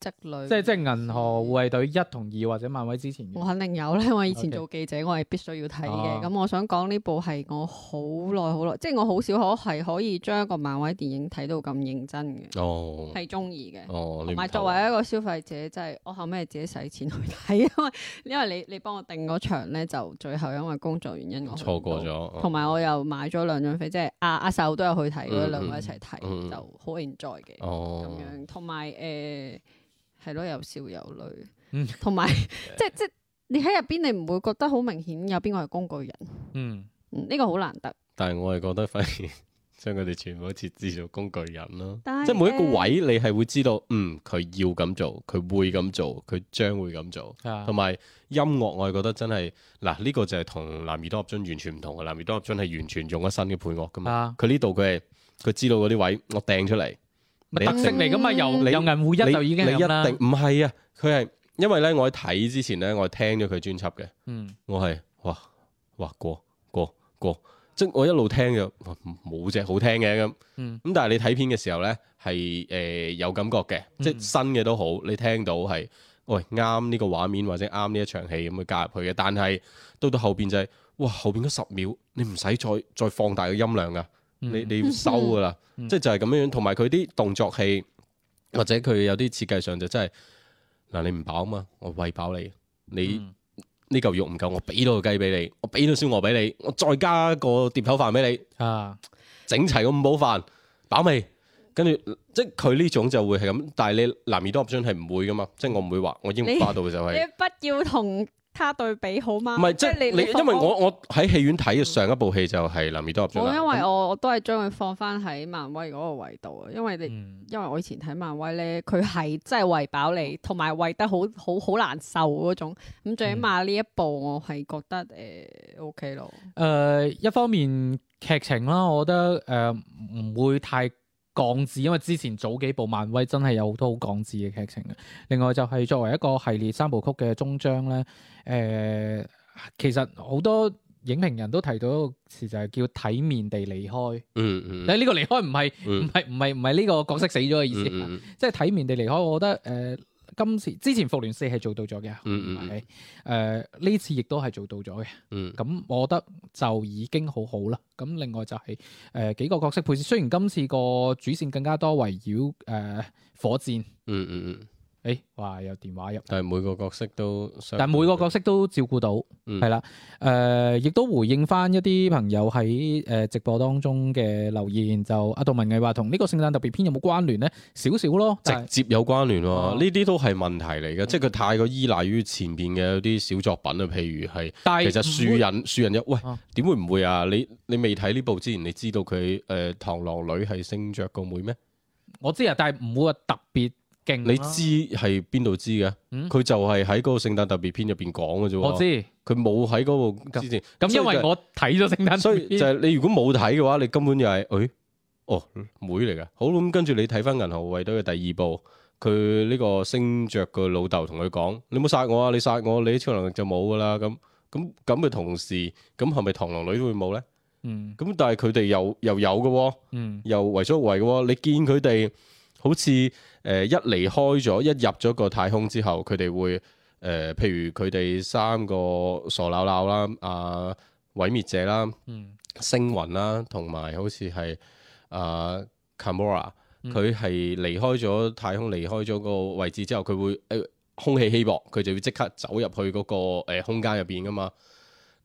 即係即係《銀河護衛隊》一、同二或者漫威之前，我肯定有因為我以前做記者，我係必須要睇嘅。咁我想講呢部係我好耐好耐，即係我好少可係可以將一個漫威電影睇到咁認真嘅。哦，係中意嘅。哦，同埋作為一個消費者，即係我後尾係自己使錢去睇，因為因為你你幫我定嗰場咧，就最後因為工作原因我錯過咗，同埋我又買咗兩張飛，即係阿阿秀都有去睇，兩個一齊睇就好 enjoy 嘅。咁樣同埋誒。係咯，有笑有淚，同埋即係即係你喺入邊，你唔會覺得好明顯有邊個係工具人。嗯，呢、嗯這個好難得。但係我係覺得反而將佢哋全部設置做工具人咯，但是即係每一個位你係會知道，嗯，佢要咁做，佢會咁做，佢將會咁做。同埋、啊、音樂，我係覺得真係嗱，呢、這個就係同《南極多粒樽》完全唔同嘅，《南極多粒樽》係完全用咗新嘅配樂噶嘛。佢呢度佢係佢知道嗰啲位，我掟出嚟。特色嚟噶嘛？嗯、由任你銀會一就已經係咁啦。唔係啊，佢係因為咧，我睇之前咧，我係聽咗佢專輯嘅。嗯我，我係哇哇過過過,過，即係我一路聽嘅冇隻好聽嘅咁。咁、嗯、但係你睇片嘅時候咧，係、呃、誒有感覺嘅，即係新嘅都好。你聽到係喂啱呢個畫面或者啱呢一場戲咁去加入去嘅。但係到到後邊就係、是、哇後邊嗰十秒，你唔使再再放大個音量㗎！你你要收噶啦，即係 就係咁樣樣。同埋佢啲動作戲，或者佢有啲設計上就真係嗱，你唔飽啊嘛，我喂飽你。你呢嚿、嗯、肉唔夠，我俾多個雞俾你，我俾到燒鵝俾你，我再加個碟頭飯俾你啊，整齊個五寶飯飽未？跟住即係佢呢種就會係咁，但係你南爾多噚係唔會噶嘛，即、就、係、是、我唔會話我已經發到就係、是、你，你不要同。他對比好嗎？唔係是即係你你，你因為我我喺戲院睇嘅、嗯、上一部戲就係《雷別刀》入咗啦，因為我我都係將佢放翻喺漫威嗰個位度，因為你因為我以前睇漫威咧，佢係真係餵飽你，同埋餵得好好好難受嗰種。咁最起碼呢一部我係覺得誒 OK 咯。誒、嗯呃、一方面劇情啦，我覺得誒唔、呃、會太。降智，因為之前早幾部漫威真係有好多好降智嘅劇情嘅。另外就係作為一個系列三部曲嘅終章咧，誒、呃、其實好多影評人都提到一個詞，就係叫體面地離開。嗯嗯，嗯但係呢個離開唔係唔係唔係唔係呢個角色死咗嘅意思，嗯嗯、即係體面地離開。我覺得誒。呃今次之前復聯四係做到咗嘅，係誒呢次亦都係做到咗嘅，咁、嗯、我覺得就已經好好啦。咁另外就係、是、誒、呃、幾個角色配置，雖然今次個主線更加多圍繞誒、呃、火箭。嗯嗯嗯。誒，哇！有電話入，但係每個角色都，但係每個角色都照顧到，係啦，誒，亦都回應翻一啲朋友喺誒直播當中嘅留言，就阿杜文藝話同呢個聖誕特別篇有冇關聯呢？少少咯，直接有關聯喎，呢啲都係問題嚟嘅，即係佢太過依賴於前邊嘅一啲小作品啊，譬如係其實樹人，樹人一，喂，點會唔會啊？你你未睇呢部之前，你知道佢誒螳螂女係星爵個妹咩？我知啊，但係唔會話特別。啊、你知係邊度知嘅？佢、嗯、就係喺嗰個聖誕特別篇入邊講嘅啫。我知佢冇喺嗰個之前。咁因為我睇咗聖誕，所以就係、是就是、你如果冇睇嘅話，你根本就係、是，誒、哎，哦，妹嚟嘅。好咁，跟住你睇翻《銀河護衛隊》嘅第二部，佢呢個星爵嘅老豆同佢講：你冇殺我啊！你殺我，你超能力就冇㗎喇。咁咁咁嘅同時，咁係咪螳螂女都會冇咧？咁、嗯、但係佢哋又又有嘅，嗯，又為所欲為嘅。你見佢哋好似。誒、呃、一離開咗，一入咗個太空之後，佢哋會誒、呃，譬如佢哋三個傻鬧鬧啦，阿、呃、毀滅者啦，嗯、星雲啦，同埋好似係啊卡莫拉，佢係離開咗太空，離開咗嗰個位置之後，佢會誒、呃、空氣稀薄，佢就要即刻走入去嗰、那個、呃、空間入邊噶嘛。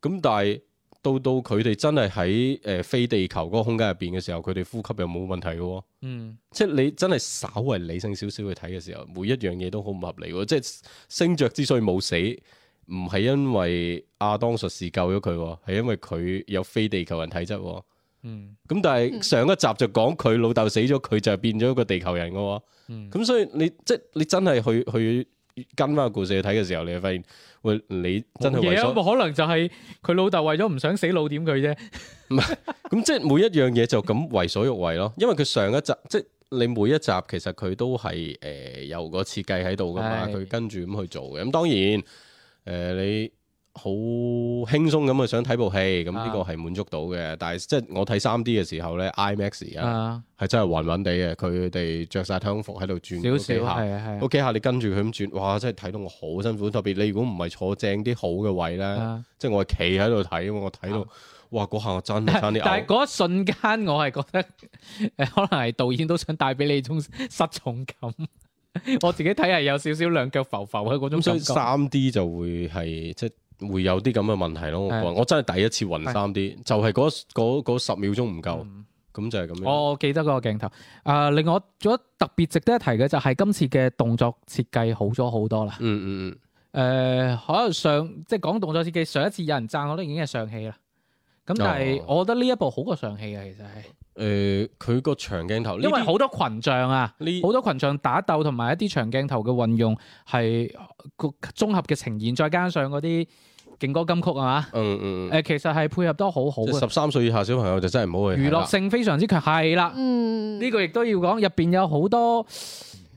咁、嗯、但係到到佢哋真係喺誒非地球嗰個空間入邊嘅時候，佢哋呼吸又冇問題嘅喎。嗯，即係你真係稍為理性少少去睇嘅時候，每一樣嘢都好唔合理喎。即係星爵之所以冇死，唔係因為亞當術士救咗佢，係因為佢有非地球人體質。嗯，咁、嗯嗯、但係上一集就講佢老豆死咗，佢就變咗一個地球人嘅喎。咁、嗯、所以你即係你真係去去。去跟翻個故事去睇嘅時候，你就發現喂，你真係有個可能就係佢老豆為咗唔想死老點佢啫。唔係，咁 即係每一樣嘢就咁為所欲為咯。因為佢上一集即係你每一集其實佢都係誒、呃、有個設計喺度噶嘛，佢是跟住咁去做嘅。咁當然誒、呃、你。好輕鬆咁啊！想睇部戲咁呢個係滿足到嘅，但係即係我睇三 D 嘅時候咧，IMAX 而家係、啊啊、真係混混地嘅，佢哋着晒太空服喺度轉幾下，少少啊、幾下你跟住佢咁轉，哇！真係睇到我好辛苦，特別你如果唔係坐正啲好嘅位咧，即係我係企喺度睇啊！我睇到、啊、哇，嗰下我真係差啲。但係嗰一瞬間，我係覺得誒，可能係導演都想帶俾你一種失重感。 我自己睇係有少，少少兩腳浮浮喺嗰種感覺。嗯、所以三 D 就會係即係。會有啲咁嘅問題咯，的我真係第一次暈三 D，的就係嗰十秒鐘唔夠，咁、嗯、就係咁樣我。我記得嗰個鏡頭。誒、呃，另外做咗特別值得一提嘅就係今次嘅動作設計好咗好多啦、嗯。嗯嗯誒，可能、呃、上即係講動作設計，上一次有人讚我都已經係上氣啦。咁但係我覺得呢一部好過上氣啊，其實係。誒、呃，佢個長鏡頭，因為好多群像啊，好些多群像打鬥同埋一啲長鏡頭嘅運用係個綜合嘅呈現，再加上嗰啲。勁歌金曲啊嘛，嗯嗯嗯，誒其實係配合得好好。十三歲以下小朋友就真係唔好去。娛樂性非常之強，係啦，嗯，呢個亦都要講，入邊有好多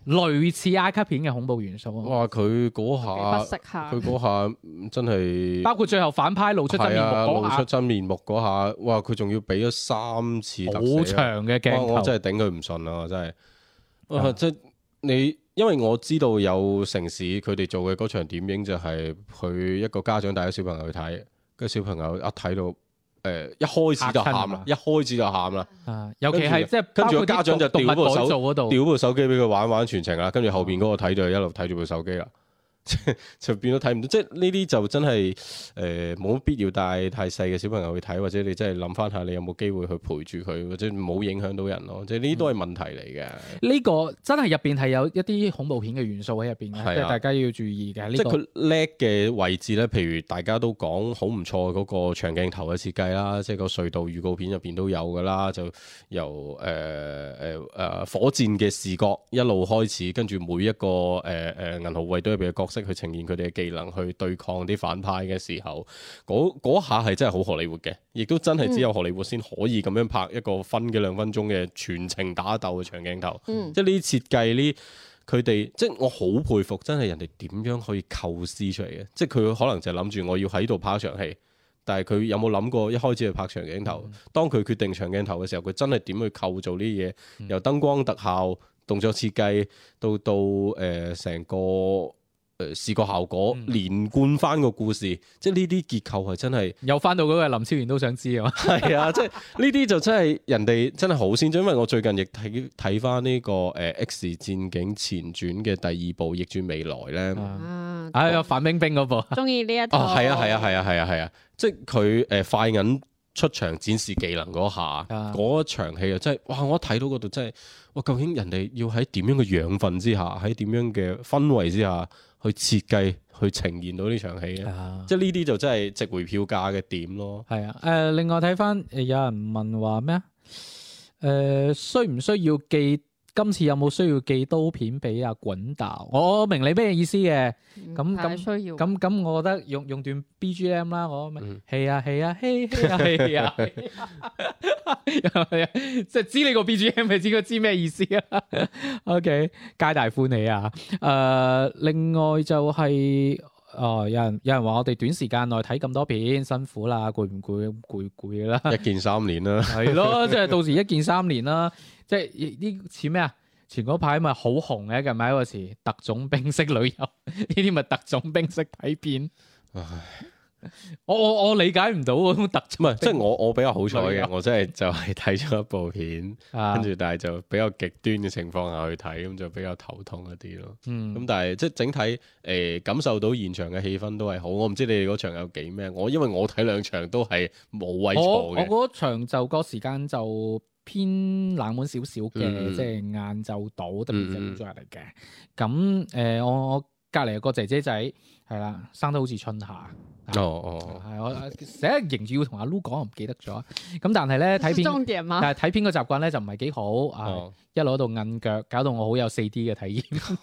類似 I 級片嘅恐怖元素。哇！佢嗰下，佢嗰下，下真係。包括最後反派露出真面目，啊、露出真面目嗰下，哇！佢仲要俾咗三次好長嘅鏡頭，我真係頂佢唔順啊！真係，即係你。嗯嗯因為我知道有城市佢哋做嘅嗰場點映就係佢一個家長帶咗小朋友去睇，個小朋友、那個、一睇到誒一開始就喊啦，一開始就喊啦、呃，尤其係即係跟住著個家長就掉部手，掉部手機俾佢玩玩全程啦，跟住後邊嗰個睇就、啊、一路睇住部手機啦。即就變到睇唔到，即係呢啲就真係誒冇乜必要帶太細嘅小朋友去睇，或者你真係諗翻下你有冇機會去陪住佢，或者唔好影響到人咯。即係呢啲都係問題嚟嘅。呢、嗯這個真係入邊係有一啲恐怖片嘅元素喺入邊，即係大家要注意嘅。這個、即係佢叻嘅位置咧，譬如大家都講好唔錯嗰個長鏡頭嘅設計啦，即係個隧道預告片入邊都有㗎啦，就由誒誒誒火箭嘅視角一路開始，跟住每一個誒誒、呃呃、銀河護衛隊入邊嘅角。識去呈現佢哋嘅技能去對抗啲反派嘅時候，嗰下係真係好荷里活嘅，亦都真係只有荷里活先可以咁樣拍一個分嘅兩分鐘嘅全程打鬥嘅長鏡頭。嗯、即係呢啲設計，呢佢哋即係我好佩服，真係人哋點樣可以構思出嚟嘅？即係佢可能就諗住我要喺度拍一場戲，但係佢有冇諗過一開始去拍長鏡頭？當佢決定長鏡頭嘅時候，佢真係點去構造呢啲嘢？由燈光特效、動作設計到到誒成個。視覺效果，連貫翻個故事，即係呢啲結構係真係又翻到嗰個林超賢都想知啊！係啊，即係呢啲就真係人哋真係好先進，因為我最近亦睇睇翻呢個《誒 X 戰警前傳》嘅第二部《逆轉未來》咧。啊，係啊，范冰冰嗰部。中意呢一？啊，係啊，係啊，係啊，係啊，係啊！即係佢誒，快銀出場展示技能嗰下，嗰場戲啊，真係哇！我睇到嗰度真係，我究竟人哋要喺點樣嘅養分之下，喺點樣嘅氛圍之下？去設計去呈現到呢場戲嘅，啊、即係呢啲就真係值回票價嘅點咯。係啊，誒、呃、另外睇翻誒有人問話咩啊？誒、呃、需唔需要記？今次有冇需要寄刀片俾阿滾豆？我明你咩意思嘅，咁咁需要咁咁，我覺得用用，用段 BGM 啦，我係啊係啊係啊係啊，啊。即係知你個 BGM 就知佢知咩意思啊。 OK，皆大歡喜啊！誒、呃，另外就係、是。哦，有人有人話我哋短時間內睇咁多片辛苦啦，攰唔攰攰攰啦，累累一見三年啦，係 咯，即係到時一見三年啦，即係呢似咩啊？前排咪好紅嘅，近排嗰時特種兵式旅遊？呢啲咪特種兵式睇片？唉 我我我理解唔到啊，咁突啫嘛，即係我我比較好彩嘅， 我真係就係睇咗一部片，跟住 但係就比較極端嘅情況下去睇，咁就比較頭痛一啲咯。咁、嗯嗯嗯、但係即係整體誒感受到現場嘅氣氛都係好，我唔知你哋嗰場有幾咩？我因為我睇兩場都係冇位坐嘅。我嗰場就個時間就偏冷門少少嘅，即係晏晝到特別節目組入嚟嘅。咁誒、嗯嗯呃，我我隔籬有個姐姐仔。係啦，生得好似春夏。哦哦，係我成日諗住要同阿 Lu 講，我唔記得咗。咁但係咧睇片，但係睇片嘅習慣咧就唔係幾好。啊、哦哎，一攞到摁腳，搞到我好有 4D 嘅體驗。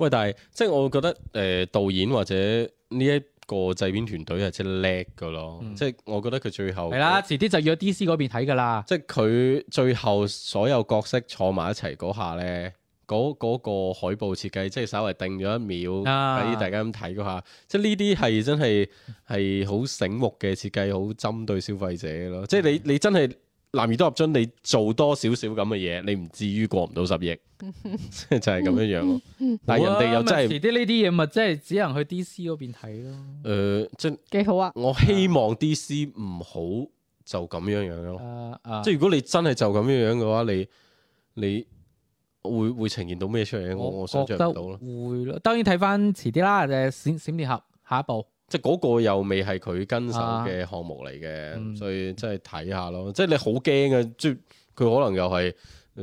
喂， 嗯、但係即係我覺得誒、呃、導演或者呢一個製片團隊係真叻嘅咯。嗯、即係我覺得佢最後係啦，遲啲就要喺 DC 嗰邊睇㗎啦。嗯、即係佢最後所有角色坐埋一齊嗰下咧。嗰個海報設計，即係稍微定咗一秒俾、啊、大家咁睇下，即係呢啲係真係係好醒目嘅設計，好針對消費者嘅咯。即係你你真係《男兒當入樽》，你做多少少咁嘅嘢，你唔至於過唔到十億， 即係就係咁樣樣咯。但係人哋又真係啲呢啲嘢，咪真係只能去 D C 嗰邊睇咯、啊。誒、呃，即係幾好啊！我希望 D C 唔好就咁樣樣咯。啊啊、即係如果你真係就咁樣樣嘅話，你你。你會會呈現到咩出嚟？我我想象到咯，會咯。當然睇翻遲啲啦，誒，閃閃電俠下一部，即係嗰個又未係佢跟手嘅項目嚟嘅，啊嗯、所以即係睇下咯。即係你好驚啊！即係佢可能又係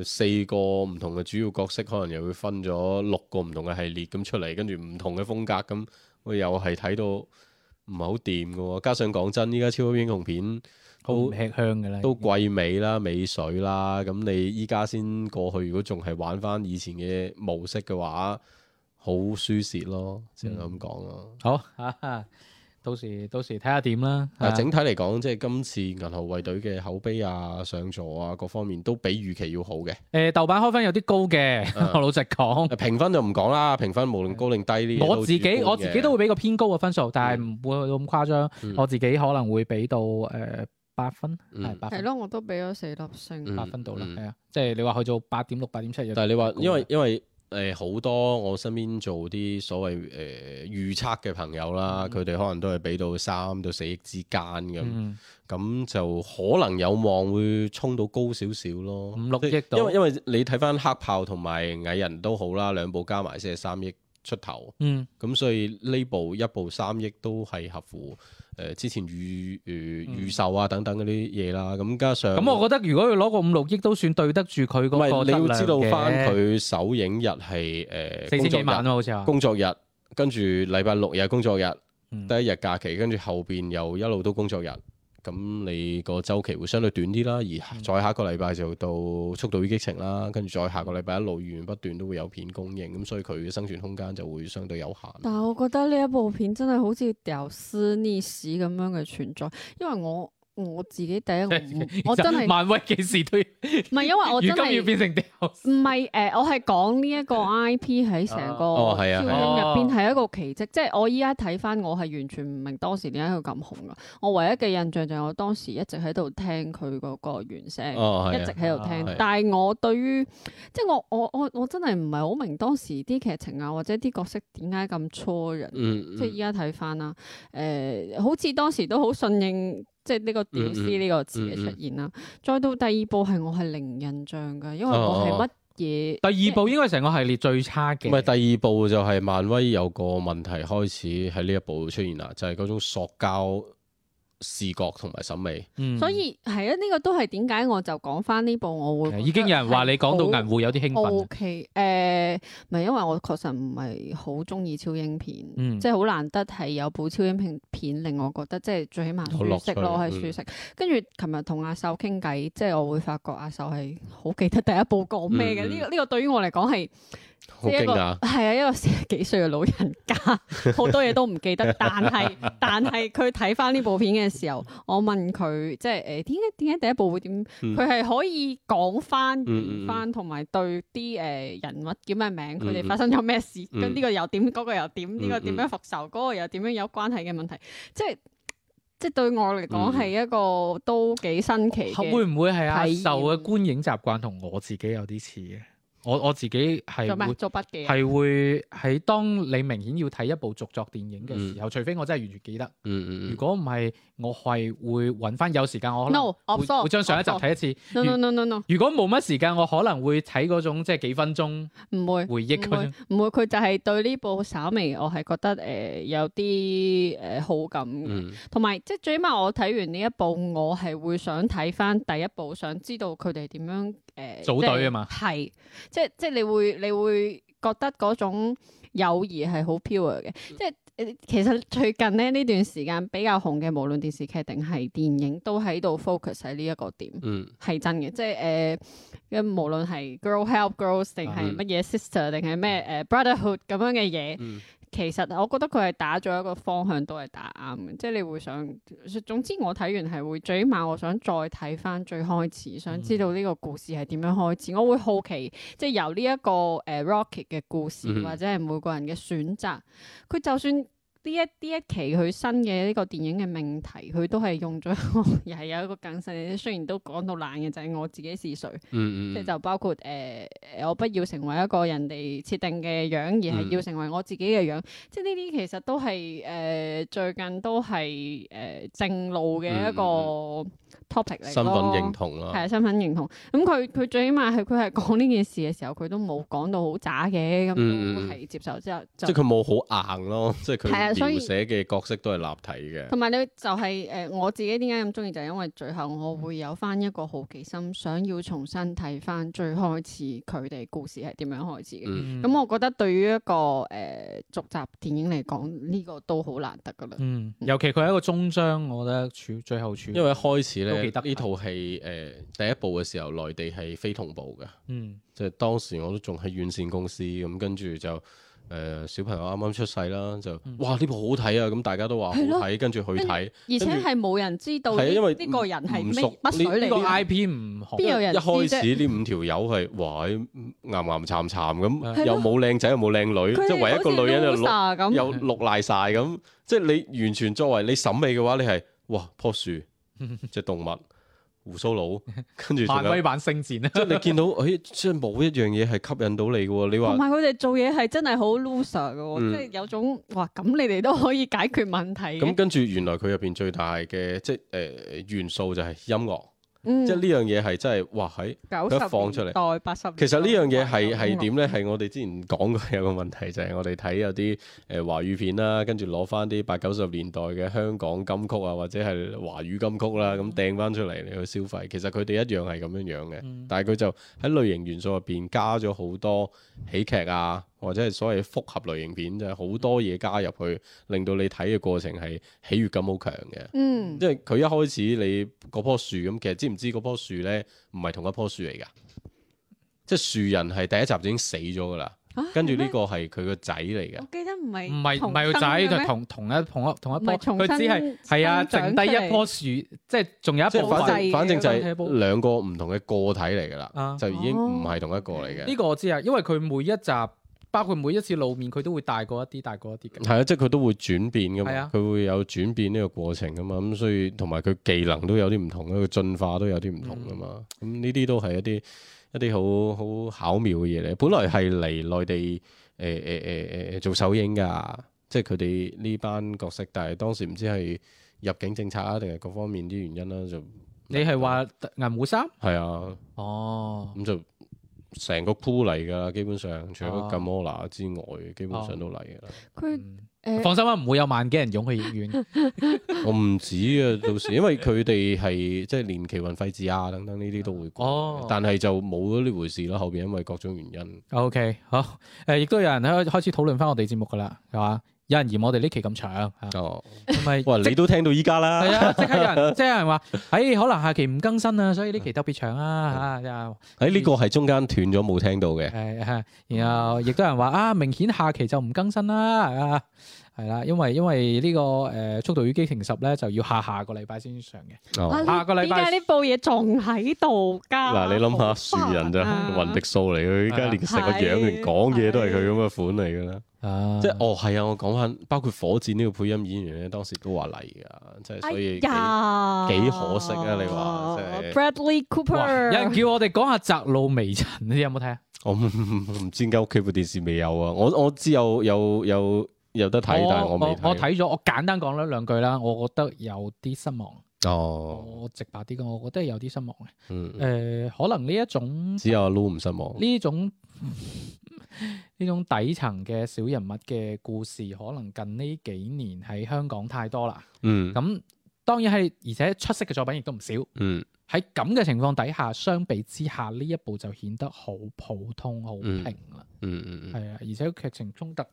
四個唔同嘅主要角色，可能又會分咗六個唔同嘅系列咁出嚟，跟住唔同嘅風格咁，又係睇到唔係好掂噶。加上講真，依家超級英雄片。都吃香嘅啦，都貴美啦、美水啦，咁、嗯、你依家先過去，如果仲係玩翻以前嘅模式嘅話，好輸蝕咯，只能咁講咯。好，到時到時睇下點啦。但、啊、整體嚟講，即係今次銀河衛隊嘅口碑啊、上座啊各方面都比預期要好嘅。誒、呃，豆瓣開分有啲高嘅，嗯、我老實講。評分就唔講啦，評分無論高定低呢、呃，我自己我自己都會俾個偏高嘅分數，但係唔會咁誇張。嗯、我自己可能會俾到誒。呃八分係八分係咯，我都俾咗四粒星，八分到啦。係啊，即係你話去做八點六、八點七，但係你話因為因為誒好多我身邊做啲所謂誒預測嘅朋友啦，佢哋可能都係俾到三到四億之間咁，咁就可能有望會衝到高少少咯，五六億。因為因為你睇翻黑豹同埋蟻人都好啦，兩部加埋先係三億出頭。嗯，咁所以呢部一部三億都係合乎。誒、呃，之前預預預售啊，等等嗰啲嘢啦，咁、嗯、加上咁、嗯，我覺得如果佢攞個五六億都算對得住佢個，唔係，你要知道翻佢首映日係誒，呃、四千幾萬咯，好似啊，工作日跟住禮拜六日工作日，嗯、第一日假期，跟住後邊又一路都工作日。咁你個周期會相對短啲啦，而再下一個禮拜就到《速度與激情》啦，跟住再下個禮拜一路源源不斷都會有片供應，咁所以佢嘅生存空間就會相對有限。但係我覺得呢一部片真係好似屌絲逆襲咁樣嘅存在，因為我。我自己第一個，我真係萬威嘅事。推，唔係因為我真係，如今要變成第唔係誒，我係講呢一個 I P 喺成個超影入邊係一個奇跡，即係我依家睇翻，我係完全唔明當時點解佢咁紅噶。我唯一嘅印象就係我當時一直喺度聽佢嗰個原聲，一直喺度聽，但係我對於即係我我我我真係唔係好明當時啲劇情啊，或者啲角色點解咁錯人，即係依家睇翻啦。誒，好似當時都好順應。即係呢個屌絲呢個詞嘅出現啦，嗯嗯、再到第二部係我係零印象㗎，哦、因為我係乜嘢？第二部應該係成個系列最差嘅。唔係第二部就係漫威有個問題開始喺呢一部出現啦，就係、是、嗰種塑膠。視覺同埋審美，嗯、所以係啊，呢、這個都係點解我就講翻呢部我會。已經有人話你講到銀護有啲興奮。O K，誒，唔係、okay, 呃、因為我確實唔係好中意超英片，嗯、即係好難得係有部超英片片令我覺得即係最起碼舒適咯，係舒適。嗯、跟住琴日同阿秀傾偈，即係我會發覺阿秀係好記得第一部講咩嘅。呢、嗯這個呢、這個對於我嚟講係。係啊，即係一個一個四十幾歲嘅老人家，好多嘢都唔記得。但係 但係佢睇翻呢部片嘅時候，我問佢，即係誒點解點解第一部會點？佢係、嗯、可以講翻翻，同埋、嗯嗯、對啲誒人物叫咩名，佢哋發生咗咩事？跟呢、嗯嗯、個又點，嗰、嗰個又點？呢、嗯嗯、個點樣復仇？嗰、嗰個又點樣有關係嘅問題？即係即係對我嚟講係一個都幾新奇嘅、嗯。會唔會係阿受嘅觀影習慣同我自己有啲似嘅？我我自己係會係會喺當你明顯要睇一部續作電影嘅時候，嗯、除非我真係完全記得。嗯嗯嗯。如果唔係。我係會搵翻有時間，no，時間，我可能會將上一集睇一次。No no no no no。如果冇乜時間，我可能會睇嗰種即係幾分鐘，回憶唔會，佢種就係對呢部稍微，我係覺得誒、呃、有啲誒好感嘅。同埋即係最起碼我睇完呢一部，我係會想睇翻第一部，想知道佢哋點樣誒組隊啊嘛。係，即係即係你會你會覺得嗰種友誼係好 pure 嘅，即係。其實最近咧呢段時間比較紅嘅，無論電視劇定係電影，都喺度 focus 喺呢一個點，係、嗯、真嘅，即係誒、呃，無論係 girl help girls 定係乜嘢 sister 定係咩、嗯、誒、呃、brotherhood 咁樣嘅嘢。嗯。其實我覺得佢係打咗一個方向都係打啱嘅，即係你會想，總之我睇完係會，最起碼我想再睇翻最開始，想知道呢個故事係點樣開始，嗯、我會好奇，即係由呢、這、一個誒、呃、Rocket 嘅故事，或者係每個人嘅選擇，佢就算。呢一呢一期佢新嘅呢個電影嘅命題，佢都係用咗，又係有一個更細啲，雖然都講到爛嘅，就係、是、我自己是誰，即係、嗯、就，就包括誒、呃，我不要成為一個人哋設定嘅樣，而係要成為我自己嘅樣，嗯、即係呢啲其實都係誒、呃、最近都係誒、呃、正路嘅一個 topic 嚟咯、嗯嗯。身份認同咯，係啊，身份認同。咁佢佢最起碼係佢係講呢件事嘅時候，佢都冇講到好渣嘅，咁係、嗯嗯嗯、接受之後，即係佢冇好硬咯，即係佢。描寫嘅角色都係立體嘅，同埋你就係、是、誒、呃，我自己點解咁中意就係、是、因為最後我會有翻一個好奇心，嗯、想要重新睇翻最開始佢哋故事係點樣開始嘅。咁、嗯、我覺得對於一個誒、呃、續集電影嚟講，呢、這個都好難得噶啦。嗯，尤其佢係一個終章，我覺得處最後處。因為一開始咧，我記得呢套戲誒第一部嘅時候，內地係非同步嘅。嗯，即係當時我都仲喺院線公司咁，跟住就。誒小朋友啱啱出世啦，就哇呢部好睇啊！咁大家都話好睇，跟住去睇，而且係冇人知道係啊，因為呢個人係唔熟。呢呢個 IP 唔，邊有人知一開始呢五條友係，哇啲巖巖巉巉，咁，又冇靚仔又冇靚女，即係唯一一個女人就，綠又綠賴晒，咁。即係你完全作為你審美嘅話，你係哇棵樹，隻動物。胡鬚佬，跟住 漫威版聖戰即係你見到，哎，即係冇一樣嘢係吸引到你嘅喎。你話，唔係佢哋做嘢係真係好 loser 嘅，嗯、即係有種哇，咁你哋都可以解決問題。咁、嗯嗯、跟住原來佢入邊最大嘅即係誒、呃、元素就係音樂。嗯、即係呢樣嘢係真係，哇喺、哎、一放出嚟。其實呢、嗯、樣嘢係係點呢？係我哋之前講過有個問題，就係、係、我哋睇有啲誒華語片啦，跟住攞翻啲八九十年代嘅香港金曲啊，或者係華語金曲啦，咁掟翻出嚟嚟去消費。其實佢哋一樣係咁樣樣嘅，但係佢就喺類型元素入邊加咗好多喜劇啊。或者係所謂複合類型片，就係好多嘢加入去，令到你睇嘅過程係喜悅感好強嘅。嗯，因為佢一開始你嗰棵樹咁，其實知唔知嗰棵樹咧唔係同一棵樹嚟㗎？即係樹人係第一集已經死咗㗎啦。跟住呢個係佢個仔嚟㗎。我記得唔係唔係唔係個仔，同同一同一同一棵，佢只係係啊，剩低一棵樹，即係仲有一棵，反反正就係兩個唔同嘅個體嚟㗎啦，就已經唔係同一個嚟嘅。呢個我知啊，因為佢每一集。包括每一次露面，佢都會大過一啲，大過一啲嘅。係啊，即係佢都會轉變㗎嘛，佢、啊、會有轉變呢個過程㗎嘛。咁所以同埋佢技能都有啲唔同，佢進化都有啲唔同㗎嘛。咁呢啲都係一啲一啲好好巧妙嘅嘢嚟。本來係嚟內地誒誒誒誒做首映㗎，即係佢哋呢班角色，但係當時唔知係入境政策啊，定係各方面啲原因啦，就你係話銀護三係啊，哦咁就。成個鋪嚟噶啦，基本上除咗金摩拿之外，哦、基本上都嚟噶啦。佢誒、嗯，放心啦，唔、欸、會有萬幾人湧去影院。 我唔止啊，到時因為佢哋係即係連期運費資啊等等呢啲都會貴，哦、但係就冇咗呢回事咯。後邊因為各種原因。O、okay, K，好誒，亦都有人開開始討論翻我哋節目噶啦，係嘛？有人嫌我哋呢期咁長，係咪？哇！你都聽到依家啦，係啊！即刻有人， 即係話，誒、哎，可能下期唔更新啊，所以呢期特別長啊，吓又。呢個係中間斷咗冇聽到嘅，係係、啊。然後亦都有人話啊，明顯下期就唔更新啦、啊。係啦，因為因為呢個誒《速度與激情十》咧就要下下個禮拜先上嘅。下個禮拜點解呢部嘢仲喺度噶？嗱，你諗下，樹人就雲迪數嚟，佢依家連成個樣，連講嘢都係佢咁嘅款嚟嘅啦。即係哦，係啊，我講翻，包括火箭呢個配音演員咧，當時都話嚟噶，即係所以幾可惜啊！你話，Bradley Cooper。有人叫我哋講下《窄路微塵》，你有冇睇啊？我唔知點解屋企部電視未有啊。我我知有有有。有得睇，但係我未睇。我睇咗，我簡單講咧兩句啦。我覺得有啲失望。哦。我直白啲講，我覺得有啲失望嘅。嗯。誒、呃，可能呢一種只有撈唔失望。呢種呢種底層嘅小人物嘅故事，可能近呢幾年喺香港太多啦、嗯嗯。嗯。咁當然係，而且出色嘅作品亦都唔少。嗯。喺咁嘅情況底下，相比之下呢一部就顯得好普通、好平啦、嗯。嗯嗯。係啊、嗯，而且劇情衝突。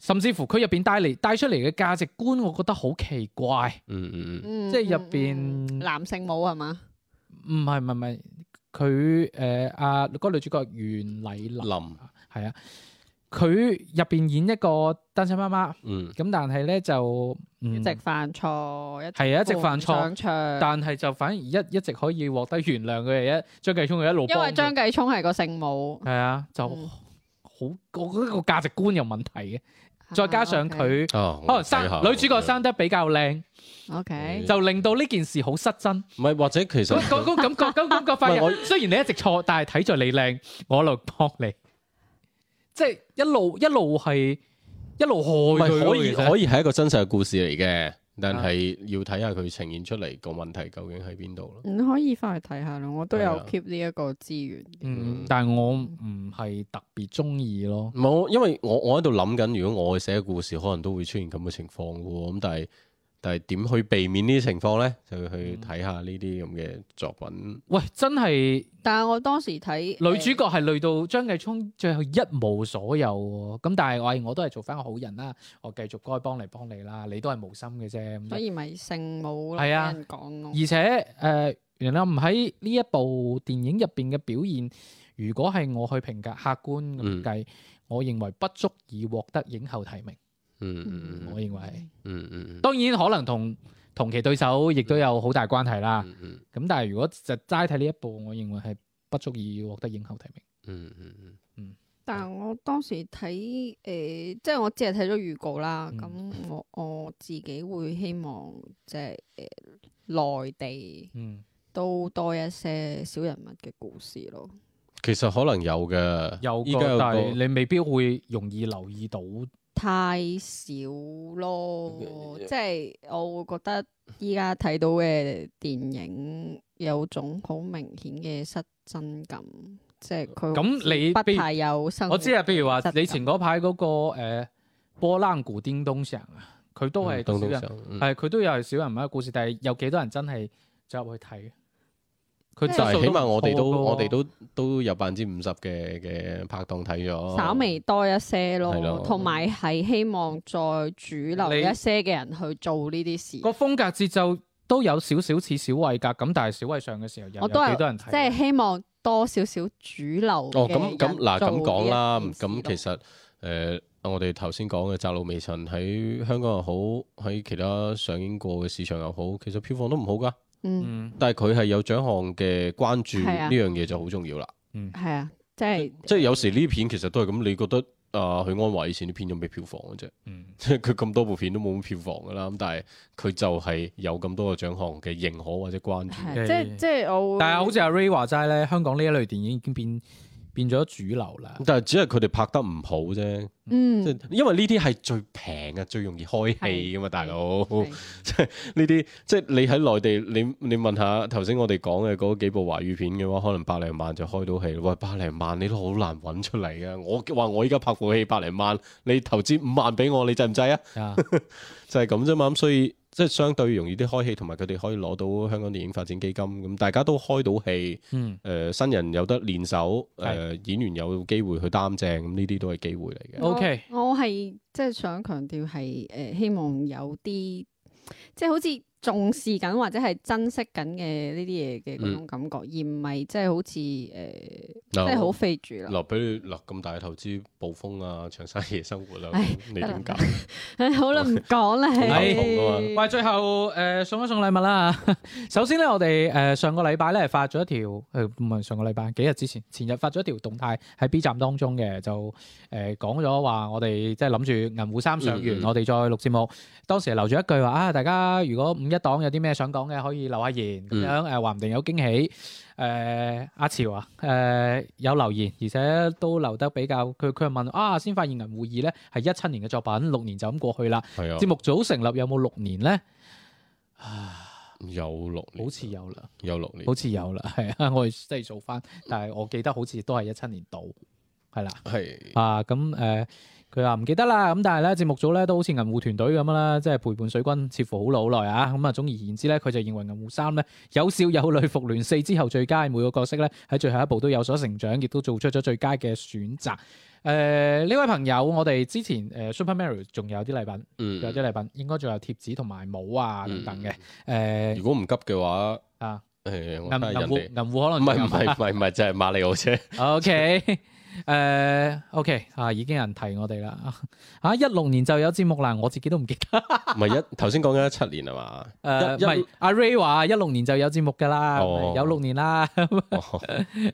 甚至乎佢入邊帶嚟帶出嚟嘅價值觀，我覺得好奇怪嗯。嗯嗯裡嗯，即係入邊男聖母，係嘛？唔係唔係唔係，佢誒阿個女主角袁禮琳，係林啊，佢入邊演一個單親媽媽、嗯。嗯，咁但係咧就一直犯錯，係啊，一直犯錯，但係就反而一一直可以獲得原諒嘅。一張繼聰佢一路因為張繼聰係個聖母，係啊，就好，我覺得個價值觀有問題嘅。再加上佢，哦、啊、可能生看看女主角生得比較靚，OK 就令到呢件事好失真。唔係，或者其實，嗰嗰感覺，嗰嗰個，個，個，個發現。啊、雖然你一直錯，但係睇著你靚，我嚟幫你。即係一路一路係一路害佢。可以實可以係一個真實嘅故事嚟嘅。但係要睇下佢呈現出嚟個問題究竟喺邊度咯。你、嗯、可以翻去睇下咯，我都有 keep 呢一個資源。的嗯，但係我唔係特別中意咯。唔係，因為我我喺度諗緊，如果我寫嘅故事，可能都會出現咁嘅情況嘅喎。咁但係。但係點去避免呢啲情況咧？就去睇下呢啲咁嘅作品。喂，真係！但係我當時睇女主角係累到張繼聰最後一無所有喎。咁但係我我都係做翻個好人啦，我繼續該幫嚟幫你啦。你都係無心嘅啫。所以咪剩冇咯。係啊，講咯。而且誒，袁立唔喺呢一部電影入邊嘅表現，如果係我去評價客觀咁計，我認為不足以獲得影后提名。嗯嗯嗯，我認為，嗯嗯當然可能同同期對手亦都有好大關係啦。咁但係如果就齋睇呢一部，我認為係不足以獲得影后提名。嗯嗯嗯嗯。但係我當時睇誒、呃，即係我只係睇咗預告啦。咁、mm hmm. 我我自己會希望即係誒，內、呃、地嗯都多一些小人物嘅故事咯。其實可能有嘅，有個，有個，但係你未必會容易留意到。太少咯，即係我會覺得依家睇到嘅電影有種好明顯嘅失真感，即係佢咁不係有生、嗯。我知啊，譬如話你前嗰排嗰個誒、呃、撥浪鼓咚咚響啊，佢都係，小人，係佢、嗯嗯、都有係小人物嘅故事，但係有幾多人真係走入去睇？佢就係起碼我哋都我哋都都有百分之五十嘅嘅拍檔睇咗，稍微多一些咯，同埋係希望再主流一些嘅人去做呢啲事你。個風格節奏都有少少似小偉格咁但係小偉上嘅時候有幾多人睇？即係希望多少少主流哦咁咁嗱咁講啦，咁、啊、些其實誒、呃、我哋頭先講嘅《窄路微塵》喺香港又好，喺其他上映過嘅市場又好，其實票房都唔好噶。嗯，但係佢係有獎項嘅關注呢、啊、樣嘢就好重要啦。啊、嗯，係啊即，即係即係有時呢啲片其實都係咁，你覺得啊許鞍華以前啲片有咩票房嘅啫？嗯，即係佢咁多部片都冇咁票房噶啦，咁但係佢就係有咁多個獎項嘅認可或者關注。啊、即是即係即我會。但係好似阿 Ray 話齋咧，香港呢一類電影已經變。變咗主流啦，但係只係佢哋拍得唔好啫。嗯，因為呢啲係最平嘅、最容易開戲噶嘛，的大佬哥。即係呢啲，即係、即係、你喺內地，你你問下頭先我哋講嘅嗰幾部華語片嘅話，可能百零萬就開到戲。喂，百零萬你都好難搵出嚟啊！我話我依家拍部戲百零萬，你投資五萬俾我，你制唔制啊？是的 就係咁啫嘛，咁所以。即係相對容易啲開戲，同埋佢哋可以攞到香港電影發展基金，咁大家都開到戲，誒、嗯呃、新人有得練手，誒是、呃、演員有機會去擔正，咁呢啲都係機會嚟嘅。OK，我係即係想強調係誒、呃、希望有啲即係好似。重視緊或者係珍惜緊嘅呢啲嘢嘅嗰種感覺，嗯、而唔係即係好似誒，即係好飛住啦。嗱 No，俾你落咁大嘅投資暴風啊，長沙夜生活啊，哎、你點搞、哎 哎？好啦，唔講啦。唔同啊嘛。喂，最後誒、呃、送一送禮物啦、啊。首先咧，我哋誒上個禮拜咧發咗一條誒唔係上個禮拜，幾日之前前日發咗一條動態喺 B 站當中嘅，就誒講咗話我哋即係諗住銀狐三上完，嗯、我哋再錄節目。嗯、當時留住一句話啊，大家如果五一檔有啲咩想講嘅可以留下言咁樣誒，話唔、嗯、定有驚喜。誒、呃，阿潮啊，誒、呃、有留言，而且都留得比較佢佢問啊，先發現銀護二咧係一七年嘅作品，六年就咁過去啦。係啊的，節目組成立有冇六年咧？啊，有六年，好似有啦，有六年，好似有啦，係啊，我哋即係做翻，但係我記得好似都係一七年到。係啦，係啊，咁、嗯、誒，佢話唔記得啦。咁但係咧，節目組咧都好似銀護團隊咁啦，即係陪伴水軍，似乎好耐好耐啊。咁啊，總而言之咧，佢就認為銀護三咧有笑有淚，復聯四之後最佳，每個角色咧喺最後一步都有所成長，亦都做出咗最佳嘅選擇。誒、呃，呢位朋友，我哋之前誒、呃、Super Mario 仲有啲禮品，嗯，有啲禮品應該仲有貼紙同埋帽啊、嗯、等等嘅。誒、呃，如果唔急嘅話啊，銀銀銀護可能唔係唔係唔係，就係馬里奧啫。O K。 誒、uh,，OK 啊，已經有人提我哋啦。啊，一六年就有節目啦，我自己都唔記得。唔 係一，頭先講緊一七年係嘛？誒、uh, 一，唔係阿 Ray 話一六年就有節目噶啦、哦，有六年啦、 哦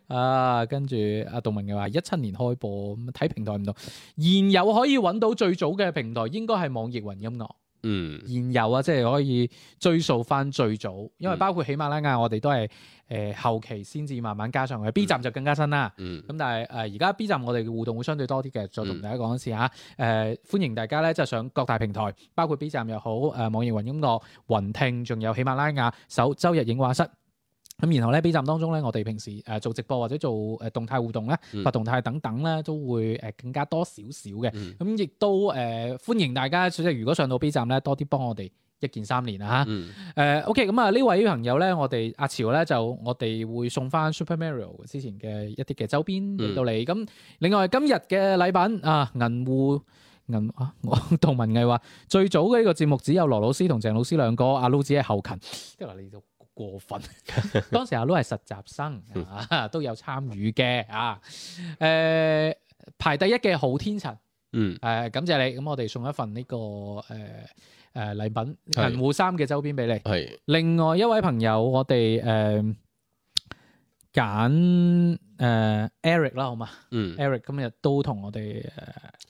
啊。啊，跟住阿杜文又話一七年開播，咁睇平台唔同。現有可以揾到最早嘅平台，應該係網易雲音樂。嗯，現有啊，即、就、係、是、可以追溯翻最早，因為包括喜馬拉雅，嗯、我哋都係。誒、呃、後期先至慢慢加上去，B 站就更加新啦。咁、嗯、但係誒而家 B 站我哋互動會相對多啲嘅，嗯、再同大家講一次嚇。誒、呃、歡迎大家咧，就上各大平台，包括 B 站又好，誒、呃、網易雲音樂、雲聽，仲有喜馬拉雅、首周日映畫室。咁、嗯、然後咧，B 站當中咧，我哋平時誒、呃、做直播或者做誒動態互動咧、發、嗯、動態等等咧，都會誒、呃、更加多少少嘅。咁亦、嗯嗯、都誒、呃、歡迎大家，即係如果上到 B 站咧，多啲幫我哋。一件三年啦嚇，誒、啊嗯嗯、OK 咁啊呢位朋友咧，我哋阿、啊、潮咧就我哋會送翻 Super Mario 之前嘅一啲嘅周邊到嚟。咁、嗯嗯、另外今日嘅禮品啊，銀護銀啊，我杜文藝話最早嘅呢個節目只有羅老師同鄭老師兩個，阿 Loo 只係後勤，即係話你都過分。 當時阿 Loo 係實習生、啊，都有參與嘅啊。誒排第一嘅好天塵，誒、啊、感謝你。咁我哋送一份呢、呢個誒。啊誒禮品銀護三嘅周邊俾你。係，另外一位朋友，我哋誒揀誒 Eric 啦，好嘛？嗯，Eric 今日都同我哋誒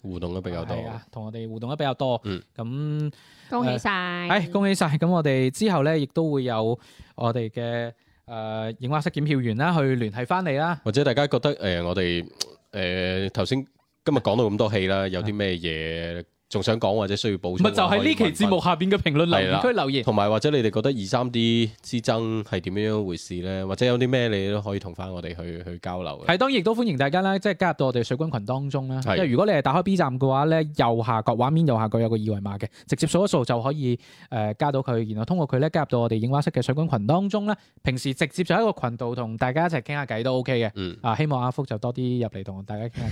互動得比較多，同我哋互動得比較多。嗯，咁恭喜晒，係恭喜晒。咁我哋之後咧，亦都會有我哋嘅誒影畫室檢票員啦，去聯繫翻你啦。或者大家覺得誒我哋誒頭先今日講到咁多戲啦，有啲咩嘢？仲想講或者需要補充？咪就喺呢期節目下邊嘅評論留言留言。同埋的或者你哋覺得二三 D 之爭係點樣一回事呢？或者有啲咩你都可以同返我哋去去交流嘅。係當然亦都歡迎大家啦，即係加入到我哋水軍群當中啦。因為的如果你係打開 B 站嘅話呢，右下角畫面右下角有個二維碼嘅，直接掃一掃就可以誒、呃、加到佢，然後通過佢呢，加入到我哋影畫室嘅水軍群當中咧。平時直接就喺個群度同大家一齊傾下偈都 OK 嘅。嗯、啊，希望阿福就多啲入嚟同大家傾下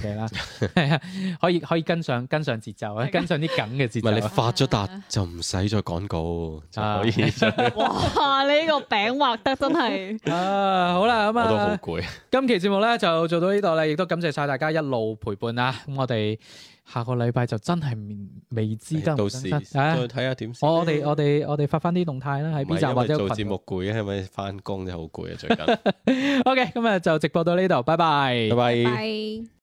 偈啦， 可以可以跟上跟上節奏 上啲梗嘅節奏，你發咗達就唔使再廣告就可以。哇！你呢個餅畫得真係啊！好啦，咁啊，我都好攰。今期節目咧就做到呢度啦，亦都感謝晒大家一路陪伴啦。咁我哋下個禮拜就真係未知到時啊，睇下點。我我哋我哋我哋發翻啲動態啦，喺 B 站或者做節目攰啊？係咪翻工真係好攰啊？最近。OK，今日就直播到呢度，拜拜，拜拜。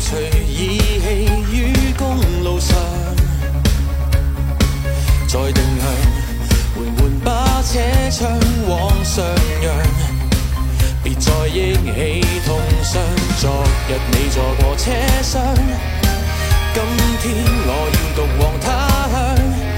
隨意氣於公路上，再定向緩緩把車窗往上揚，別再憶起痛傷。昨日你坐過車廂，今天我要獨往他鄉。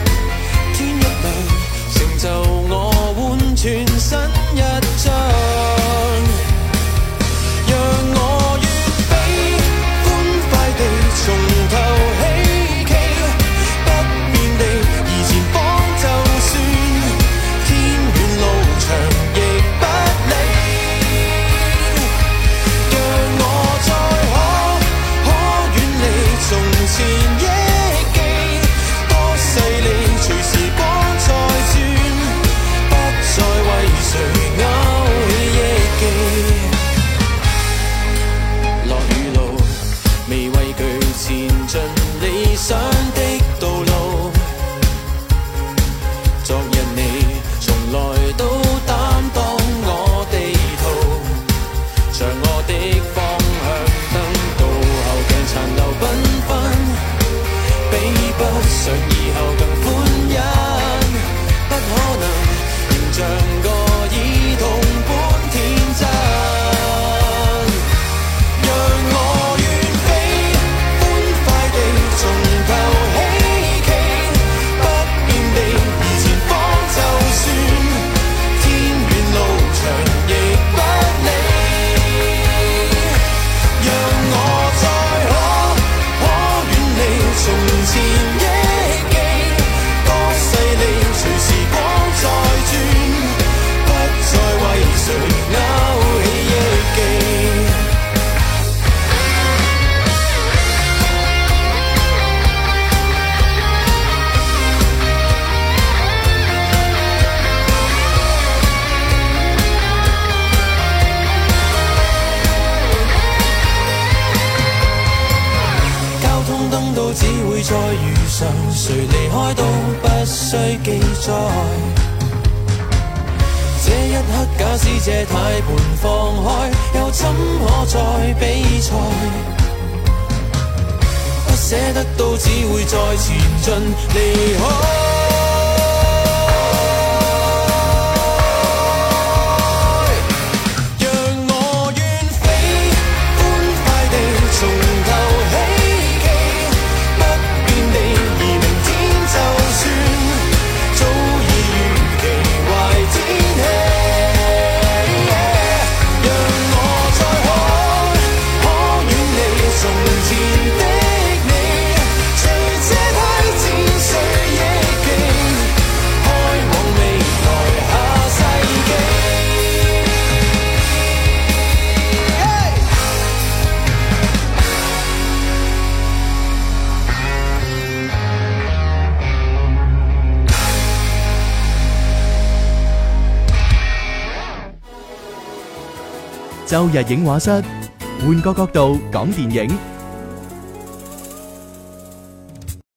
這太盤放開，又怎可再比賽？不捨得到，只會再前進離開。周日影畫室，換個角度講電影。